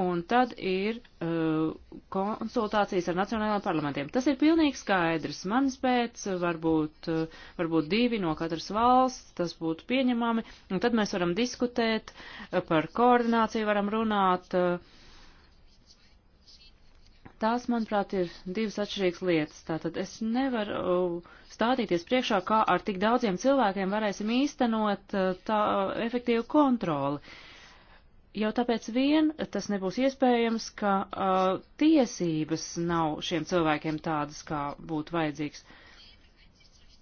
Un tad ir uh, konsultācijas ar nacionālajiem parlamentiem. Tas ir pilnīgi skaidrs. Mans pēc varbūt, uh, varbūt divi no katras valsts, tas būtu pieņemami. Un tad mēs varam diskutēt, par koordināciju varam runāt. Uh, Tās, manuprāt, ir divas atšķirīgas lietas. Tātad es nevaru uh, stādīties priekšā, kā ar tik daudziem cilvēkiem varēsim īstenot uh, tā efektīvu kontroli. Jau tāpēc vien tas nebūs iespējams, ka uh, tiesības nav šiem cilvēkiem tādas, kā būtu vajadzīgs. Uh,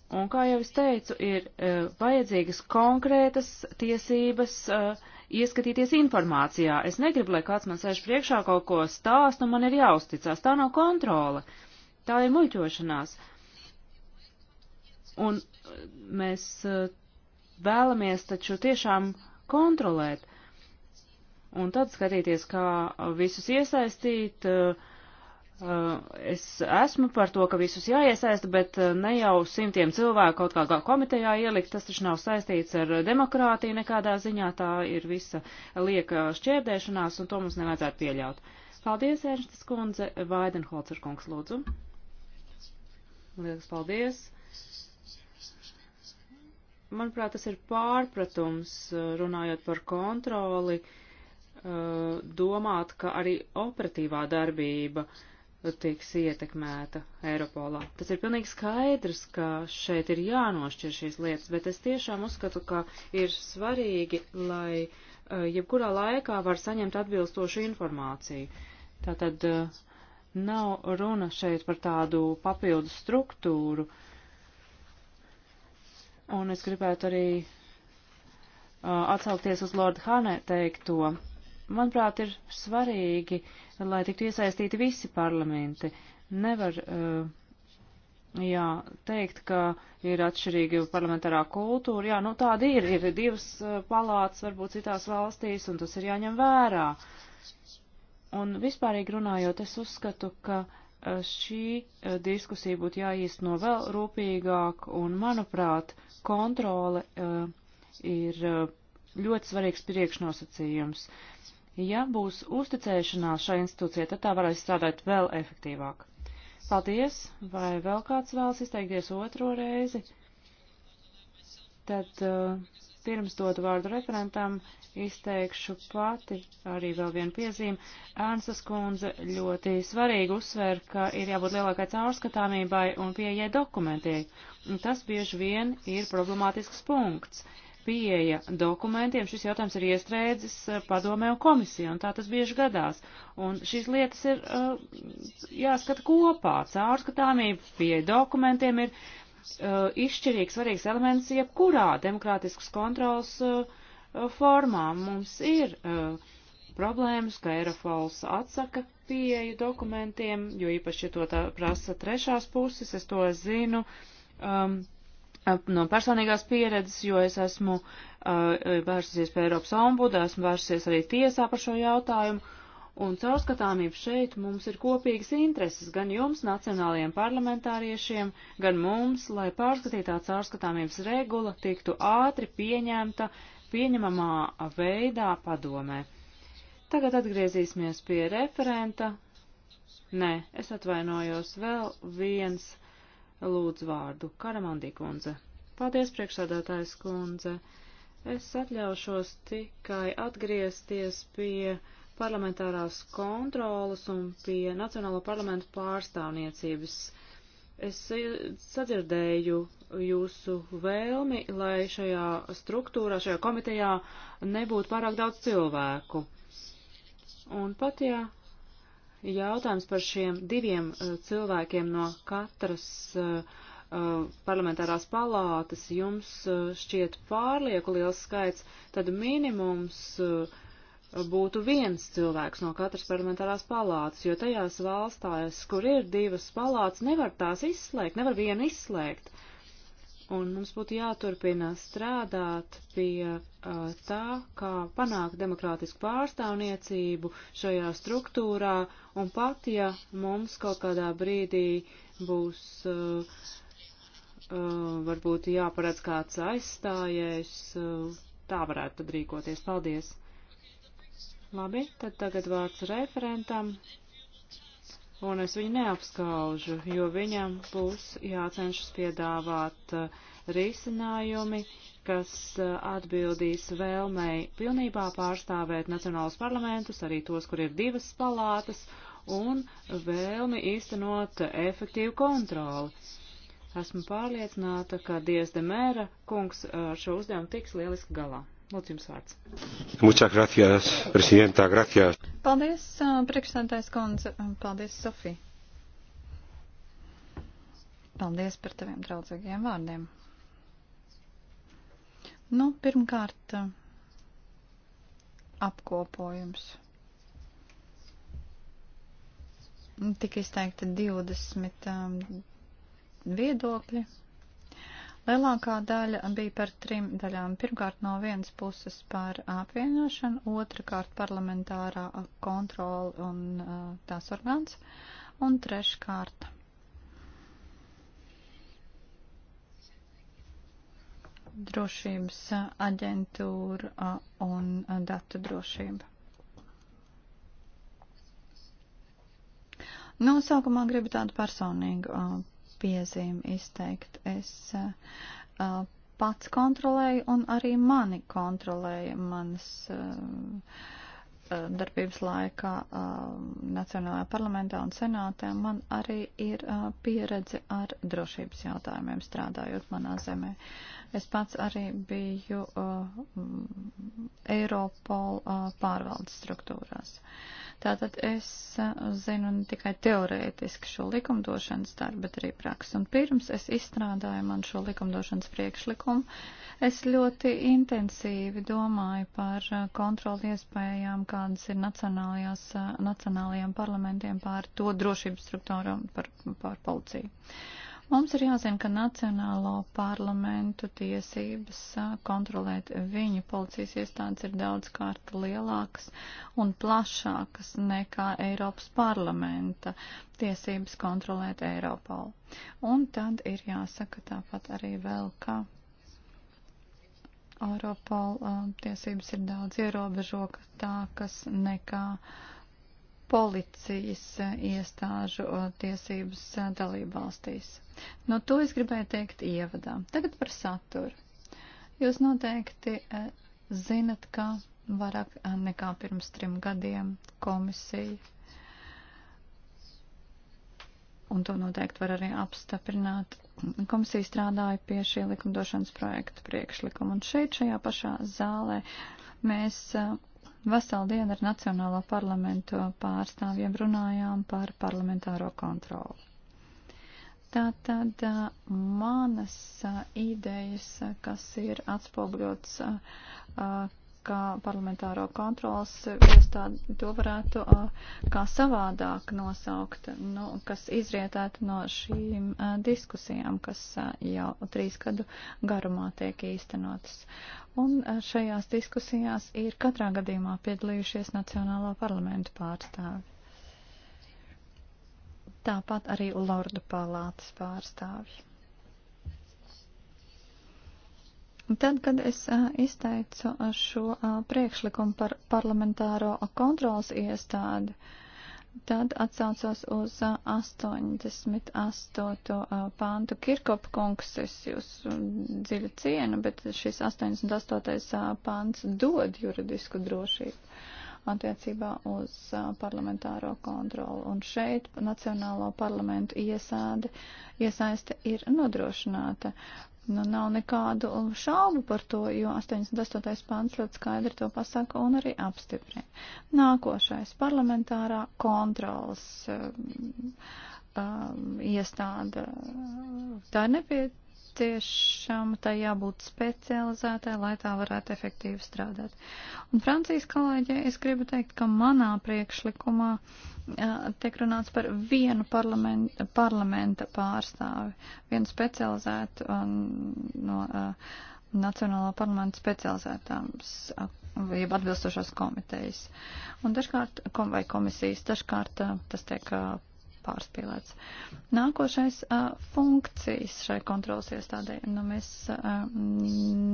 Un, kā jau es teicu, ir uh, vajadzīgas konkrētas tiesības uh, ieskatīties informācijā. Es negribu, lai kāds man sēž priekšā kaut ko stāst, un man ir jāuzticās. Tā nav kontrole. Tā ir muļķošanās. Un uh, mēs uh, vēlamies taču tiešām kontrolēt. Un tad skatīties, kā visus iesaistīt. Uh, Eh, es esmu par to, ka visus jāiesaista, bet eh, ne jau simtiem cilvēku kaut kādā komitejā ielikt, tas taču nav saistīts ar demokrātiju nekādā ziņā, tā ir visa lieka šķērdēšanās, un to mums nevajadzētu pieļaut. Paldies, Ērnstas kundze, Vaidenholcer kungs, lūdzu. Lielas paldies. Manuprāt, tas ir pārpratums, eh, runājot par kontroli, domāt, ka arī operatīvā darbība uh, tiks ietekmēta Eiropolā. Tas ir pilnīgi skaidrs, ka šeit ir jānošķir šīs lietas, bet es tiešām uzskatu, ka ir svarīgi, lai eh, jebkurā laikā var saņemt atbilstošu informāciju. Tātad eh, nav runa šeit par tādu papildu struktūru. Un es gribētu arī eh, atsaukties uz Lorda Hane teikto manuprāt, ir svarīgi, lai tiktu iesaistīti visi parlamenti. Nevar, eh, jā, teikt, ka ir atšķirīga parlamentārā kultūra. Jā, nu tāda ir. Ir divas eh, palātas varbūt citās valstīs, un tas ir jāņem vērā. Un vispārīgi runājot, es uzskatu, ka eh, šī diskusija būtu jāīsteno vēl rūpīgāk, un, manuprāt, kontrole uh, ir ļoti svarīgs priekšnosacījums. Uh, Ja būs uzticēšanās šai institūcijai, tad tā varēs strādāt vēl efektīvāk. Paldies! Vai vēl kāds vēlas izteikties otro reizi? Tad uh, pirms dotu vārdu referentam izteikšu pati arī vēl vienu piezīmi. Ernstas kundze ļoti svarīgi uzsver, ka ir jābūt lielākai caurskatāmībai un pieejai dokumentiem. Un tas bieži vien ir problemātisks punkts. Uh, pieeja dokumentiem, šis jautājums ir iestrēdzis eh, padomē un komisija, un tā tas bieži gadās. Un šīs lietas ir eh, jāskata kopā. Caurskatāmība pieeja dokumentiem ir eh, izšķirīgs, svarīgs elements jebkurā demokrātiskas kontrols formā. Mums ir problēmas, ka Eirofols atsaka pieeju dokumentiem, jo īpaši, ja to prasa trešās puses, es to zinu. Um, no personīgās pieredzes, jo es esmu uh, vērsusies pie Eiropas ombuda, esmu vērsusies arī tiesā par šo jautājumu, un caurskatāmība šeit mums ir kopīgas intereses gan jums, nacionālajiem parlamentāriešiem, gan mums, lai pārskatītā caurskatāmības regula tiktu ātri pieņemta pieņemamā veidā padomē. Tagad atgriezīsimies pie referenta. Nē, es atvainojos vēl viens lūdz vārdu. Karamandī kundze. Paldies, priekšsādātājs kundze. Es atļaušos tikai atgriezties pie parlamentārās kontrolas un pie Nacionālo parlamentu pārstāvniecības. Es eh, sadzirdēju jūsu vēlmi, lai šajā struktūrā, šajā komitejā nebūtu pārāk daudz cilvēku. Un pat ja jautājums par šiem diviem eh, cilvēkiem no katras eh, eh, parlamentārās palātas jums šķiet pārlieku liels skaits, tad minimums būtu viens cilvēks no katras parlamentārās palātas, jo tajās valstās, kur ir divas palātas, nevar tās izslēgt, nevar vienu izslēgt. Uh, Un mums būtu jāturpina strādāt pie uh, tā, kā panākt demokrātisku pārstāvniecību šajā struktūrā, un pat ja mums kaut kādā brīdī būs uh, uh, varbūt jāparedz kāds aizstājējs, uh, tā varētu tad rīkoties. Paldies! Labi, tad tagad vārds referentam un es viņu neapskaužu, jo viņam būs jācenšas piedāvāt uh, risinājumi, kas uh, atbildīs vēlmei pilnībā pārstāvēt nacionālus parlamentus, arī tos, kur ir divas palātas, un vēlmi īstenot efektīvu kontroli. Esmu pārliecināta, ka Dievs de Mēra kungs uh, ar šo uzdevumu tiks lieliski galā. Lūdzu, jums vārds. Muchas gracias, presidenta, gracias. Paldies, priekšsēdētājs kundze. Paldies, Sofija. Paldies par taviem draudzīgiem vārdiem. Nu, pirmkārt, apkopojums. Tik izteikti 20 um, viedokļi Lielākā daļa bija par trim daļām. Pirmkārt, no vienas puses par apvienošanu, otrkārt parlamentārā kontrola un uh, tās orgāns, un treškārt. drošības aģentūra uh, un uh, datu drošība. Nu, sākumā gribu tādu personīgu piezīmi izteikt. Es uh, uh, pats kontrolēju un arī mani kontrolēja manas uh, uh, darbības laikā uh, Nacionālajā parlamentā un senātē. Man arī ir uh, pieredze ar drošības jautājumiem strādājot manā zemē. Es pats arī biju uh, Eiropol uh, pārvaldes struktūrās. Uh, Tātad es zinu ne tikai teorētiski šo likumdošanas darbu, bet arī praksu. Un pirms es izstrādāju man šo likumdošanas priekšlikumu, es ļoti intensīvi domāju par kontroli iespējām, kādas ir nacionālajām parlamentiem pār to drošības struktūru un par, par policiju. Mums ir jāzina, ka Nacionālo parlamentu tiesības kontrolēt viņu policijas iestādes ir daudz kārt lielākas un plašākas nekā Eiropas parlamenta tiesības kontrolēt Eiropolu. Un tad ir jāsaka tāpat arī vēl, ka Eiropola tiesības ir daudz ierobežotākas nekā. Uh, policijas eh, iestāžu eh, tiesības eh, dalību valstīs. No to es gribēju teikt ievadā. Tagad par saturu. Jūs noteikti zinat, ka vairāk nekā pirms trim gadiem komisija, un to noteikti var arī apstiprināt, komisija strādāja pie šī likumdošanas projekta priekšlikuma, un šeit šajā pašā zālē mēs Veselu dienu ar Nacionālo parlamentu pārstāvjiem runājām par parlamentāro kontroli. Tātad manas idejas, kas ir atspoguļots kā parlamentāro kontrolas iestādi to varētu kā savādāk nosaukt, nu, kas izrietētu no šīm diskusijām, kas jau trīs gadu garumā tiek īstenotas. Un šajās diskusijās ir katrā gadījumā piedalījušies Nacionālā parlamenta pārstāvi. Tāpat arī Lordu palātas pārstāvji. Tad, kad es izteicu šo priekšlikumu par parlamentāro kontrolas iestādi, tad atsaucos uz 88. pāntu Kirkopa kungs, es jūs dziļi cienu, bet šis 88. pāns dod juridisku drošību attiecībā uz parlamentāro kontroli. Un šeit Nacionālo parlamentu iesāde, iesaiste ir nodrošināta. Nu, nav nekādu uh, šaubu par to, jo 88. pants ļoti skaidri to pasaka un arī apstiprina. Nākošais - parlamentārā kontrols um, um, iestāde. Tā ir nepieciešama nepieciešama, tai jābūt specializētai, lai tā varētu efektīvi strādāt. Un Francijas kolēģē es gribu teikt, ka manā priekšlikumā tiek runāts par vienu parlamenta, parlamenta pārstāvi, vienu specializētu no Nacionālā parlamenta specializētās jeb atbilstošās komitejas. Un dažkārt, kom, vai komisijas, dažkārt tas tiek pārspīlēts. Nākošais - funkcijas šai kontrolas iestādē. Nu, mēs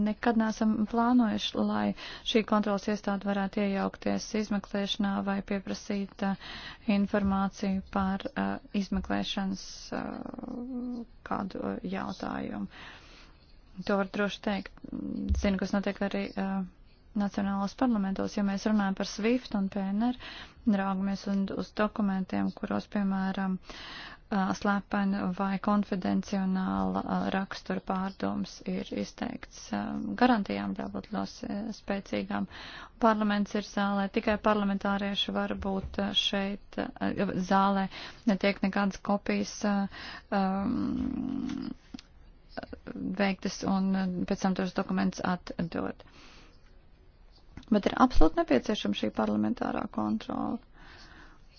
nekad neesam plānojuši, lai šī kontrolas iestāde varētu iejaukties izmeklēšanā vai pieprasīt informāciju par izmeklēšanas kādu jautājumu. To var droši teikt. Zinu, kas notiek arī. Uh, nacionālos parlamentos, ja mēs runājam par SWIFT un PNR, raugamies uz dokumentiem, kuros, piemēram, slēpena vai konfidencionāla rakstura pārdoms ir izteikts. Garantijām jābūt ļoti spēcīgām. Parlaments ir zālē, tikai parlamentārieši var būt šeit zālē, netiek nekādas kopijas. Um, veiktas un pēc tam tos dokumentus atdod. Uh, bet ir absolūti nepieciešama šī parlamentārā kontrola.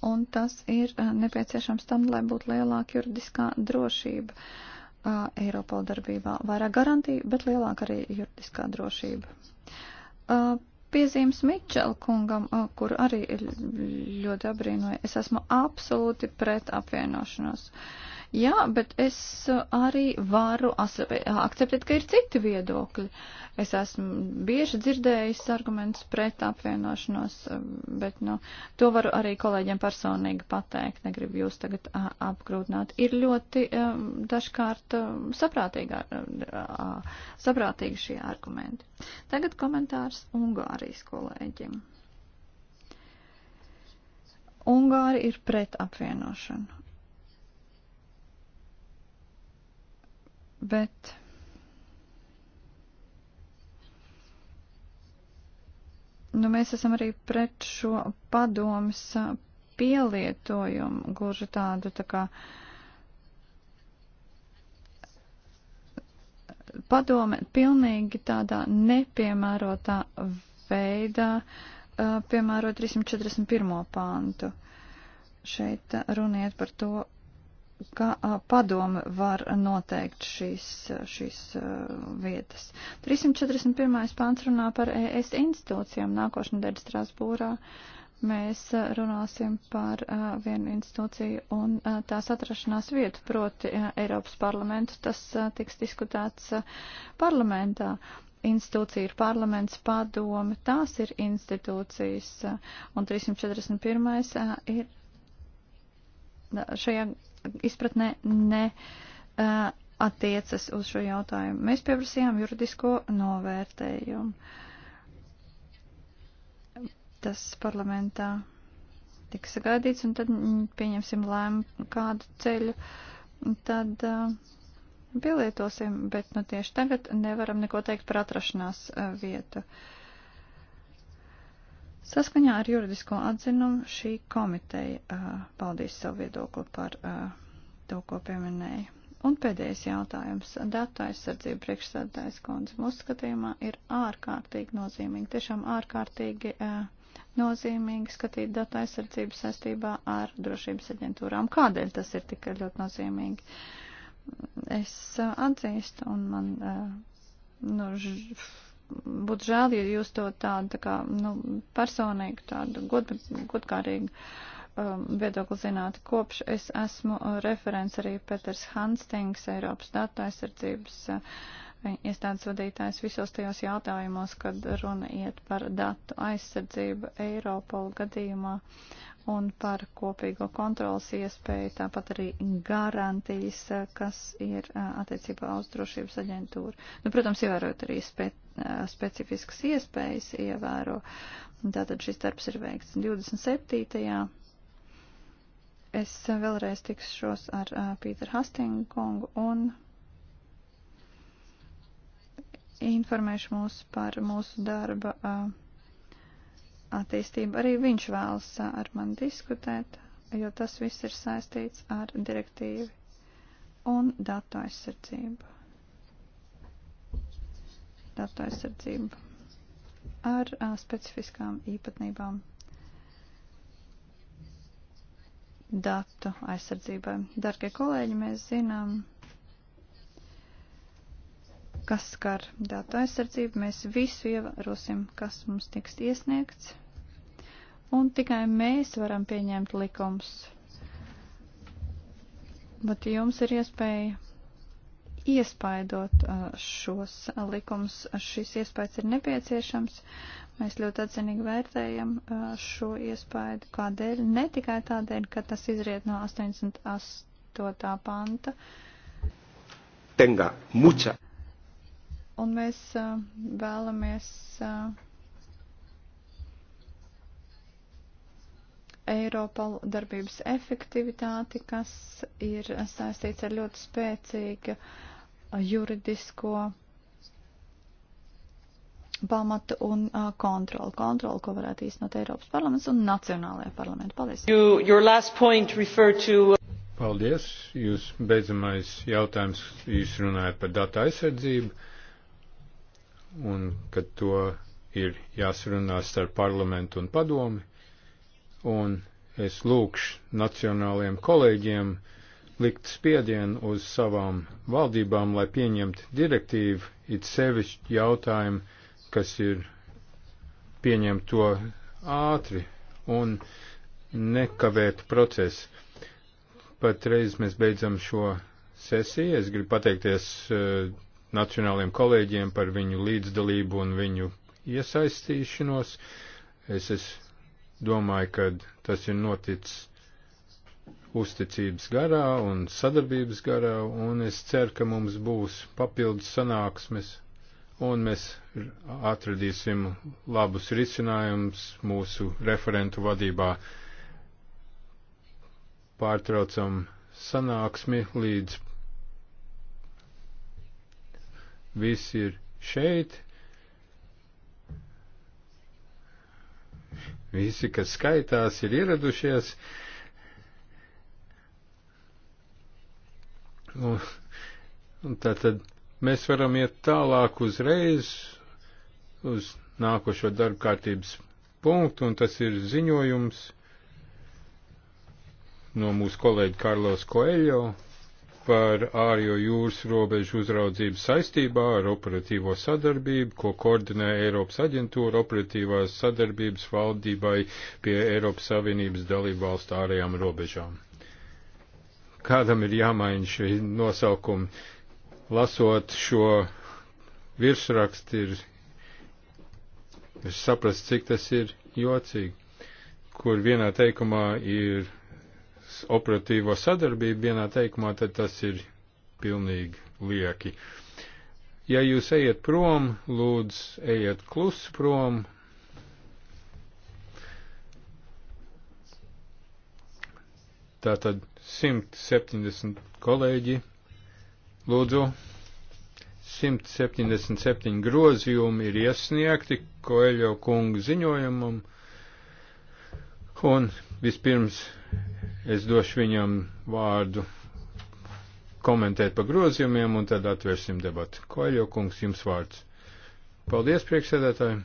Un tas ir eh, nepieciešams tam, lai būtu lielāka juridiskā drošība uh, Eiropola darbībā. Vairāk garantija, bet lielāka arī juridiskā drošība. Uh, piezīmes Mičela kungam, uh, kur arī ļoti abrīnoja, es esmu absolūti pret apvienošanos. Uh, Jā, bet es uh, arī varu akceptēt, ka ir citi viedokļi. Es esmu bieži dzirdējis argumentus pret apvienošanos, uh, bet nu, to varu arī kolēģiem personīgi pateikt. Negribu jūs tagad uh, apgrūtināt. Ir ļoti um, dažkārt um, saprātīgi šie argumenti. Tagad komentārs Ungārijas kolēģim. Ungāri ir pret apvienošanu. bet. Nu, mēs esam arī pret šo padomas pielietojumu, gluži tādu tā kā padome pilnīgi tādā nepiemērotā veidā piemērot 341. pāntu. Šeit runiet par to, ka padomi var noteikt šīs, šīs vietas. 341. pāns runā par ES institūcijām. Nākošnedēļ Strasbūrā mēs runāsim par vienu institūciju un tās atrašanās vietu, proti Eiropas parlamentu. Tas tiks diskutēts parlamentā institūcija ir parlaments, padome, tās ir institūcijas, un 341. ir šajā izpratnē ne uh, attiecas uz šo jautājumu. Mēs pieprasījām juridisko novērtējumu. Tas parlamentā tika sagaidīts, un tad pieņemsim lēmu kādu ceļu, tad uh, pielietosim, bet nu tieši tagad nevaram neko teikt par atrašanās uh, vietu. Uh, Saskaņā ar juridisko atzinumu šī komiteja uh, paldīs savu viedokli par uh, to, ko pieminēja. Un pēdējais jautājums. Datu aizsardzība priekšsēdājas kundze mūsu skatījumā ir ārkārtīgi nozīmīgi, tiešām ārkārtīgi uh, nozīmīgi skatīt datu aizsardzību saistībā ar drošības aģentūrām. Kādēļ tas ir tik ļoti nozīmīgi? Es uh, atzīstu un man. Uh, nu, ž, būtu žēl, ja jūs to tādu tā kā, nu, personīgu, tādu god, godkārīgu um, viedokli zinātu. Kopš es esmu uh, referents arī Peters Hanstings, Eiropas datu aizsardzības uh, iestādes vadītājs visos tajos jautājumos, kad runa iet par datu aizsardzību Eiropolu gadījumā un par kopīgo kontrolas iespēju, tāpat arī garantijas, uh, kas ir uh, attiecībā uz drošības aģentūru. Nu, protams, ievērot arī spēt Eh, specifiskas iespējas ievēro. Tātad šis darbs ir veikts 27. Es vēlreiz tikšos ar eh, Pīteru Hastingu kungu un informēšu mūs par mūsu darba eh, attīstību. Arī viņš vēlas ar mani diskutēt, jo tas viss ir saistīts ar direktīvi un datu aizsardzību datu aizsardzību ar uh, specifiskām īpatnībām datu aizsardzībai. Dargie kolēģi, mēs zinām, kas skar datu aizsardzību. Mēs visu ievērosim, kas mums tiks iesniegts. Un tikai mēs varam pieņemt likums. Bet jums ir iespēja iespaidot uh, šos likums. Šis iespējas ir nepieciešams. Mēs ļoti atzinīgi vērtējam uh, šo iespaidu. Kādēļ? Ne tikai tādēļ, ka tas izriet no 88. panta. Tenga, mucha. Un mēs uh, vēlamies Eiropalu darbības efektivitāti, kas ir saistīts ar ļoti spēcīgu uh, juridisko pamatu un uh, kontroli. Kontroli, ko varētu īstenot Eiropas parlaments un nacionālajā parlamentā. Paldies. You, your last point referred to... Paldies. Jūs beidzamais jautājums, jūs runājat par datu aizsardzību un ka to ir jāsarunā starp parlamentu un padomi. Un es lūkšu nacionāliem kolēģiem, likt spiedienu uz savām valdībām, lai pieņemtu direktīvu, it sevišķi jautājumu, kas ir pieņemt to ātri un nekavēt procesu. Patreiz mēs beidzam šo sesiju. Es gribu pateikties uh, nacionāliem kolēģiem par viņu līdzdalību un viņu iesaistīšanos. Es, es domāju, ka tas ir noticis uzticības garā un sadarbības garā, un es ceru, ka mums būs papildus sanāksmes, un mēs atradīsim labus risinājumus mūsu referentu vadībā. Pārtraucam sanāksmi līdz viss ir šeit. Visi, kas skaitās, ir ieradušies. Nu, Tātad mēs varam iet tālāk uzreiz uz nākošo darba kārtības punktu, un tas ir ziņojums no mūsu kolēģa Karlos Koeļo par ārjo jūras robežu uzraudzību saistībā ar operatīvo sadarbību, ko koordinē Eiropas aģentūra operatīvās sadarbības valdībai pie Eiropas Savienības dalību valstu ārējām robežām kādam ir jāmaina šie nosaukumi. Lasot šo virsrakstu, ir, ir saprast, cik tas ir jocīgi, kur vienā teikumā ir operatīvo sadarbību vienā teikumā, tad tas ir pilnīgi lieki. Ja jūs ejat prom, lūdzu, ejiet klusi prom. Tātad 170 kolēģi, lūdzu, 177 grozījumi ir iesniegti Koeļo kungu ziņojumam, un vispirms es došu viņam vārdu komentēt par grozījumiem, un tad atvērsim debatu. Koeļo kungs, jums vārds. Paldies, priekšsēdētāji!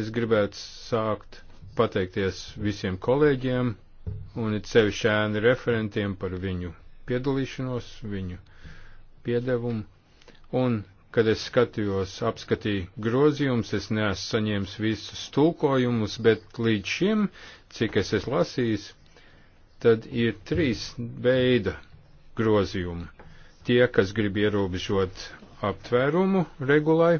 Es gribētu sākt pateikties visiem kolēģiem un it sevišķi ēnu referentiem par viņu piedalīšanos, viņu piedevumu. Un, kad es skatījos, apskatīju grozījumus, es neesmu saņēmis visus tulkojumus, bet līdz šim, cik es esmu lasījis, tad ir trīs veida grozījumi. Tie, kas grib ierobežot aptvērumu regulai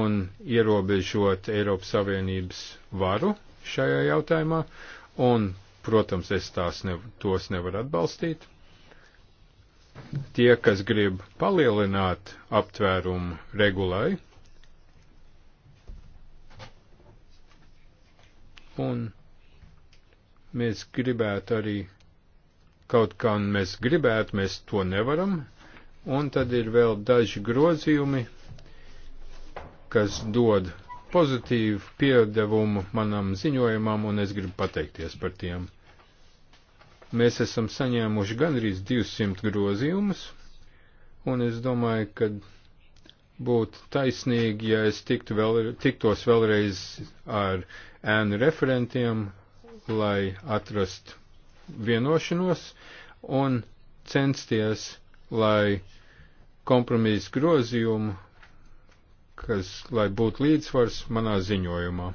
un ierobežot Eiropas Savienības varu šajā jautājumā, un Protams, es tās ne, tos nevaru atbalstīt. Tie, kas grib palielināt aptvērumu regulai, un mēs gribētu arī kaut kā mēs gribētu, mēs to nevaram, un tad ir vēl daži grozījumi, kas dod pozitīvu piedevumu manam ziņojumam, un es gribu pateikties par tiem. Mēs esam saņēmuši gandrīz 200 grozījumus, un es domāju, ka būtu taisnīgi, ja es tiktu vēl, tiktos vēlreiz ar ēnu referentiem, lai atrastu vienošanos un censties, lai kompromisu grozījumu, kas, lai būtu līdzsvars manā ziņojumā.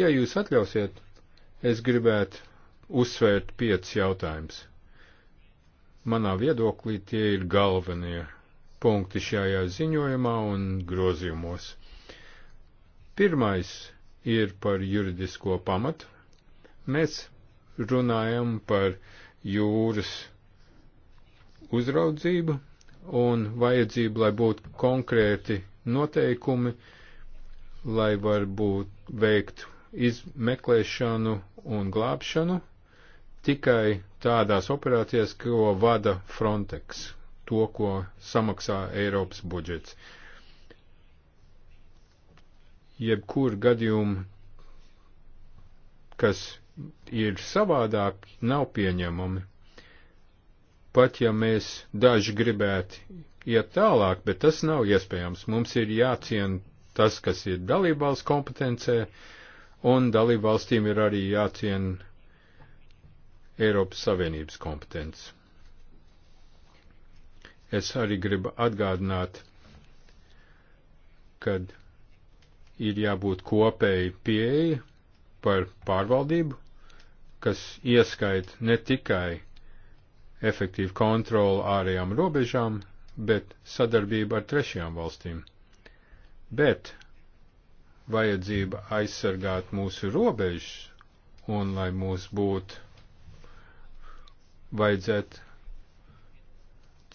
Ja jūs atļausiet, es gribētu uzsvērt piecus jautājumus. Manā viedoklī tie ir galvenie punkti šajā ziņojumā un grozījumos. Pirmais ir par juridisko pamatu. Mēs runājam par jūras uzraudzību un vajadzību, lai būtu konkrēti noteikumi, lai var būt veikt izmeklēšanu un glābšanu tikai tādās operācijās, ko vada Frontex, to, ko samaksā Eiropas budžets. Jebkur gadījumu, kas ir savādāk, nav pieņemami. Pat ja mēs daži gribētu iet tālāk, bet tas nav iespējams. Mums ir jāciena tas, kas ir dalībvalsts kompetencē, un dalībvalstīm ir arī jāciena Eiropas Savienības kompetence. Es arī gribu atgādināt, kad ir jābūt kopēji pieeja par pārvaldību, kas ieskait ne tikai efektīvu kontroli ārējām robežām, bet sadarbību ar trešajām valstīm. Bet vajadzība aizsargāt mūsu robežas un lai mūs būtu vajadzētu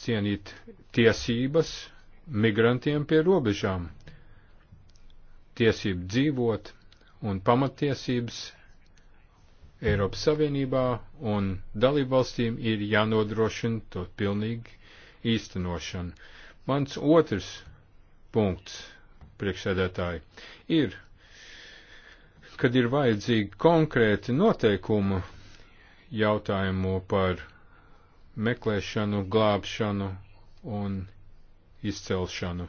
cienīt tiesības migrantiem pie robežām, tiesību dzīvot un pamatiesības Eiropas Savienībā un dalībvalstīm ir jānodrošina to pilnīgi īstenošanu. Mans otrs punkts, priekšsēdētāji, ir, kad ir vajadzīgi konkrēti noteikumi jautājumu par meklēšanu, glābšanu un izcelšanu.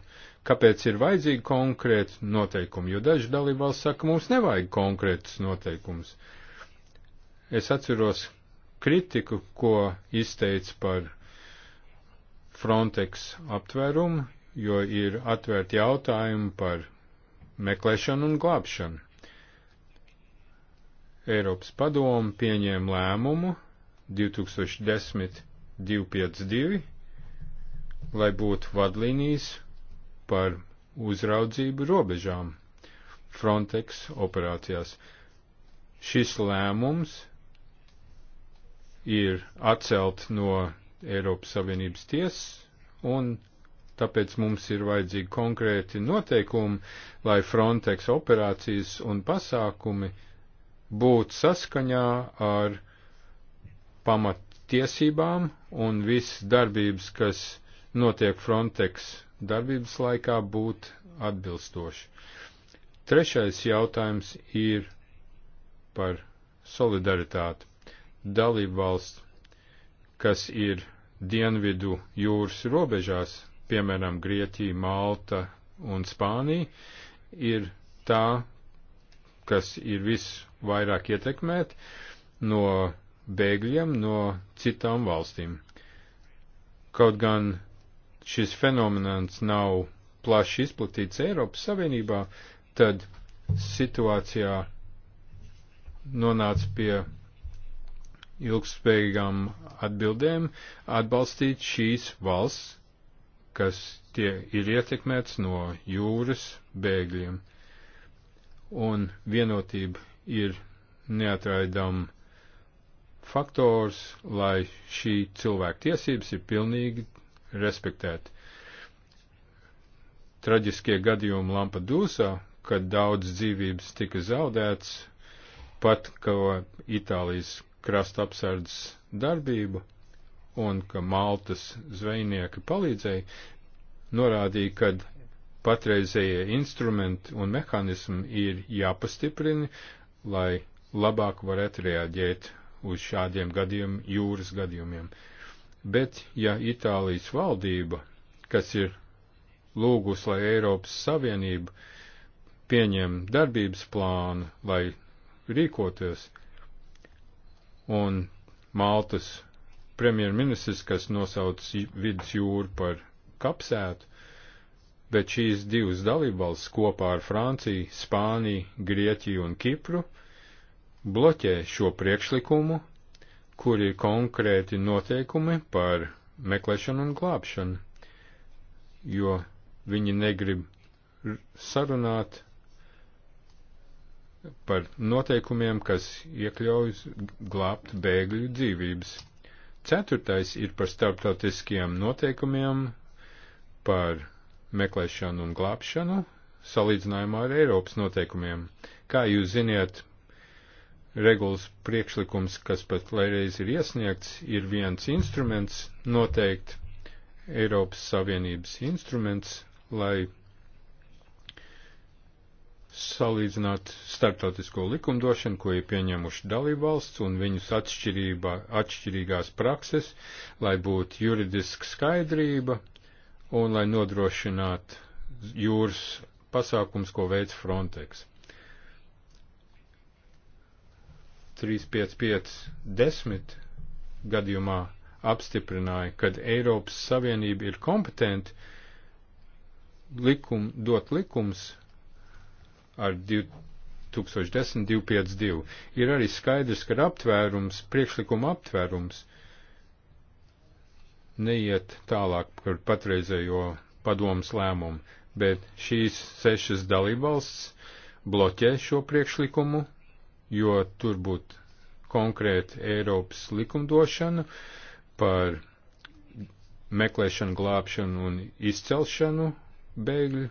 Kāpēc ir vajadzīgi konkrēti noteikumi? Jo daži dalībvalsts saka, mums nevajag konkrētus noteikumus. Es atceros kritiku, ko izteica par Frontex aptvērumu, jo ir atvērti jautājumi par meklēšanu un glābšanu. Eiropas padomu pieņēma lēmumu 2010-252, lai būtu vadlīnijas par uzraudzību robežām Frontex operācijās. Šis lēmums ir atcelt no Eiropas Savienības tiesas un tāpēc mums ir vajadzīgi konkrēti noteikumi, lai Frontex operācijas un pasākumi būt saskaņā ar pamattiesībām un viss darbības, kas notiek Frontex darbības laikā, būt atbilstoši. Trešais jautājums ir par solidaritāti. Dalību valsts, kas ir dienvidu jūras robežās, piemēram, Grieķija, Malta un Spānija, ir tā, kas ir viss vairāk ietekmēt no bēgļiem no citām valstīm. Kaut gan šis fenomenāns nav plaši izplatīts Eiropas Savienībā, tad situācijā nonāca pie ilgspējīgām atbildēm atbalstīt šīs valsts, kas tie ir ietekmēts no jūras bēgļiem. Un vienotība ir neatraidam faktors, lai šī cilvēka tiesības ir pilnīgi respektēt. Traģiskie gadījumi Lampadūsā, kad daudz dzīvības tika zaudēts, pat kā Itālijas krasta apsardzes darbību un ka Maltas zvejnieki palīdzēja, norādīja, ka patreizējie instrumenti un mehānismi ir jāpastiprina, lai labāk varētu reaģēt uz šādiem gadījumiem, jūras gadījumiem. Bet, ja Itālijas valdība, kas ir lūgus, lai Eiropas Savienība pieņem darbības plānu, lai rīkoties, un Maltas premjerministrs, kas nosauc vidus jūru par kapsētu, bet šīs divas dalībvalsts kopā ar Franciju, Spāniju, Grieķiju un Kipru bloķē šo priekšlikumu, kur ir konkrēti noteikumi par meklēšanu un glābšanu, jo viņi negrib sarunāt par noteikumiem, kas iekļaujas glābt bēgļu dzīvības. Ceturtais ir par starptautiskiem noteikumiem par meklēšanu un glābšanu salīdzinājumā ar Eiropas noteikumiem. Kā jūs ziniet, regulas priekšlikums, kas pat laireiz ir iesniegts, ir viens instruments, noteikti Eiropas Savienības instruments, lai salīdzināt starptautisko likumdošanu, ko ir pieņemuši dalībvalsts un viņus atšķirībā, atšķirīgās prakses, lai būtu juridiska skaidrība un lai nodrošinātu jūras pasākums, ko veids Frontex. 35510 gadījumā apstiprināja, ka Eiropas Savienība ir kompetenti likum, dot likums ar 2010-252. Ir arī skaidrs, ka aptvērums, priekšlikuma aptvērums neiet tālāk par patreizējo padomas lēmumu, bet šīs sešas dalībvalsts bloķē šo priekšlikumu, jo tur būtu konkrēta Eiropas likumdošana par meklēšanu, glābšanu un izcelšanu bēgļu,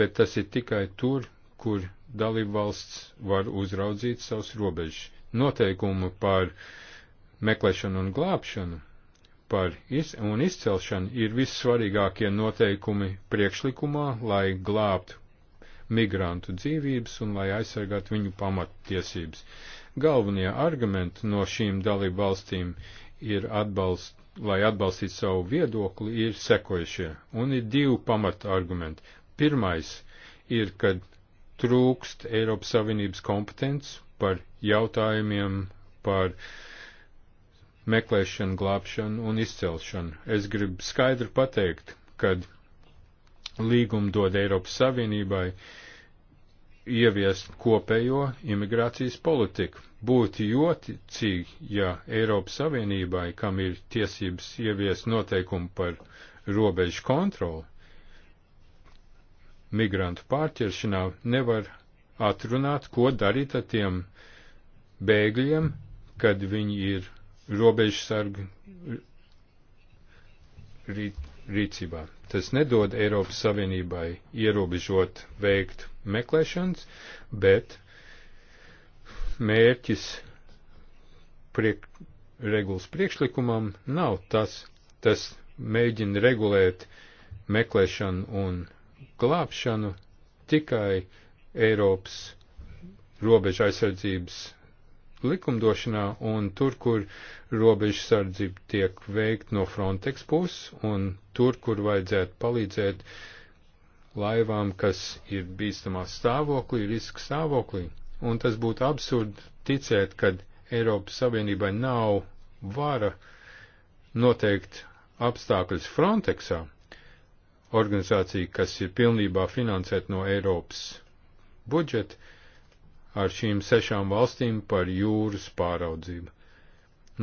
bet tas ir tikai tur, kur dalībvalsts var uzraudzīt savus robežas. Noteikumu par meklēšanu un glābšanu par iz un izcelšanu ir vissvarīgākie noteikumi priekšlikumā, lai glābtu migrantu dzīvības un lai aizsargātu viņu pamattiesības. Galvenie argumenti no šīm dalību valstīm ir atbalst, lai atbalstītu savu viedokli, ir sekojušie, un ir divi pamata argumenti. Pirmais ir, ka trūkst Eiropas Savienības kompetences par jautājumiem par uh, meklēšanu, glābšanu un izcelšanu. Es gribu skaidri pateikt, ka līguma dod Eiropas Savienībai ieviest kopējo imigrācijas politiku. Būtu jocīgi, ja Eiropas Savienībai, kam ir tiesības ieviest noteikumu par robežu kontroli, migrantu pārķeršanā nevar atrunāt, ko darīt ar tiem bēgļiem, kad viņi ir robežsargu rīcībā. Tas nedod Eiropas Savienībai ierobežot veikt meklēšanas, bet mērķis priek, regulas priekšlikumam nav tas. Tas mēģina regulēt meklēšanu un glābšanu tikai Eiropas robeža aizsardzības likumdošanā un tur, kur robežu sardzība tiek veikt no Frontex puses un tur, kur vajadzētu palīdzēt laivām, kas ir bīstamā stāvoklī, riska stāvoklī. Un tas būtu absurdi ticēt, kad Eiropas Savienībai nav vara noteikt apstākļus Frontexā, organizācija, kas ir pilnībā finansēta no Eiropas budžeta, ar šīm sešām valstīm par jūras pāraudzību.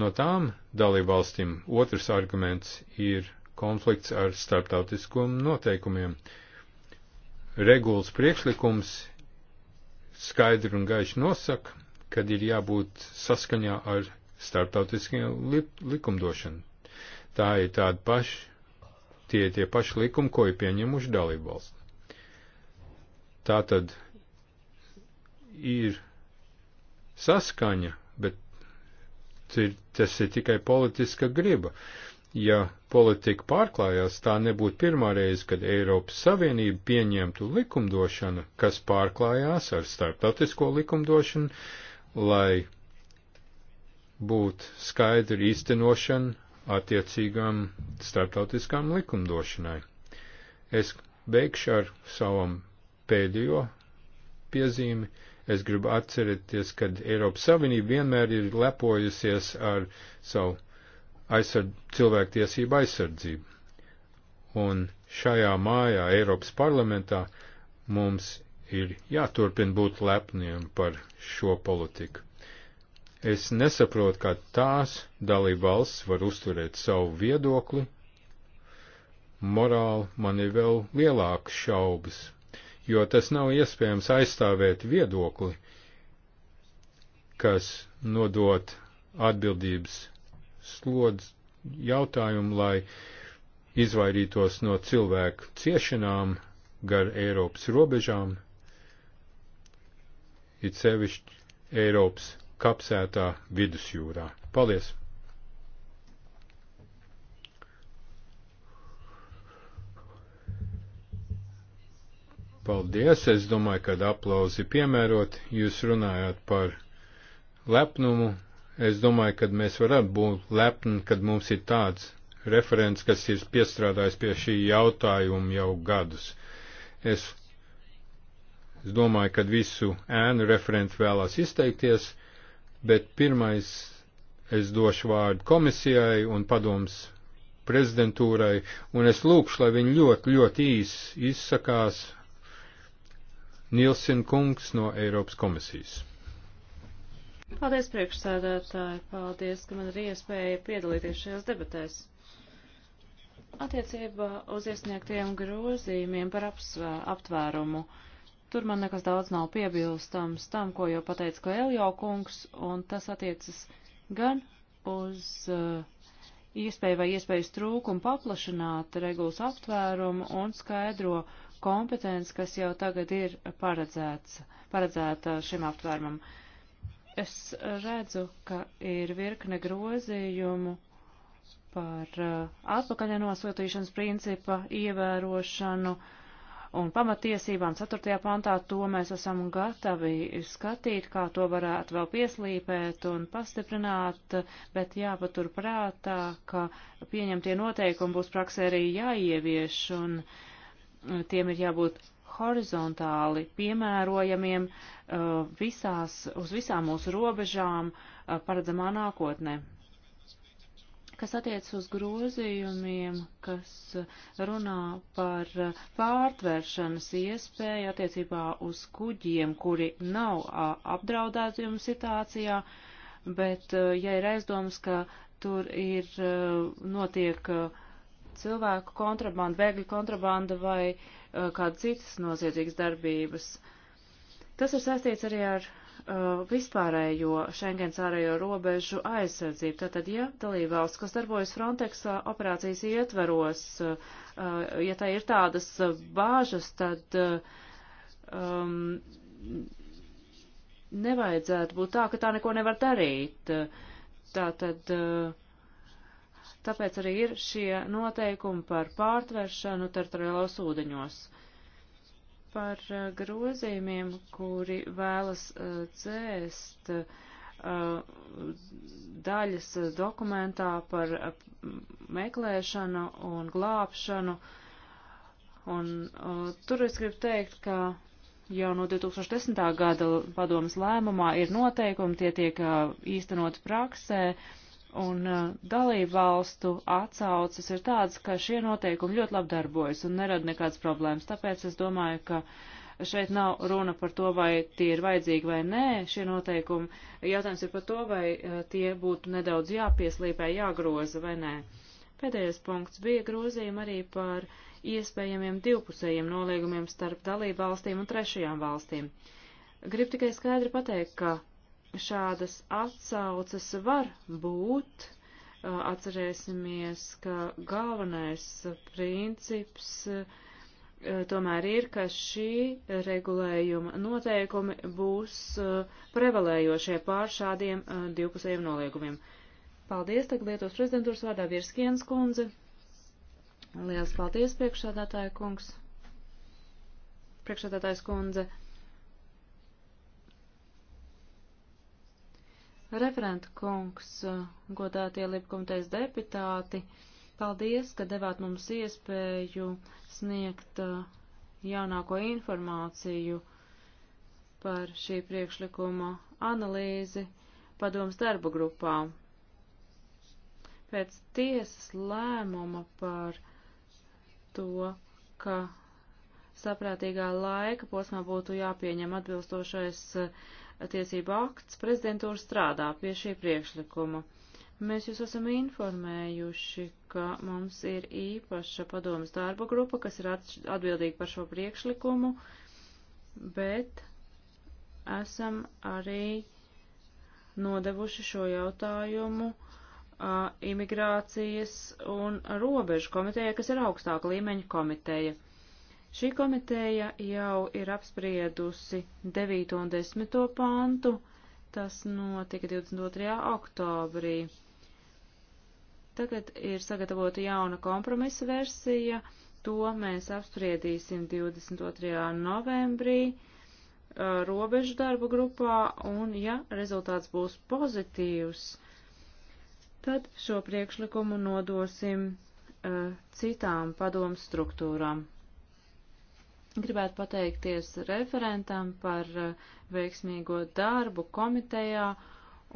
No tām dalībvalstīm otrs arguments ir konflikts ar starptautiskiem noteikumiem. Regulas priekšlikums skaidri un gaiši nosaka, kad ir jābūt saskaņā ar starptautiskiem li likumdošanu. Tā ir tāda paša, tie tie paši likumi, ko ir pieņemuši dalībvalsts. Tātad ir saskaņa, bet tas ir tikai politiska griba. Ja politika pārklājās, tā nebūtu pirmā reize, kad Eiropas Savienība pieņemtu likumdošanu, kas pārklājās ar starptautisko likumdošanu, lai būtu skaidra īstenošana attiecīgām starptautiskām likumdošanai. Es beigšu ar savam pēdējo piezīmi. Es gribu atcerēties, ka Eiropas Savienība vienmēr ir lepojusies ar savu aizsard, cilvēktiesību aizsardzību. Un šajā mājā, Eiropas parlamentā, mums ir jāturpina būt lepniem par šo politiku. Es nesaprotu, kā tās dalība valsts var uzturēt savu viedokli. Morāli man ir vēl lielākas šaubas jo tas nav iespējams aizstāvēt viedokli, kas nodot atbildības slodz jautājumu, lai izvairītos no cilvēku ciešanām gar Eiropas robežām, it sevišķi Eiropas kapsētā vidusjūrā. Paldies! Paldies, es domāju, ka aplausi piemērot, jūs runājāt par lepnumu. Es domāju, ka mēs varam būt lepni, kad mums ir tāds referents, kas ir piestrādājis pie šī jautājuma jau gadus. Es, es domāju, ka visu ēnu referenti vēlās izteikties, bet pirmais es došu vārdu komisijai un padoms prezidentūrai, un es lūkšu, lai viņi ļoti, ļoti īs izsakās Nielsen kungs no Eiropas komisijas. Paldies, priekšsēdētāji. Paldies, ka man ir iespēja piedalīties šajās debatēs. Attiecībā uz iesniegtiem grozījumiem par apsvē, aptvērumu. Tur man nekas daudz nav piebilstams tam, ko jau pateica Koeljo kungs, un tas attiecas gan uz uh, iespēju vai iespējas trūkumu paplašināt regulas aptvērumu un skaidro kompetences, kas jau tagad ir paredzēts, paredzēta šim aptvērumam. Es redzu, ka ir virkne grozījumu par uh, atpakaļ nosūtīšanas principa ievērošanu un pamatiesībām 4. pantā to mēs esam gatavi skatīt, kā to varētu vēl pieslīpēt un pastiprināt, bet jāpatur prātā, ka pieņemtie noteikumi būs praksē arī jāievieš un uh, tiem ir jābūt horizontāli piemērojamiem uh, visās, uz visām mūsu robežām uh, paredzamā nākotnē. Kas attiec uz grozījumiem, kas runā par uh, pārtvēršanas iespēju attiecībā uz kuģiem, kuri nav apdraudētījuma situācijā, bet ja ir aizdomas, ka tur ir notiek uh, cilvēku kontrabanda, bēgļu kontrabanda vai uh, kāda citas noziedzīgas darbības. Tas ir saistīts arī ar uh, vispārējo Schengens ārējo robežu aizsardzību. Tātad, ja dalībvalsts, kas darbojas Frontex uh, operācijas ietveros, uh, uh, ja tā ir tādas uh, bāžas, tad um, nevajadzētu būt tā, ka tā neko nevar darīt. Tātad. Uh, tāpēc arī ir šie noteikumi par pārtveršanu teritoriālos ūdeņos. Par uh, grozījumiem, kuri vēlas uh, dzēst uh, daļas dokumentā par meklēšanu un glābšanu. Un tur es gribu teikt, ka jau no 2010. gada padomas lēmumā ir noteikumi, tie tiek īstenot praksē, uh, Un uh, dalību valstu atsauces ir tādas, ka šie noteikumi ļoti labi darbojas un nerada nekādas problēmas. Tāpēc es domāju, ka šeit nav runa par to, vai tie ir vajadzīgi vai nē, šie noteikumi. Jautājums ir par to, vai uh, tie būtu nedaudz jāpieslīpē, jāgroza vai nē. Pēdējais punkts bija grozījumi arī par iespējamiem divpusējiem noliegumiem starp dalību valstīm un trešajām valstīm. Gribu tikai skaidri pateikt, ka šādas atsauces var būt. Uh, atcerēsimies, ka galvenais princips uh, tomēr ir, ka šī regulējuma noteikumi būs uh, prevalējošie pār šādiem divpusējiem noliegumiem. Paldies, tagad Lietuvas prezidentūras vārdā Virskienas kundze. Lielas paldies, priekšsādātāja kungs. Priekšsādātājs kundze. Referenta kungs, godātie liepkomitejas deputāti, paldies, ka devāt mums iespēju sniegt uh, jaunāko informāciju par šī priekšlikuma analīzi padoms darba grupā. Pēc tiesas lēmuma par to, ka saprātīgā laika posmā būtu jāpieņem atbilstošais uh, tiesība akts, prezidentūra strādā pie šī priekšlikuma. Mēs jūs esam informējuši, ka mums ir īpaša padomas darba grupa, kas ir atbildīga par šo priekšlikumu, bet esam arī nodevuši šo jautājumu imigrācijas un robežu komiteja, kas ir augstāka līmeņa komiteja. Šī komiteja jau ir apspriedusi 9. un 10. pantu, tas notika 22. oktobrī. Tagad ir sagatavota jauna kompromisa versija, to mēs apspriedīsim 22. novembrī uh, robežu darba grupā, un ja rezultāts būs pozitīvs, tad šo priekšlikumu nodosim uh, citām padomu struktūrām. Gribētu pateikties referentam par eh, veiksmīgo darbu komitejā,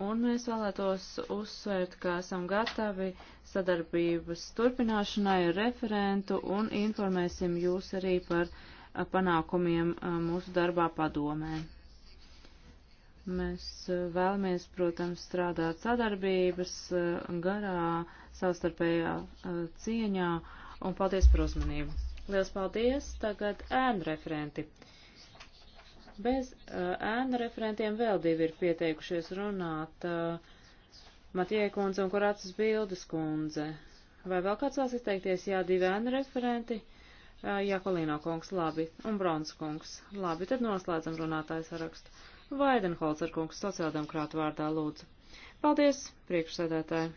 un mēs vēlētos uzsvērt, ka esam gatavi sadarbības turpināšanai ar referentu un informēsim jūs arī par eh, panākumiem eh, mūsu darbā padomē. Mēs vēlamies, protams, strādāt sadarbības garā, savstarpējā cieņā, un paldies par uzmanību! Liels paldies! Tagad ēnu referenti. Bez eh, ēnu referentiem vēl divi ir pieteikušies runāt. Eh, Matija kundze un Korācis Bildes kundze. Vai vēl kāds vēlas izteikties? Jā, divi ēnu referenti. Eh, Jakolīno kungs, labi, un Brons kungs. Labi, tad noslēdzam runātāju sarakstu. Vaidenholzer kungs, sociāldemokrāta vārdā lūdzu. Paldies, priekšsēdētāji.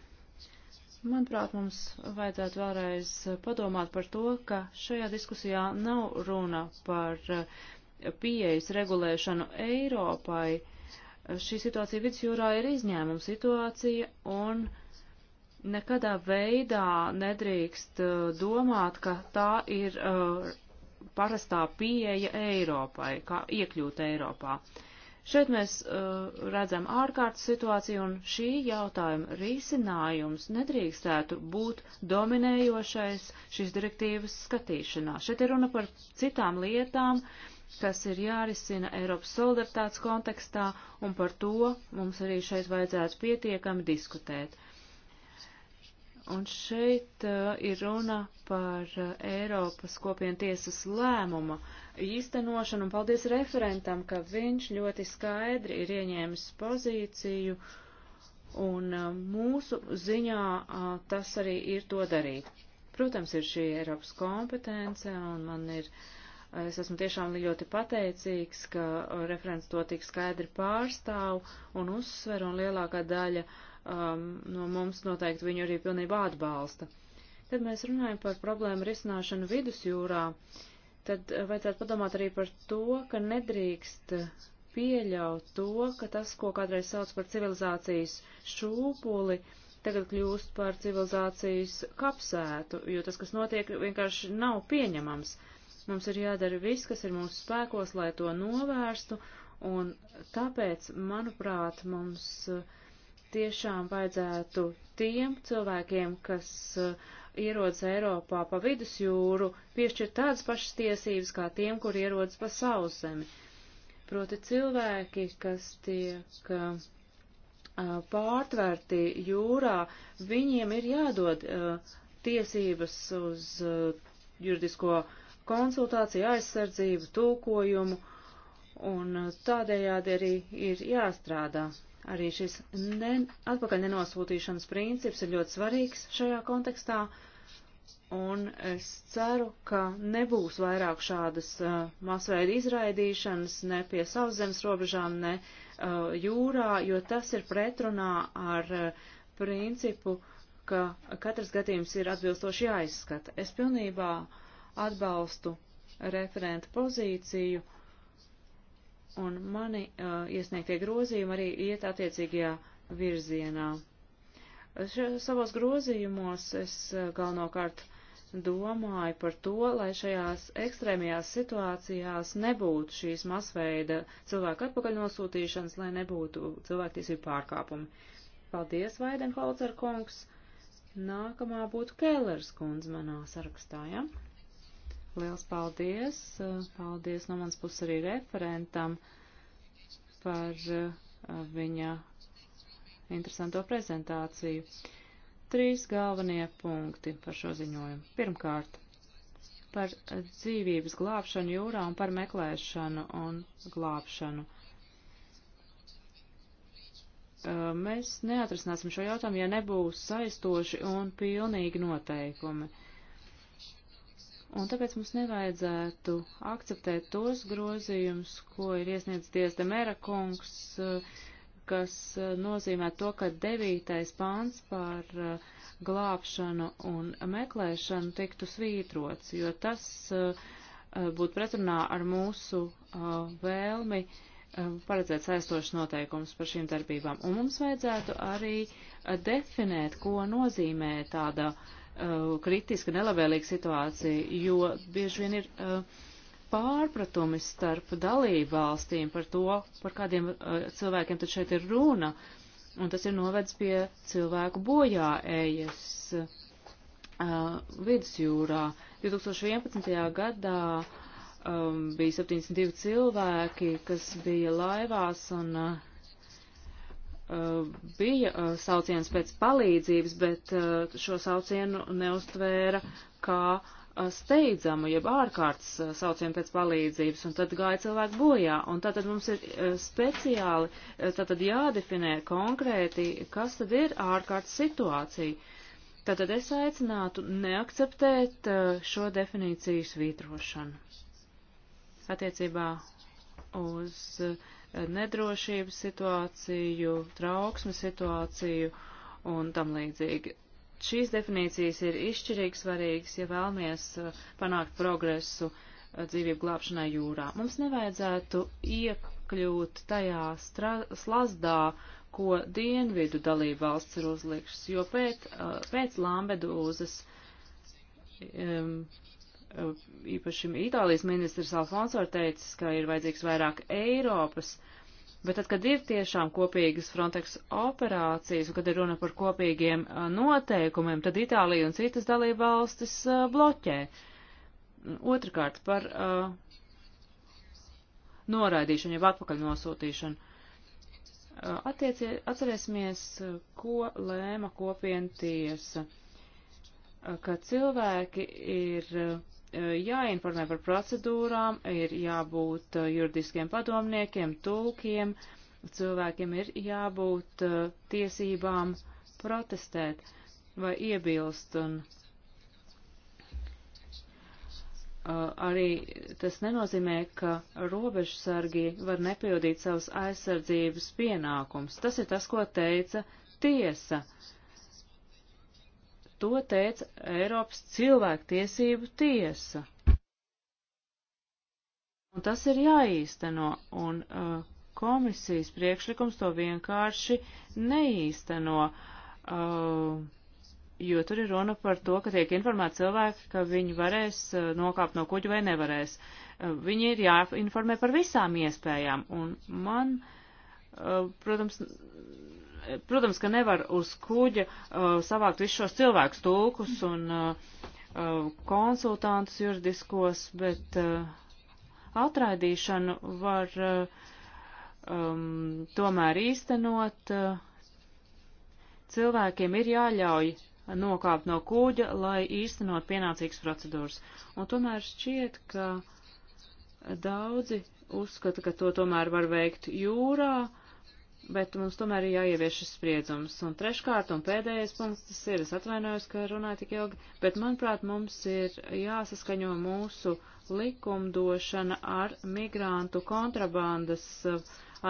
Manuprāt, mums vajadzētu vēlreiz padomāt par to, ka šajā diskusijā nav runa par eh, pieejas regulēšanu Eiropai. Šī situācija vidusjūrā ir izņēmuma situācija un nekadā veidā nedrīkst eh, domāt, ka tā ir eh, parastā pieeja Eiropai, kā iekļūt Eiropā. Uh, Šeit mēs uh, redzam ārkārtas situāciju, un šī jautājuma risinājums nedrīkstētu būt dominējošais šīs direktīvas skatīšanā. Šeit ir runa par citām lietām, kas ir jārisina Eiropas solidaritātes kontekstā, un par to mums arī šeit vajadzētu pietiekami diskutēt. Un šeit uh, ir runa par uh, Eiropas kopientiesas lēmuma uh, īstenošanu, un paldies referentam, ka viņš ļoti skaidri ir ieņēmis pozīciju, un mūsu ziņā tas arī ir to darīt. Protams, ir šī Eiropas kompetence, un man ir, es esmu tiešām ļoti pateicīgs, ka referents to tik skaidri pārstāv un uzsver, un lielākā daļa um, no mums noteikti viņu arī pilnībā atbalsta. Tad mēs runājam par problēmu risināšanu vidusjūrā. Uh, tad eh, vajadzētu padomāt arī par to, ka nedrīkst pieļaut to, ka tas, ko kādreiz sauc par civilizācijas šūpuli, tagad kļūst par civilizācijas kapsētu, jo tas, kas notiek, vienkārši nav pieņemams. Mums ir jādara viss, kas ir mūsu spēkos, lai to novērstu, un tāpēc, manuprāt, mums eh, tiešām vajadzētu tiem cilvēkiem, kas uh, ierodas Eiropā pa vidusjūru, piešķir tādas pašas tiesības kā tiem, kur ierodas pa sauszemi. Proti cilvēki, kas tiek uh, pārtverti jūrā, viņiem ir jādod uh, tiesības uz uh, juridisko konsultāciju, aizsardzību, tulkojumu, un tādējādi arī ir jāstrādā. Arī šis ne, atpakaļ nenosūtīšanas princips ir ļoti svarīgs šajā kontekstā. Uh, Un es ceru, ka nebūs vairāk šādas uh, masveida izraidīšanas ne pie sauszemes robežām, ne uh, jūrā, jo tas ir pretrunā ar uh, principu, ka katrs gadījums ir atbilstoši jāizskata. Es pilnībā atbalstu referenta pozīciju, un mani uh, iesniegtie grozījumi arī iet attiecīgajā virzienā. Še, savos grozījumos es uh, galvenokārt uh, domāju par to, lai šajās ekstrēmajās situācijās nebūtu šīs masveida cilvēku atpakaļ nosūtīšanas, lai nebūtu cilvēktiesību pārkāpumi. Paldies, Vaidenholzer kungs! Nākamā būtu Kēlers kundze manā sarakstā, ja? Liels paldies! Paldies no mans puses arī referentam par uh, viņa interesanto prezentāciju. Uh, trīs galvenie punkti par šo ziņojumu. Pirmkārt, par dzīvības glābšanu jūrā un par meklēšanu un glābšanu. Mēs neatrisināsim šo jautājumu, ja nebūs saistoši un pilnīgi noteikumi. Un tāpēc mums nevajadzētu akceptēt tos grozījumus, ko ir iesniedzis Dievs Demera kungs, uh, kas e, nozīmē to, ka devītais pāns par e, glābšanu un meklēšanu tiktu svītrots, jo tas e, būtu pretrunā ar mūsu vēlmi paredzēt saistošas noteikumus par šīm darbībām. Un mums vajadzētu arī definēt, ko nozīmē tāda kritiska, nelabvēlīga situācija, jo bieži vien ir uh, pārpratumi starp dalību valstīm par to, par kādiem uh, cilvēkiem tad šeit ir runa, un tas ir novedis pie cilvēku bojā ejas uh, vidusjūrā. 2011. gadā um, bija 72 cilvēki, kas bija laivās un uh, bija uh, sauciens pēc palīdzības, bet uh, šo saucienu neustvēra kā steidzamu, jeb ārkārtas eh, saucienu pēc palīdzības, un tad gāja cilvēki bojā. Un tātad mums ir eh, speciāli eh, tātad jādefinē konkrēti, kas tad ir ārkārtas situācija. Tātad es aicinātu neakceptēt šo definīciju svītrošanu attiecībā uz nedrošības situāciju, trauksmes situāciju un tam līdzīgi. Šīs definīcijas ir izšķirīgi svarīgas, ja vēlamies uh, panākt progresu uh, dzīvību glābšanai jūrā. Mums nevajadzētu iekļūt tajā slazdā, ko dienvidu dalību valsts ir uzlikšas, jo uh, pēc, pēc Lambedūzas um, īpaši Itālijas ministrs Alfonso ir teicis, ka ir vajadzīgs vairāk Eiropas uh, Bet tad, kad ir tiešām kopīgas Frontex operācijas, un kad ir runa par kopīgiem noteikumiem, tad Itālija un citas dalība valstis bloķē. Otrakārt par uh, noraidīšanu, jeb atpakaļ nosūtīšanu. Uh, attiecie, atcerēsimies, ko lēma kopiena tiesa, uh, ka cilvēki ir uh, jāinformē par procedūrām, ir jābūt uh, juridiskiem padomniekiem, tulkiem, cilvēkiem ir jābūt uh, tiesībām protestēt vai iebilst. Un uh, arī tas nenozīmē, ka robežsargi var nepildīt savus aizsardzības pienākums. Tas ir tas, ko teica tiesa. Uh, To teica Eiropas cilvēktiesību tiesa. Un tas ir jāīsteno, un uh, komisijas priekšlikums to vienkārši neīsteno, uh, jo tur ir runa par to, ka tiek informēti cilvēki, ka viņi varēs uh, nokāpt no kuģa vai nevarēs. Uh, viņi ir jāinformē par visām iespējām, un man, uh, protams, protams, ka nevar uz kuģa uh, savākt visus šos cilvēkus, tulkus un uh, uh konsultantus juridiskos, bet uh, atraidīšanu var uh, um, tomēr īstenot. Uh, cilvēkiem ir jāļauj nokāpt no kuģa, lai īstenot pienācīgas procedūras. Un tomēr šķiet, ka daudzi uzskata, ka to tomēr var veikt jūrā, uh, bet mums tomēr ir jāievieš šis spriedzums. Un treškārt un pēdējais punkts tas ir, es atvainojos, ka runāju tik ilgi, bet manuprāt mums ir jāsaskaņo mūsu likumdošana ar migrantu kontrabandas uh,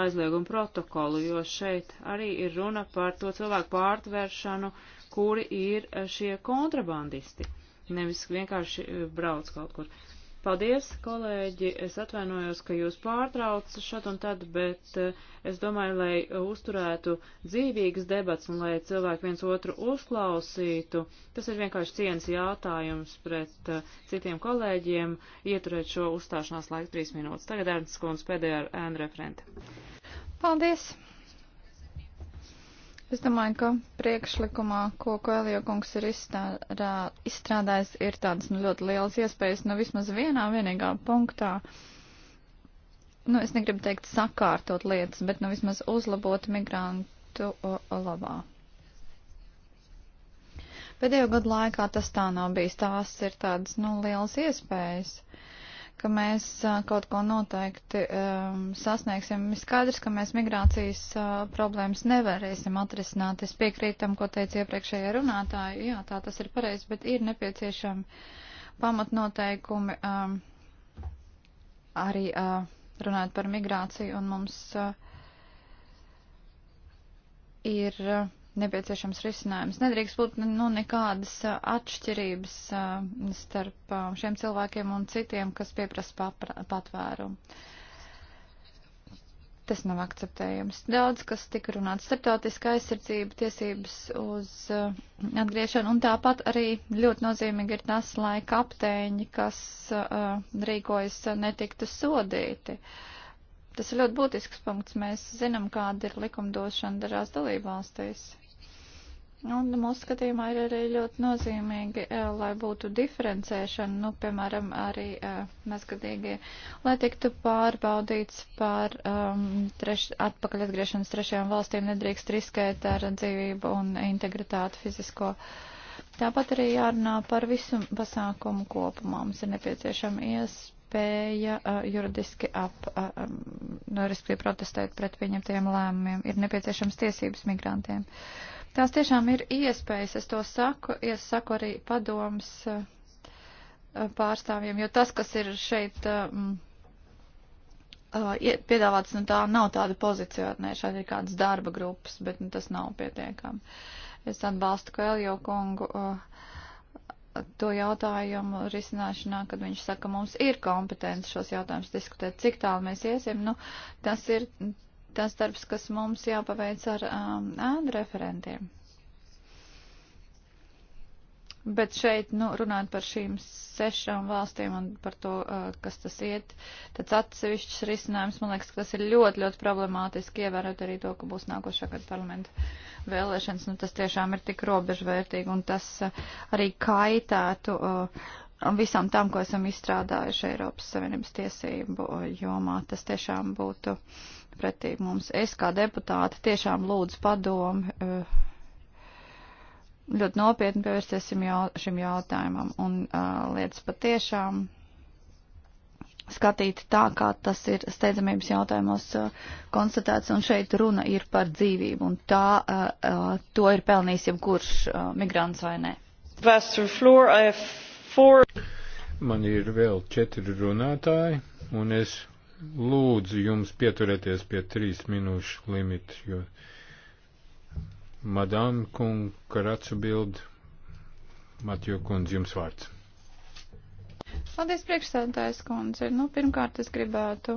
aizliegumu protokolu, jo šeit arī ir runa par to cilvēku pārtveršanu, kuri ir uh, šie kontrabandisti, nevis vienkārši uh, brauc kaut kur. Paldies, kolēģi, es atvainojos, ka jūs pārtraucu šad un tad, bet eh, es domāju, lai uzturētu dzīvīgas debats un lai cilvēki viens otru uzklausītu. Tas ir vienkārši cienas jautājums pret eh, citiem kolēģiem ieturēt šo uzstāšanās laiku trīs minūtes. Tagad Ernsts Kunds pēdējā ar ēnu referenti. Paldies! Es domāju, ka priekšlikumā, ko Koelija kungs ir izstrādā, izstrādājis, ir tādas nu, ļoti lielas iespējas, nu vismaz vienā vienīgā punktā. Nu, es negribu teikt sakārtot lietas, bet nu vismaz uzlabot migrantu labā. Pēdējo gadu laikā tas tā nav bijis. Tās ir tādas, nu, lielas iespējas. Uh, ka mēs kaut ko noteikti um, sasniegsim. Skaidrs, ka mēs migrācijas uh, problēmas nevarēsim atrisināt. Es piekrītu tam, ko teica iepriekšējā runātāja. Jā, tā tas ir pareizi, bet ir nepieciešami pamatnoteikumi um, arī uh, runājot par migrāciju, un mums uh, ir. Uh, nepieciešams risinājums. Nedrīkst būt nu, nekādas atšķirības starp šiem cilvēkiem un citiem, kas pieprasa patvērumu. Tas nav akceptējams. Daudz, kas tika runāts, starptautiska aizsardzība, tiesības uz uh, atgriešanu, un tāpat arī ļoti nozīmīgi ir tas, lai kapteiņi, kas uh, rīkojas, netiktu sodīti. Tas ir ļoti būtisks punkts. Mēs zinām, kāda ir likumdošana dažās dalībvalstīs. Un mūsu skatījumā ir arī ļoti nozīmīgi, eh, lai būtu diferencēšana, nu, piemēram, arī mazgadīgie, eh, lai tiktu pārbaudīts par um, treš, atpakaļ atgriešanas trešajām valstīm nedrīkst riskēt ar dzīvību un integritāti fizisko. Tāpat arī jārunā par visu pasākumu kopumā. Mums ir nepieciešama iespēja uh, juridiski ap, uh, um, ehm, no nu, riski protestēt pret pieņemtajiem lēmumiem. Ir nepieciešams tiesības migrantiem. Uh, Tās tiešām ir iespējas, es to saku, es saku arī padoms eh, pārstāvjiem, jo tas, kas ir šeit eh, eh, piedāvāts, nu tā nav tāda pozicionē, šeit ir kādas darba grupas, bet nu, tas nav pietiekami. Es atbalstu Koeljo kungu to jautājumu risināšanā, kad viņš saka, mums ir kompetence šos jautājumus diskutēt, cik tālu mēs iesim, nu tas ir tas darbs, kas mums jāpaveic ar um, ēnu referentiem. Bet šeit, nu, runāt par šīm sešām valstīm un par to, uh, kas tas iet, tāds atsevišķs risinājums, man liekas, ka tas ir ļoti, ļoti problemātiski, ievērot arī to, ka būs nākošā gada parlamenta vēlēšanas, nu, tas tiešām ir tik robežvērtīgi un tas uh, arī kaitētu. Uh, visam tam, ko esam izstrādājuši Eiropas Savienības tiesību uh, jomā, tas tiešām būtu uh, pretī mums. Es kā deputāte tiešām lūdzu padomu eh, ļoti nopietni pievērsties jau, šim jautājumam un uh, lietas patiešām skatīt tā, kā tas ir steidzamības jautājumos uh, konstatēts, un šeit runa ir par dzīvību, un tā, uh, uh, to ir pelnījis jebkurš uh, migrants vai nē. Man ir vēl četri runātāji, un es lūdzu jums pieturēties pie trīs minūšu limita, jo Madame Kung Karatsu bild, Matjo kundze, jums vārds. Paldies, priekšsēdētājs kundze. Nu, pirmkārt, es gribētu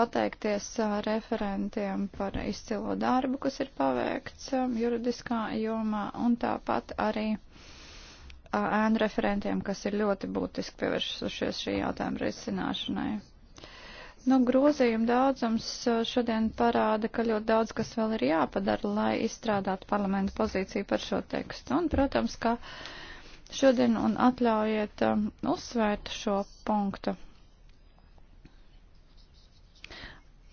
pateikties referentiem par izcilo darbu, kas ir paveikts juridiskā jomā, un tāpat arī ēnu referentiem, kas ir ļoti būtiski pievēršušies šī jautājuma risināšanai. Nu, grozījuma daudzums šodien parāda, ka ļoti daudz kas vēl ir jāpadara, lai izstrādātu parlamentu pozīciju par šo tekstu. Un, protams, ka šodien un atļaujiet um, uzsvērt šo punktu.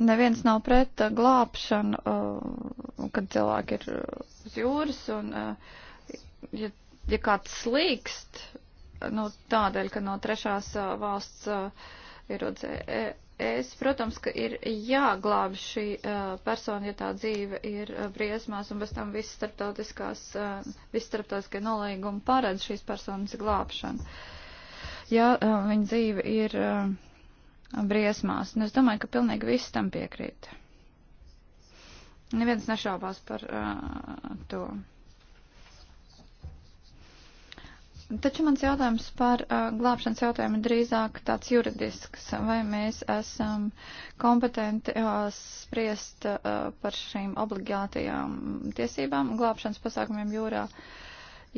Neviens nav pret uh, glābšanu, uh, kad cilvēki ir uz jūras un, uh, ja, ja kāds slīkst, nu, tādēļ, ka no trešās uh, valsts. Uh, ierodas e- es, protams, ka ir jāglāb šī uh, persona, ja tā dzīve ir uh, briesmās, un bez tam viss starptautiskās, uh, viss starptautiskie nolīgumi paredz šīs personas glābšanu. Ja uh, viņa dzīve ir uh, briesmās, un es domāju, ka pilnīgi viss tam piekrīt. Neviens nešaubās par uh, to. Taču mans jautājums par uh, glābšanas jautājumu drīzāk tāds juridisks. Vai mēs esam kompetenti uh, spriest uh, par šīm obligātajām tiesībām glābšanas pasākumiem jūrā?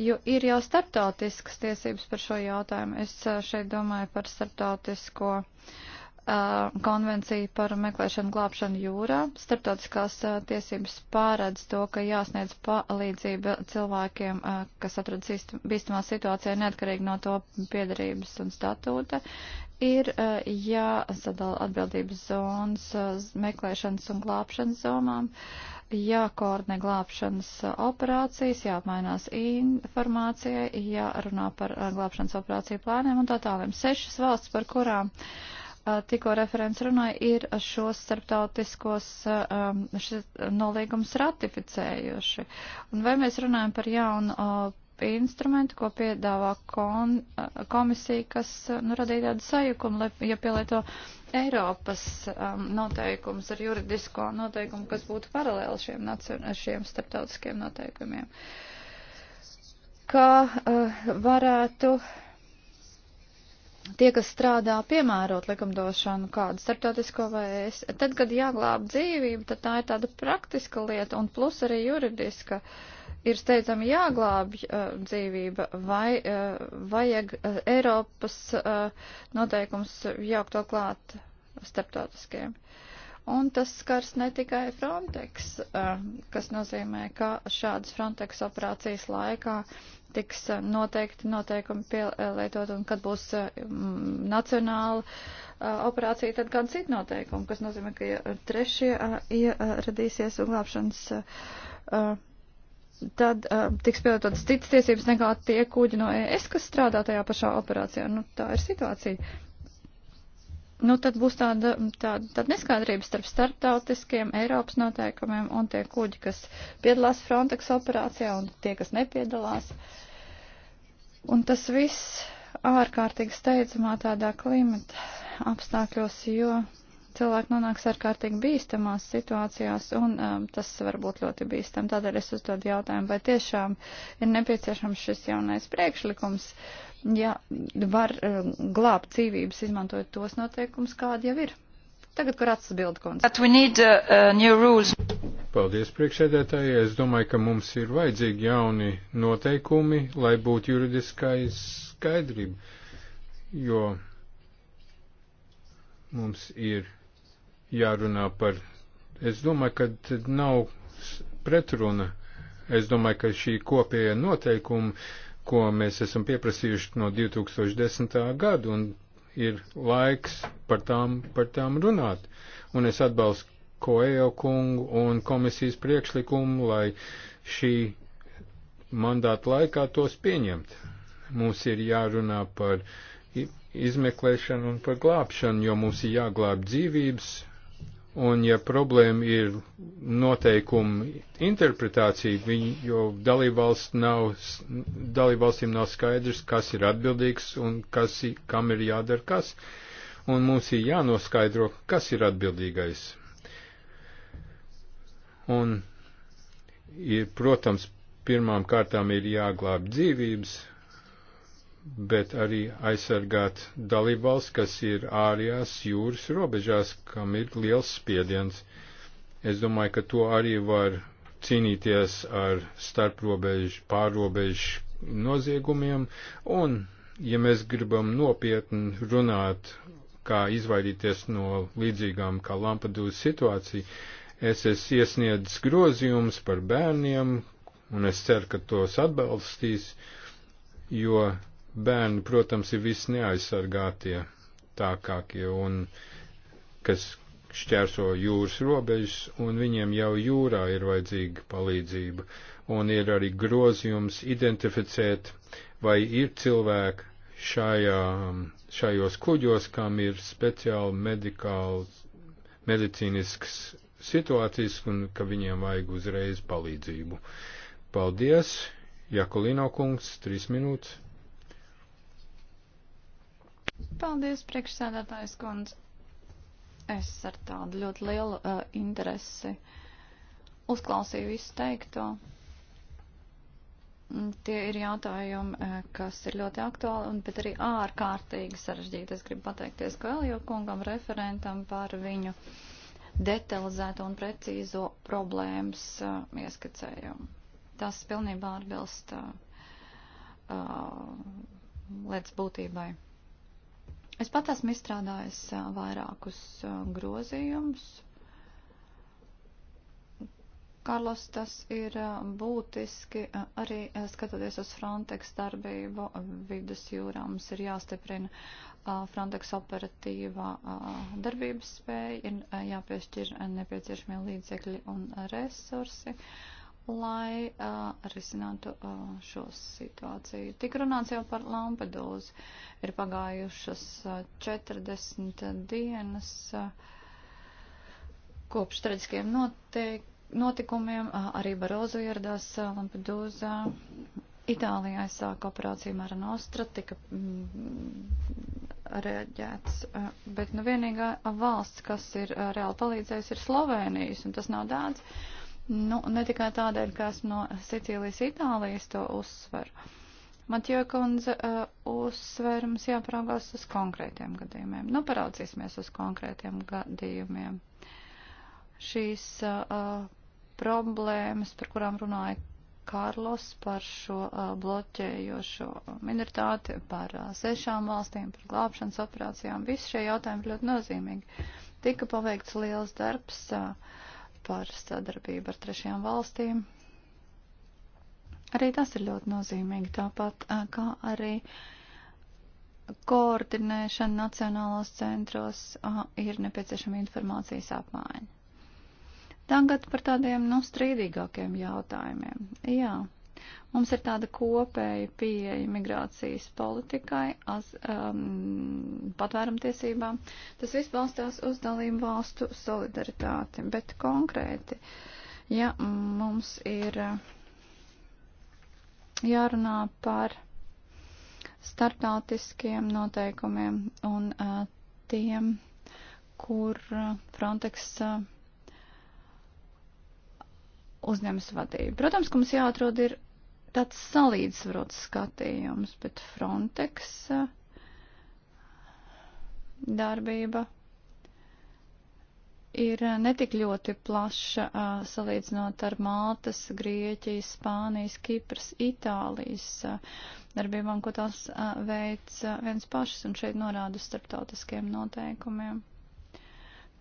Jo ir jau starptautiskas tiesības par šo jautājumu. Es uh, šeit domāju par starptautisko uh, uh, konvencija par meklēšanu glābšanu jūrā. Starptautiskās uh, tiesības pārēdz to, ka jāsniedz palīdzība cilvēkiem, uh, kas atrodas bīstamā situācijā neatkarīgi no to piedarības un statūta. Ir uh, jāsadala atbildības zonas uh, meklēšanas un glābšanas zonām. Uh, jākoordinē glābšanas uh, operācijas, jāapmainās informācijai, jārunā par uh, glābšanas operāciju plāniem un tā tālāk. Sešas valsts, par kurām tikko referents runāja, ir šos starptautiskos šis nolīgums ratificējuši. Un vai mēs runājam par jaunu instrumentu, ko piedāvā kon, komisija, kas nu, radīja tādu sajukumu, ja pielieto Eiropas um, noteikums ar juridisko noteikumu, kas būtu paralēli šiem, šiem starptautiskiem noteikumiem, ka uh, varētu uh, tie, kas strādā piemērot likumdošanu kādu starptautisko vai es, tad, kad jāglāb dzīvību, tad tā ir tāda praktiska lieta un plus arī juridiska. Ir steidzami jāglābj uh, dzīvība vai uh, vajag uh, Eiropas uh, noteikums jaukt to klāt starptautiskiem. Un tas skars ne tikai Frontex, uh, kas nozīmē, ka šādas Frontex operācijas laikā uh, tiks eh, noteikti noteikumi pielietot, un kad būs eh, nacionāla eh, operācija, tad gan citi noteikumi, kas nozīmē, ka trešie ieradīsies un glābšanas, tad tiks pielietotas citas tiesības nekā tie kuģi no ES, kas strādā tajā pašā operācijā. Nu, tā ir situācija nu, tad būs tāda, tāda, tāda neskaidrība starp starptautiskiem Eiropas noteikumiem un tie kuģi, kas piedalās Frontex operācijā un tie, kas nepiedalās. Un tas viss ārkārtīgi steidzamā tādā klimata apstākļos, jo cilvēki nonāks ārkārtīgi bīstamās situācijās, un um, tas var būt ļoti bīstam. Tādēļ es uzdodu jautājumu, vai tiešām ir nepieciešams šis jaunais priekšlikums, ja var um, glābt dzīvības, izmantojot tos noteikumus, kādi jau ir. Tagad, kur atsbildu kundze. Uh, uh, Paldies, priekšsēdētāji. Es domāju, ka mums ir vajadzīgi jauni noteikumi, lai būtu juridiskai skaidrība, jo mums ir jārunā par. Es domāju, ka nav pretruna. Es domāju, ka šī kopēja noteikuma, ko mēs esam pieprasījuši no 2010. gada, un ir laiks par tām, par tām runāt. Un es atbalstu Koejo kungu un komisijas priekšlikumu, lai šī mandāta laikā tos pieņemt. Mums ir jārunā par izmeklēšanu un par glābšanu, jo mums ir jāglāb dzīvības, Un, ja problēma ir noteikuma interpretācija, viņi, jo dalībvalsts nav, dalībvalstīm nav skaidrs, kas ir atbildīgs un kas, kam ir jādara kas, un mums ir jānoskaidro, kas ir atbildīgais. Un, ir, protams, pirmām kārtām ir jāglāb dzīvības, bet arī aizsargāt dalībvalsts, kas ir ārējās jūras robežās, kam ir liels spiediens. Es domāju, ka to arī var cīnīties ar starprobežu, pārrobežu noziegumiem, un, ja mēs gribam nopietni runāt, kā izvairīties no līdzīgām kā Lampedūzas situācija, es esmu iesniedzis grozījumus par bērniem, un es ceru, ka tos atbalstīs, jo Bērni, protams, ir viss neaizsargātie tākākie un kas šķērso jūras robežas, un viņiem jau jūrā ir vajadzīga palīdzība, un ir arī grozījums identificēt, vai ir cilvēki šajā, šajos kuģos, kam ir speciāli medikāls, medicīnisks situācijas, un ka viņiem vajag uzreiz palīdzību. Paldies, Jakulino kungs, trīs minūtes. Paldies, priekšsēdētājs kundze. Es ar tādu ļoti lielu uh, interesi uzklausīju visu teikto. Tie ir jautājumi, uh, kas ir ļoti aktuāli, un, bet arī ārkārtīgi sarežģīti. Es gribu pateikties Koeljo kungam, referentam par viņu detalizēto un precīzo problēmas uh, ieskicējumu. Tas pilnībā atbilst uh, uh, lietas būtībai. Es pat esmu izstrādājis vairākus grozījumus. Karlos, tas ir būtiski arī skatoties uz Frontex darbību vidus jūrā. Mums ir jāstiprina Frontex operatīvā darbības spēja, ir jāpiešķir nepieciešamie līdzekļi un resursi. Uh, lai uh, risinātu uh, šo situāciju. Tik runāts jau par Lampedūzu. Ir pagājušas uh, 40 dienas uh, kopš traģiskiem notiek, notikumiem. Uh, arī Barozu ieradās uh, Lampedūzā. Itālijā sāka operāciju Mara Nostra, tika mm, reaģēts, uh, bet nu vienīgā valsts, kas ir uh, reāli palīdzējusi, ir Slovēnijas, un tas nav daudz. Uh, Nu, ne tikai tādēļ, ka esmu no Sicīlijas, Itālijas to uzsveru. Matjo kundze uh, uzsver, mums jāpraugās uz konkrētiem gadījumiem. Nu, paraudzīsimies uz konkrētiem gadījumiem. Šīs uh, problēmas, par kurām runāja Kārlos, par šo uh, bloķējošo minoritāti, par uh, sešām valstīm, par glābšanas operācijām, visi šie jautājumi ļoti nozīmīgi. Tika paveikts liels darbs. Uh, par sadarbību ar trešajām valstīm. Arī tas ir ļoti nozīmīgi, tāpat eh, kā arī koordinēšana nacionālos centros eh, ir nepieciešama informācijas apmaiņa. Tagad par tādiem, nu, strīdīgākiem jautājumiem. Jā. Mums ir tāda kopēja pieeja migrācijas politikai, az, um, patvērumtiesībām. Tas viss balstās uz dalību valstu solidaritāti, bet konkrēti, ja mums ir uh, jārunā par starptautiskiem noteikumiem un uh, tiem, kur uh, Frontex. Uh, uzņemas vadību. Protams, ka mums jāatrod ir tāds salīdzvarots skatījums, bet Frontex eh, darbība ir eh, netik ļoti plaša eh, salīdzinot ar Maltas, Grieķijas, Spānijas, Kipras, Itālijas darbībām, ko tās veids viens pašas un šeit norāda uz starptautiskiem noteikumiem.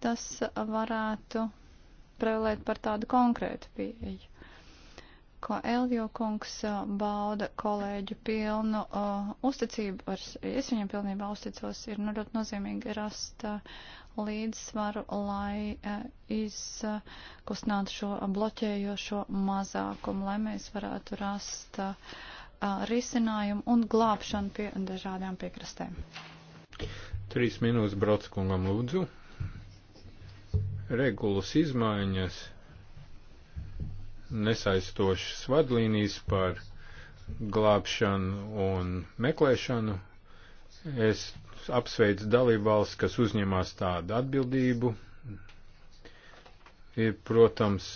Tas varētu prevalēt par tādu konkrētu pieeju ko Eljo kungs bauda kolēģu pilnu uh, uzticību, ar, es viņam pilnībā uzticos, ir nu, ļoti nozīmīgi rast uh, līdzsvaru, lai uh, izkustinātu uh, šo bloķējošo mazākumu, lai mēs varētu rast uh, risinājumu un glābšanu pie dažādām piekrastēm. Trīs minūtes Brodskungam lūdzu. Regulas izmaiņas nesaistošas vadlīnijas par glābšanu un meklēšanu. Es apsveicu dalībvalsts, kas uzņemās tādu atbildību. Ir, protams,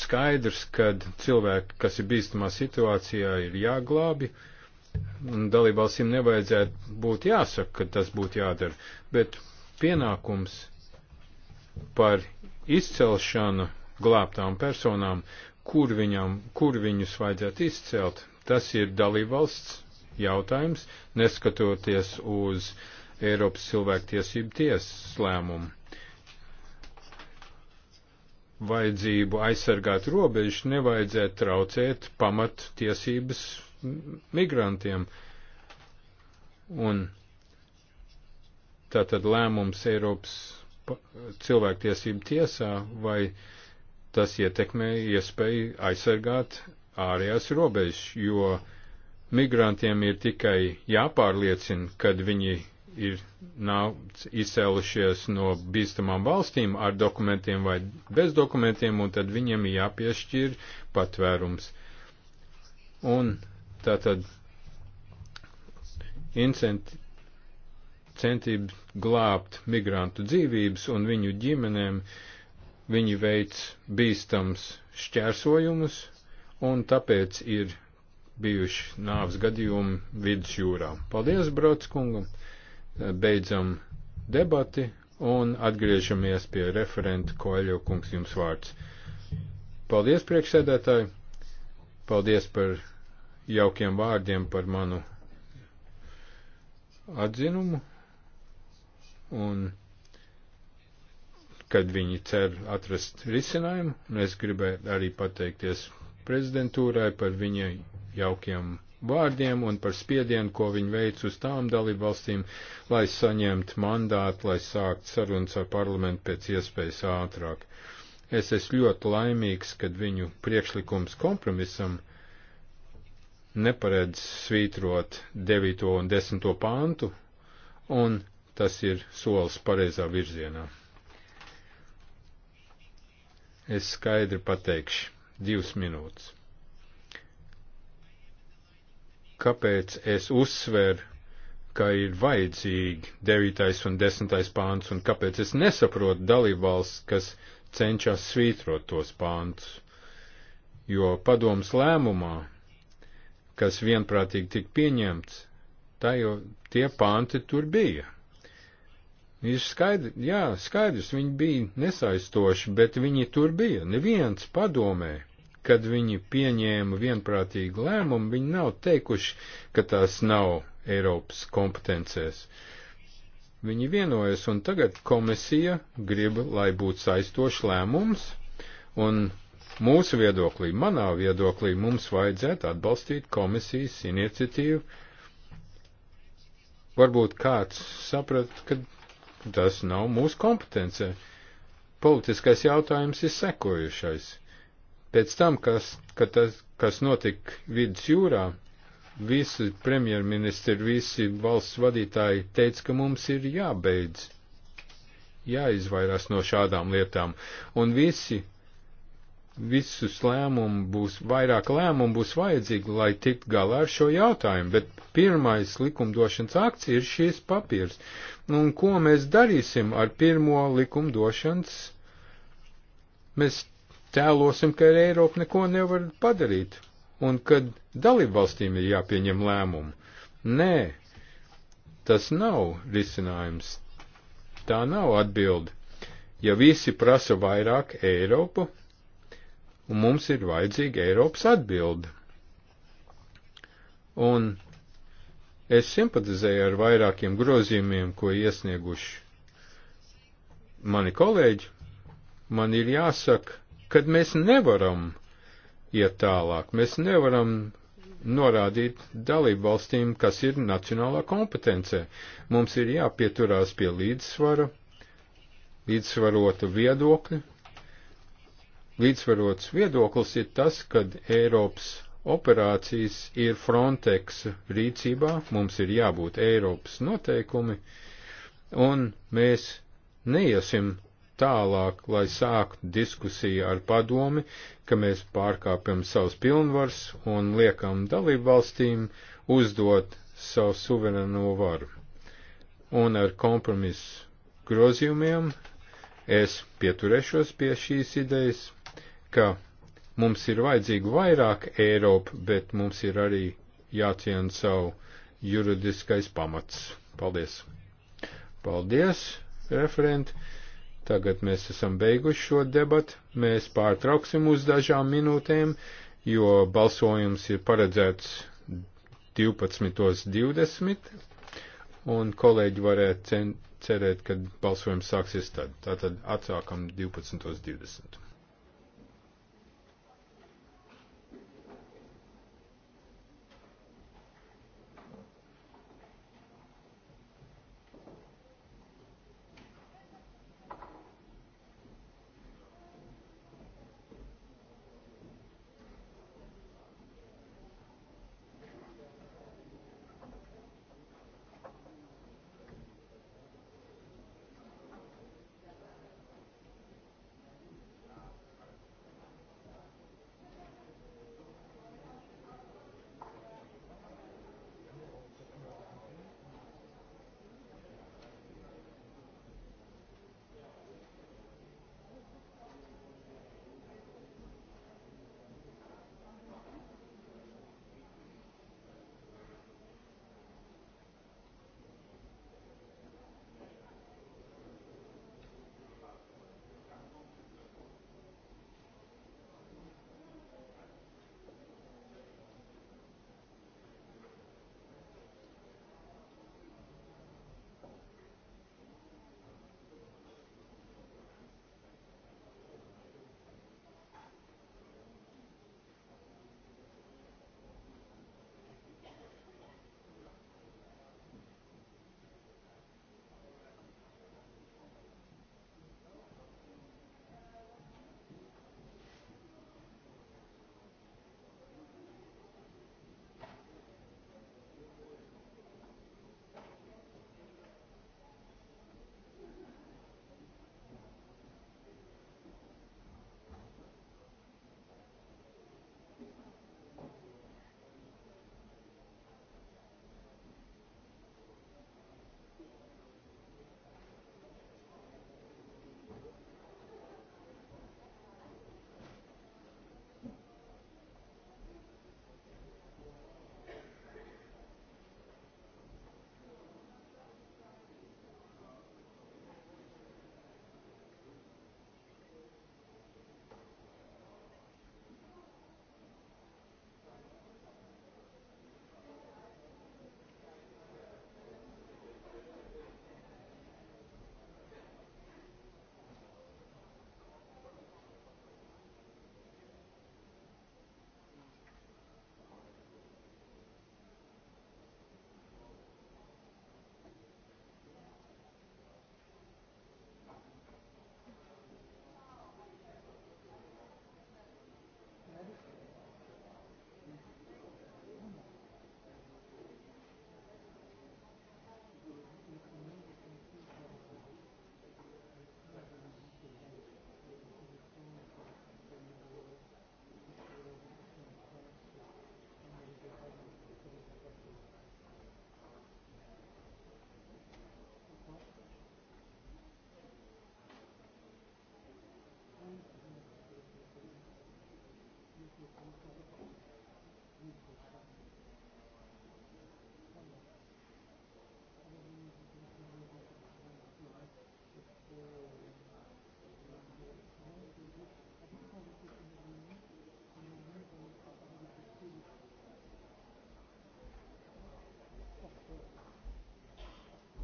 skaidrs, ka cilvēki, kas ir bīstamā situācijā, ir jāglābi, un dalībvalstīm nevajadzētu būt jāsaka, ka tas būtu jādara, bet pienākums par izcelšanu glābtām personām kur, viņam, kur viņus vajadzētu izcelt. Tas ir dalībvalsts jautājums, neskatoties uz Eiropas cilvēktiesību tiesas lēmumu. Vajadzību aizsargāt robežu nevajadzētu traucēt pamat tiesības migrantiem. Un tātad lēmums Eiropas cilvēktiesību tiesā vai uh, tas ietekmē iespēju aizsargāt ārējās robežas, jo migrantiem ir tikai jāpārliecina, kad viņi ir nav izcēlušies no bīstamām valstīm ar dokumentiem vai bez dokumentiem, un tad viņiem ir jāpiešķir patvērums. Un tātad incentība glābt migrantu dzīvības un viņu ģimenēm uh, Viņi veic bīstams šķērsojumus, un tāpēc ir bijuši nāves gadījumi vidusjūrā. Paldies, Brodskungam! Beidzam debati un atgriežamies pie referenta Koeļo kungs jums vārds. Paldies, priekšsēdētāji! Paldies par jaukiem vārdiem par manu atzinumu. Un kad viņi cer atrast risinājumu, un es gribētu arī pateikties prezidentūrai par viņa jaukiem vārdiem un par spiedienu, ko viņi veic uz tām dalībvalstīm, lai saņemtu mandātu, lai sākt sarunas ar parlamentu pēc iespējas ātrāk. Es esmu ļoti laimīgs, kad viņu priekšlikums kompromisam neparedz svītrot 9. un 10. pāntu, un tas ir solis pareizā virzienā. Es skaidri pateikšu, divas minūtes. Kāpēc es uzsveru, ka ir vajadzīgi 9. un 10. pāns, un kāpēc es nesaprotu dalībvalsts, kas cenšas svītrot tos pāns? Jo padoms lēmumā, kas vienprātīgi tika pieņemts, tā jau tie pānti tur bija ir skaidri, jā, skaidrs, viņi bija nesaistoši, bet viņi tur bija. Neviens padomē, kad viņi pieņēma vienprātīgu lēmumu, viņi nav teikuši, ka tās nav Eiropas kompetencēs. Viņi vienojas, un tagad komisija grib, lai būtu saistošs lēmums, un mūsu viedoklī, manā viedoklī, mums vajadzētu atbalstīt komisijas iniciatīvu. Varbūt kāds saprat, ka Tas nav mūsu kompetence. Politiskais jautājums ir sekojušais. Pēc tam, kas, ka tas, kas notika vidus jūrā, visi premjerministri, visi valsts vadītāji teica, ka mums ir jābeidz, jāizvairās no šādām lietām, un visi visus lēmumu būs, vairāk lēmumu būs vajadzīgi, lai tikt galā ar šo jautājumu, bet pirmais likumdošanas akts ir šis papīrs. Nu, un ko mēs darīsim ar pirmo likumdošanas? Mēs tēlosim, ka ar Eiropu neko nevar padarīt, un kad dalībvalstīm ir jāpieņem lēmumu. Nē, tas nav risinājums. Tā nav atbilde. Ja visi prasa vairāk Eiropu, un mums ir vajadzīga Eiropas atbilde. Un es simpatizēju ar vairākiem grozījumiem, ko iesnieguši mani kolēģi. Man ir jāsaka, ka mēs nevaram iet tālāk, mēs nevaram norādīt dalību valstīm, kas ir nacionālā kompetence. Mums ir jāpieturās pie līdzsvara, līdzsvarota viedokļa, līdzsvarots viedoklis ir tas, ka Eiropas operācijas ir Frontex rīcībā, mums ir jābūt Eiropas noteikumi, un mēs neiesim tālāk, lai sāktu diskusiju ar padomi, ka mēs pārkāpjam savus pilnvars un liekam dalību valstīm uzdot savu suverēno varu. Un ar kompromisu grozījumiem es pieturēšos pie šīs idejas, ka mums ir vajadzīga vairāk Eiropa, bet mums ir arī jāciena savu juridiskais pamats. Paldies! Paldies, referent! Tagad mēs esam beiguši šo debatu. Mēs pārtrauksim uz dažām minūtēm, jo balsojums ir paredzēts 12.20, un kolēģi varētu cerēt, ka balsojums sāksies tad. Tātad atsākam 12.20.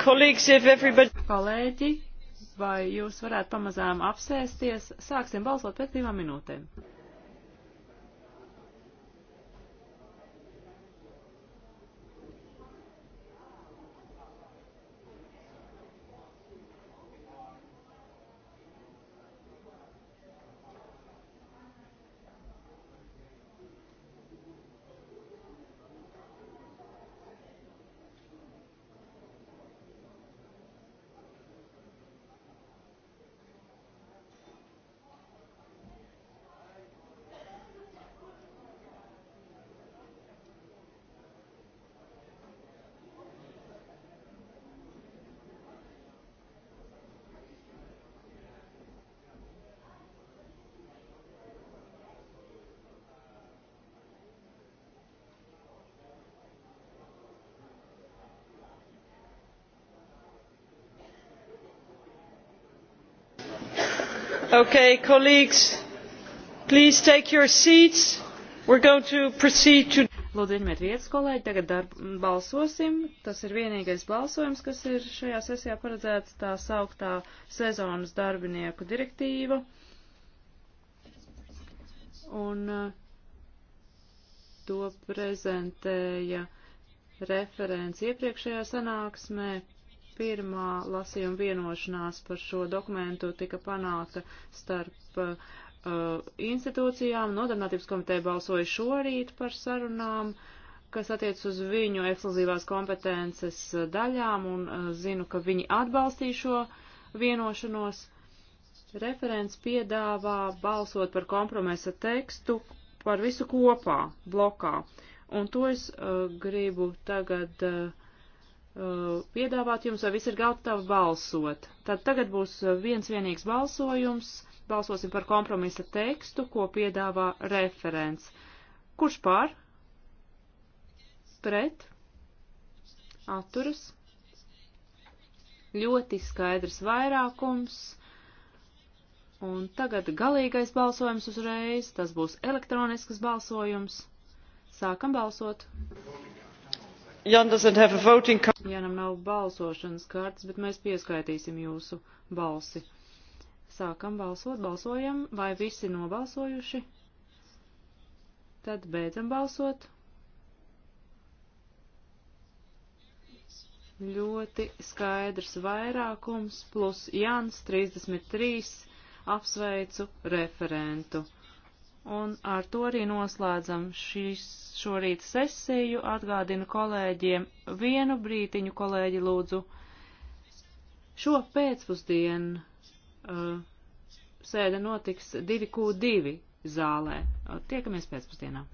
Everybody... Kolēģi, vai jūs varētu pamazām apsēsties? Sāksim balsot pēc divām minūtēm. Okay, colleagues, please take your seats. We're going to proceed to. Lūdzu, ieņemiet vietas, kolēģi, tagad darb, balsosim. Tas ir vienīgais balsojums, kas ir šajā sesijā paredzēts, tā sauktā sezonas darbinieku direktīva. Un to prezentēja referents iepriekšējā sanāksmē Pirmā lasījuma vienošanās par šo dokumentu tika panākta starp uh, institūcijām. Nodarbinātības komiteja balsoja šorīt par sarunām, kas attiec uz viņu ekskluzīvās kompetences uh, daļām, un uh, zinu, ka viņi atbalstīja šo vienošanos. Referents piedāvā balsot par kompromisa tekstu par visu kopā, blokā. Un to es uh, gribu tagad uh, Uh, piedāvāt jums, vai viss ir gatavi balsot. Tad tagad būs uh, viens vienīgs balsojums. Balsosim par kompromisa tekstu, ko piedāvā referents. Kurš pār? Pret? Atturas? Ļoti skaidrs vairākums. Un tagad galīgais balsojums uzreiz. Tas būs elektronisks balsojums. Sākam balsot. Thank you. Jan voting... Janam nav balsošanas kartes, bet mēs pieskaitīsim jūsu balsi. Sākam balsot, balsojam, vai visi nobalsojuši? Tad beidzam balsot. Ļoti skaidrs vairākums plus Jans 33 apsveicu referentu. Un ar to arī noslēdzam šīs šorīt sesiju. Atgādinu kolēģiem vienu brītiņu, kolēģi lūdzu. Šo pēcpusdienu uh, sēde notiks 2Q2 zālē. Uh, tiekamies pēcpusdienā.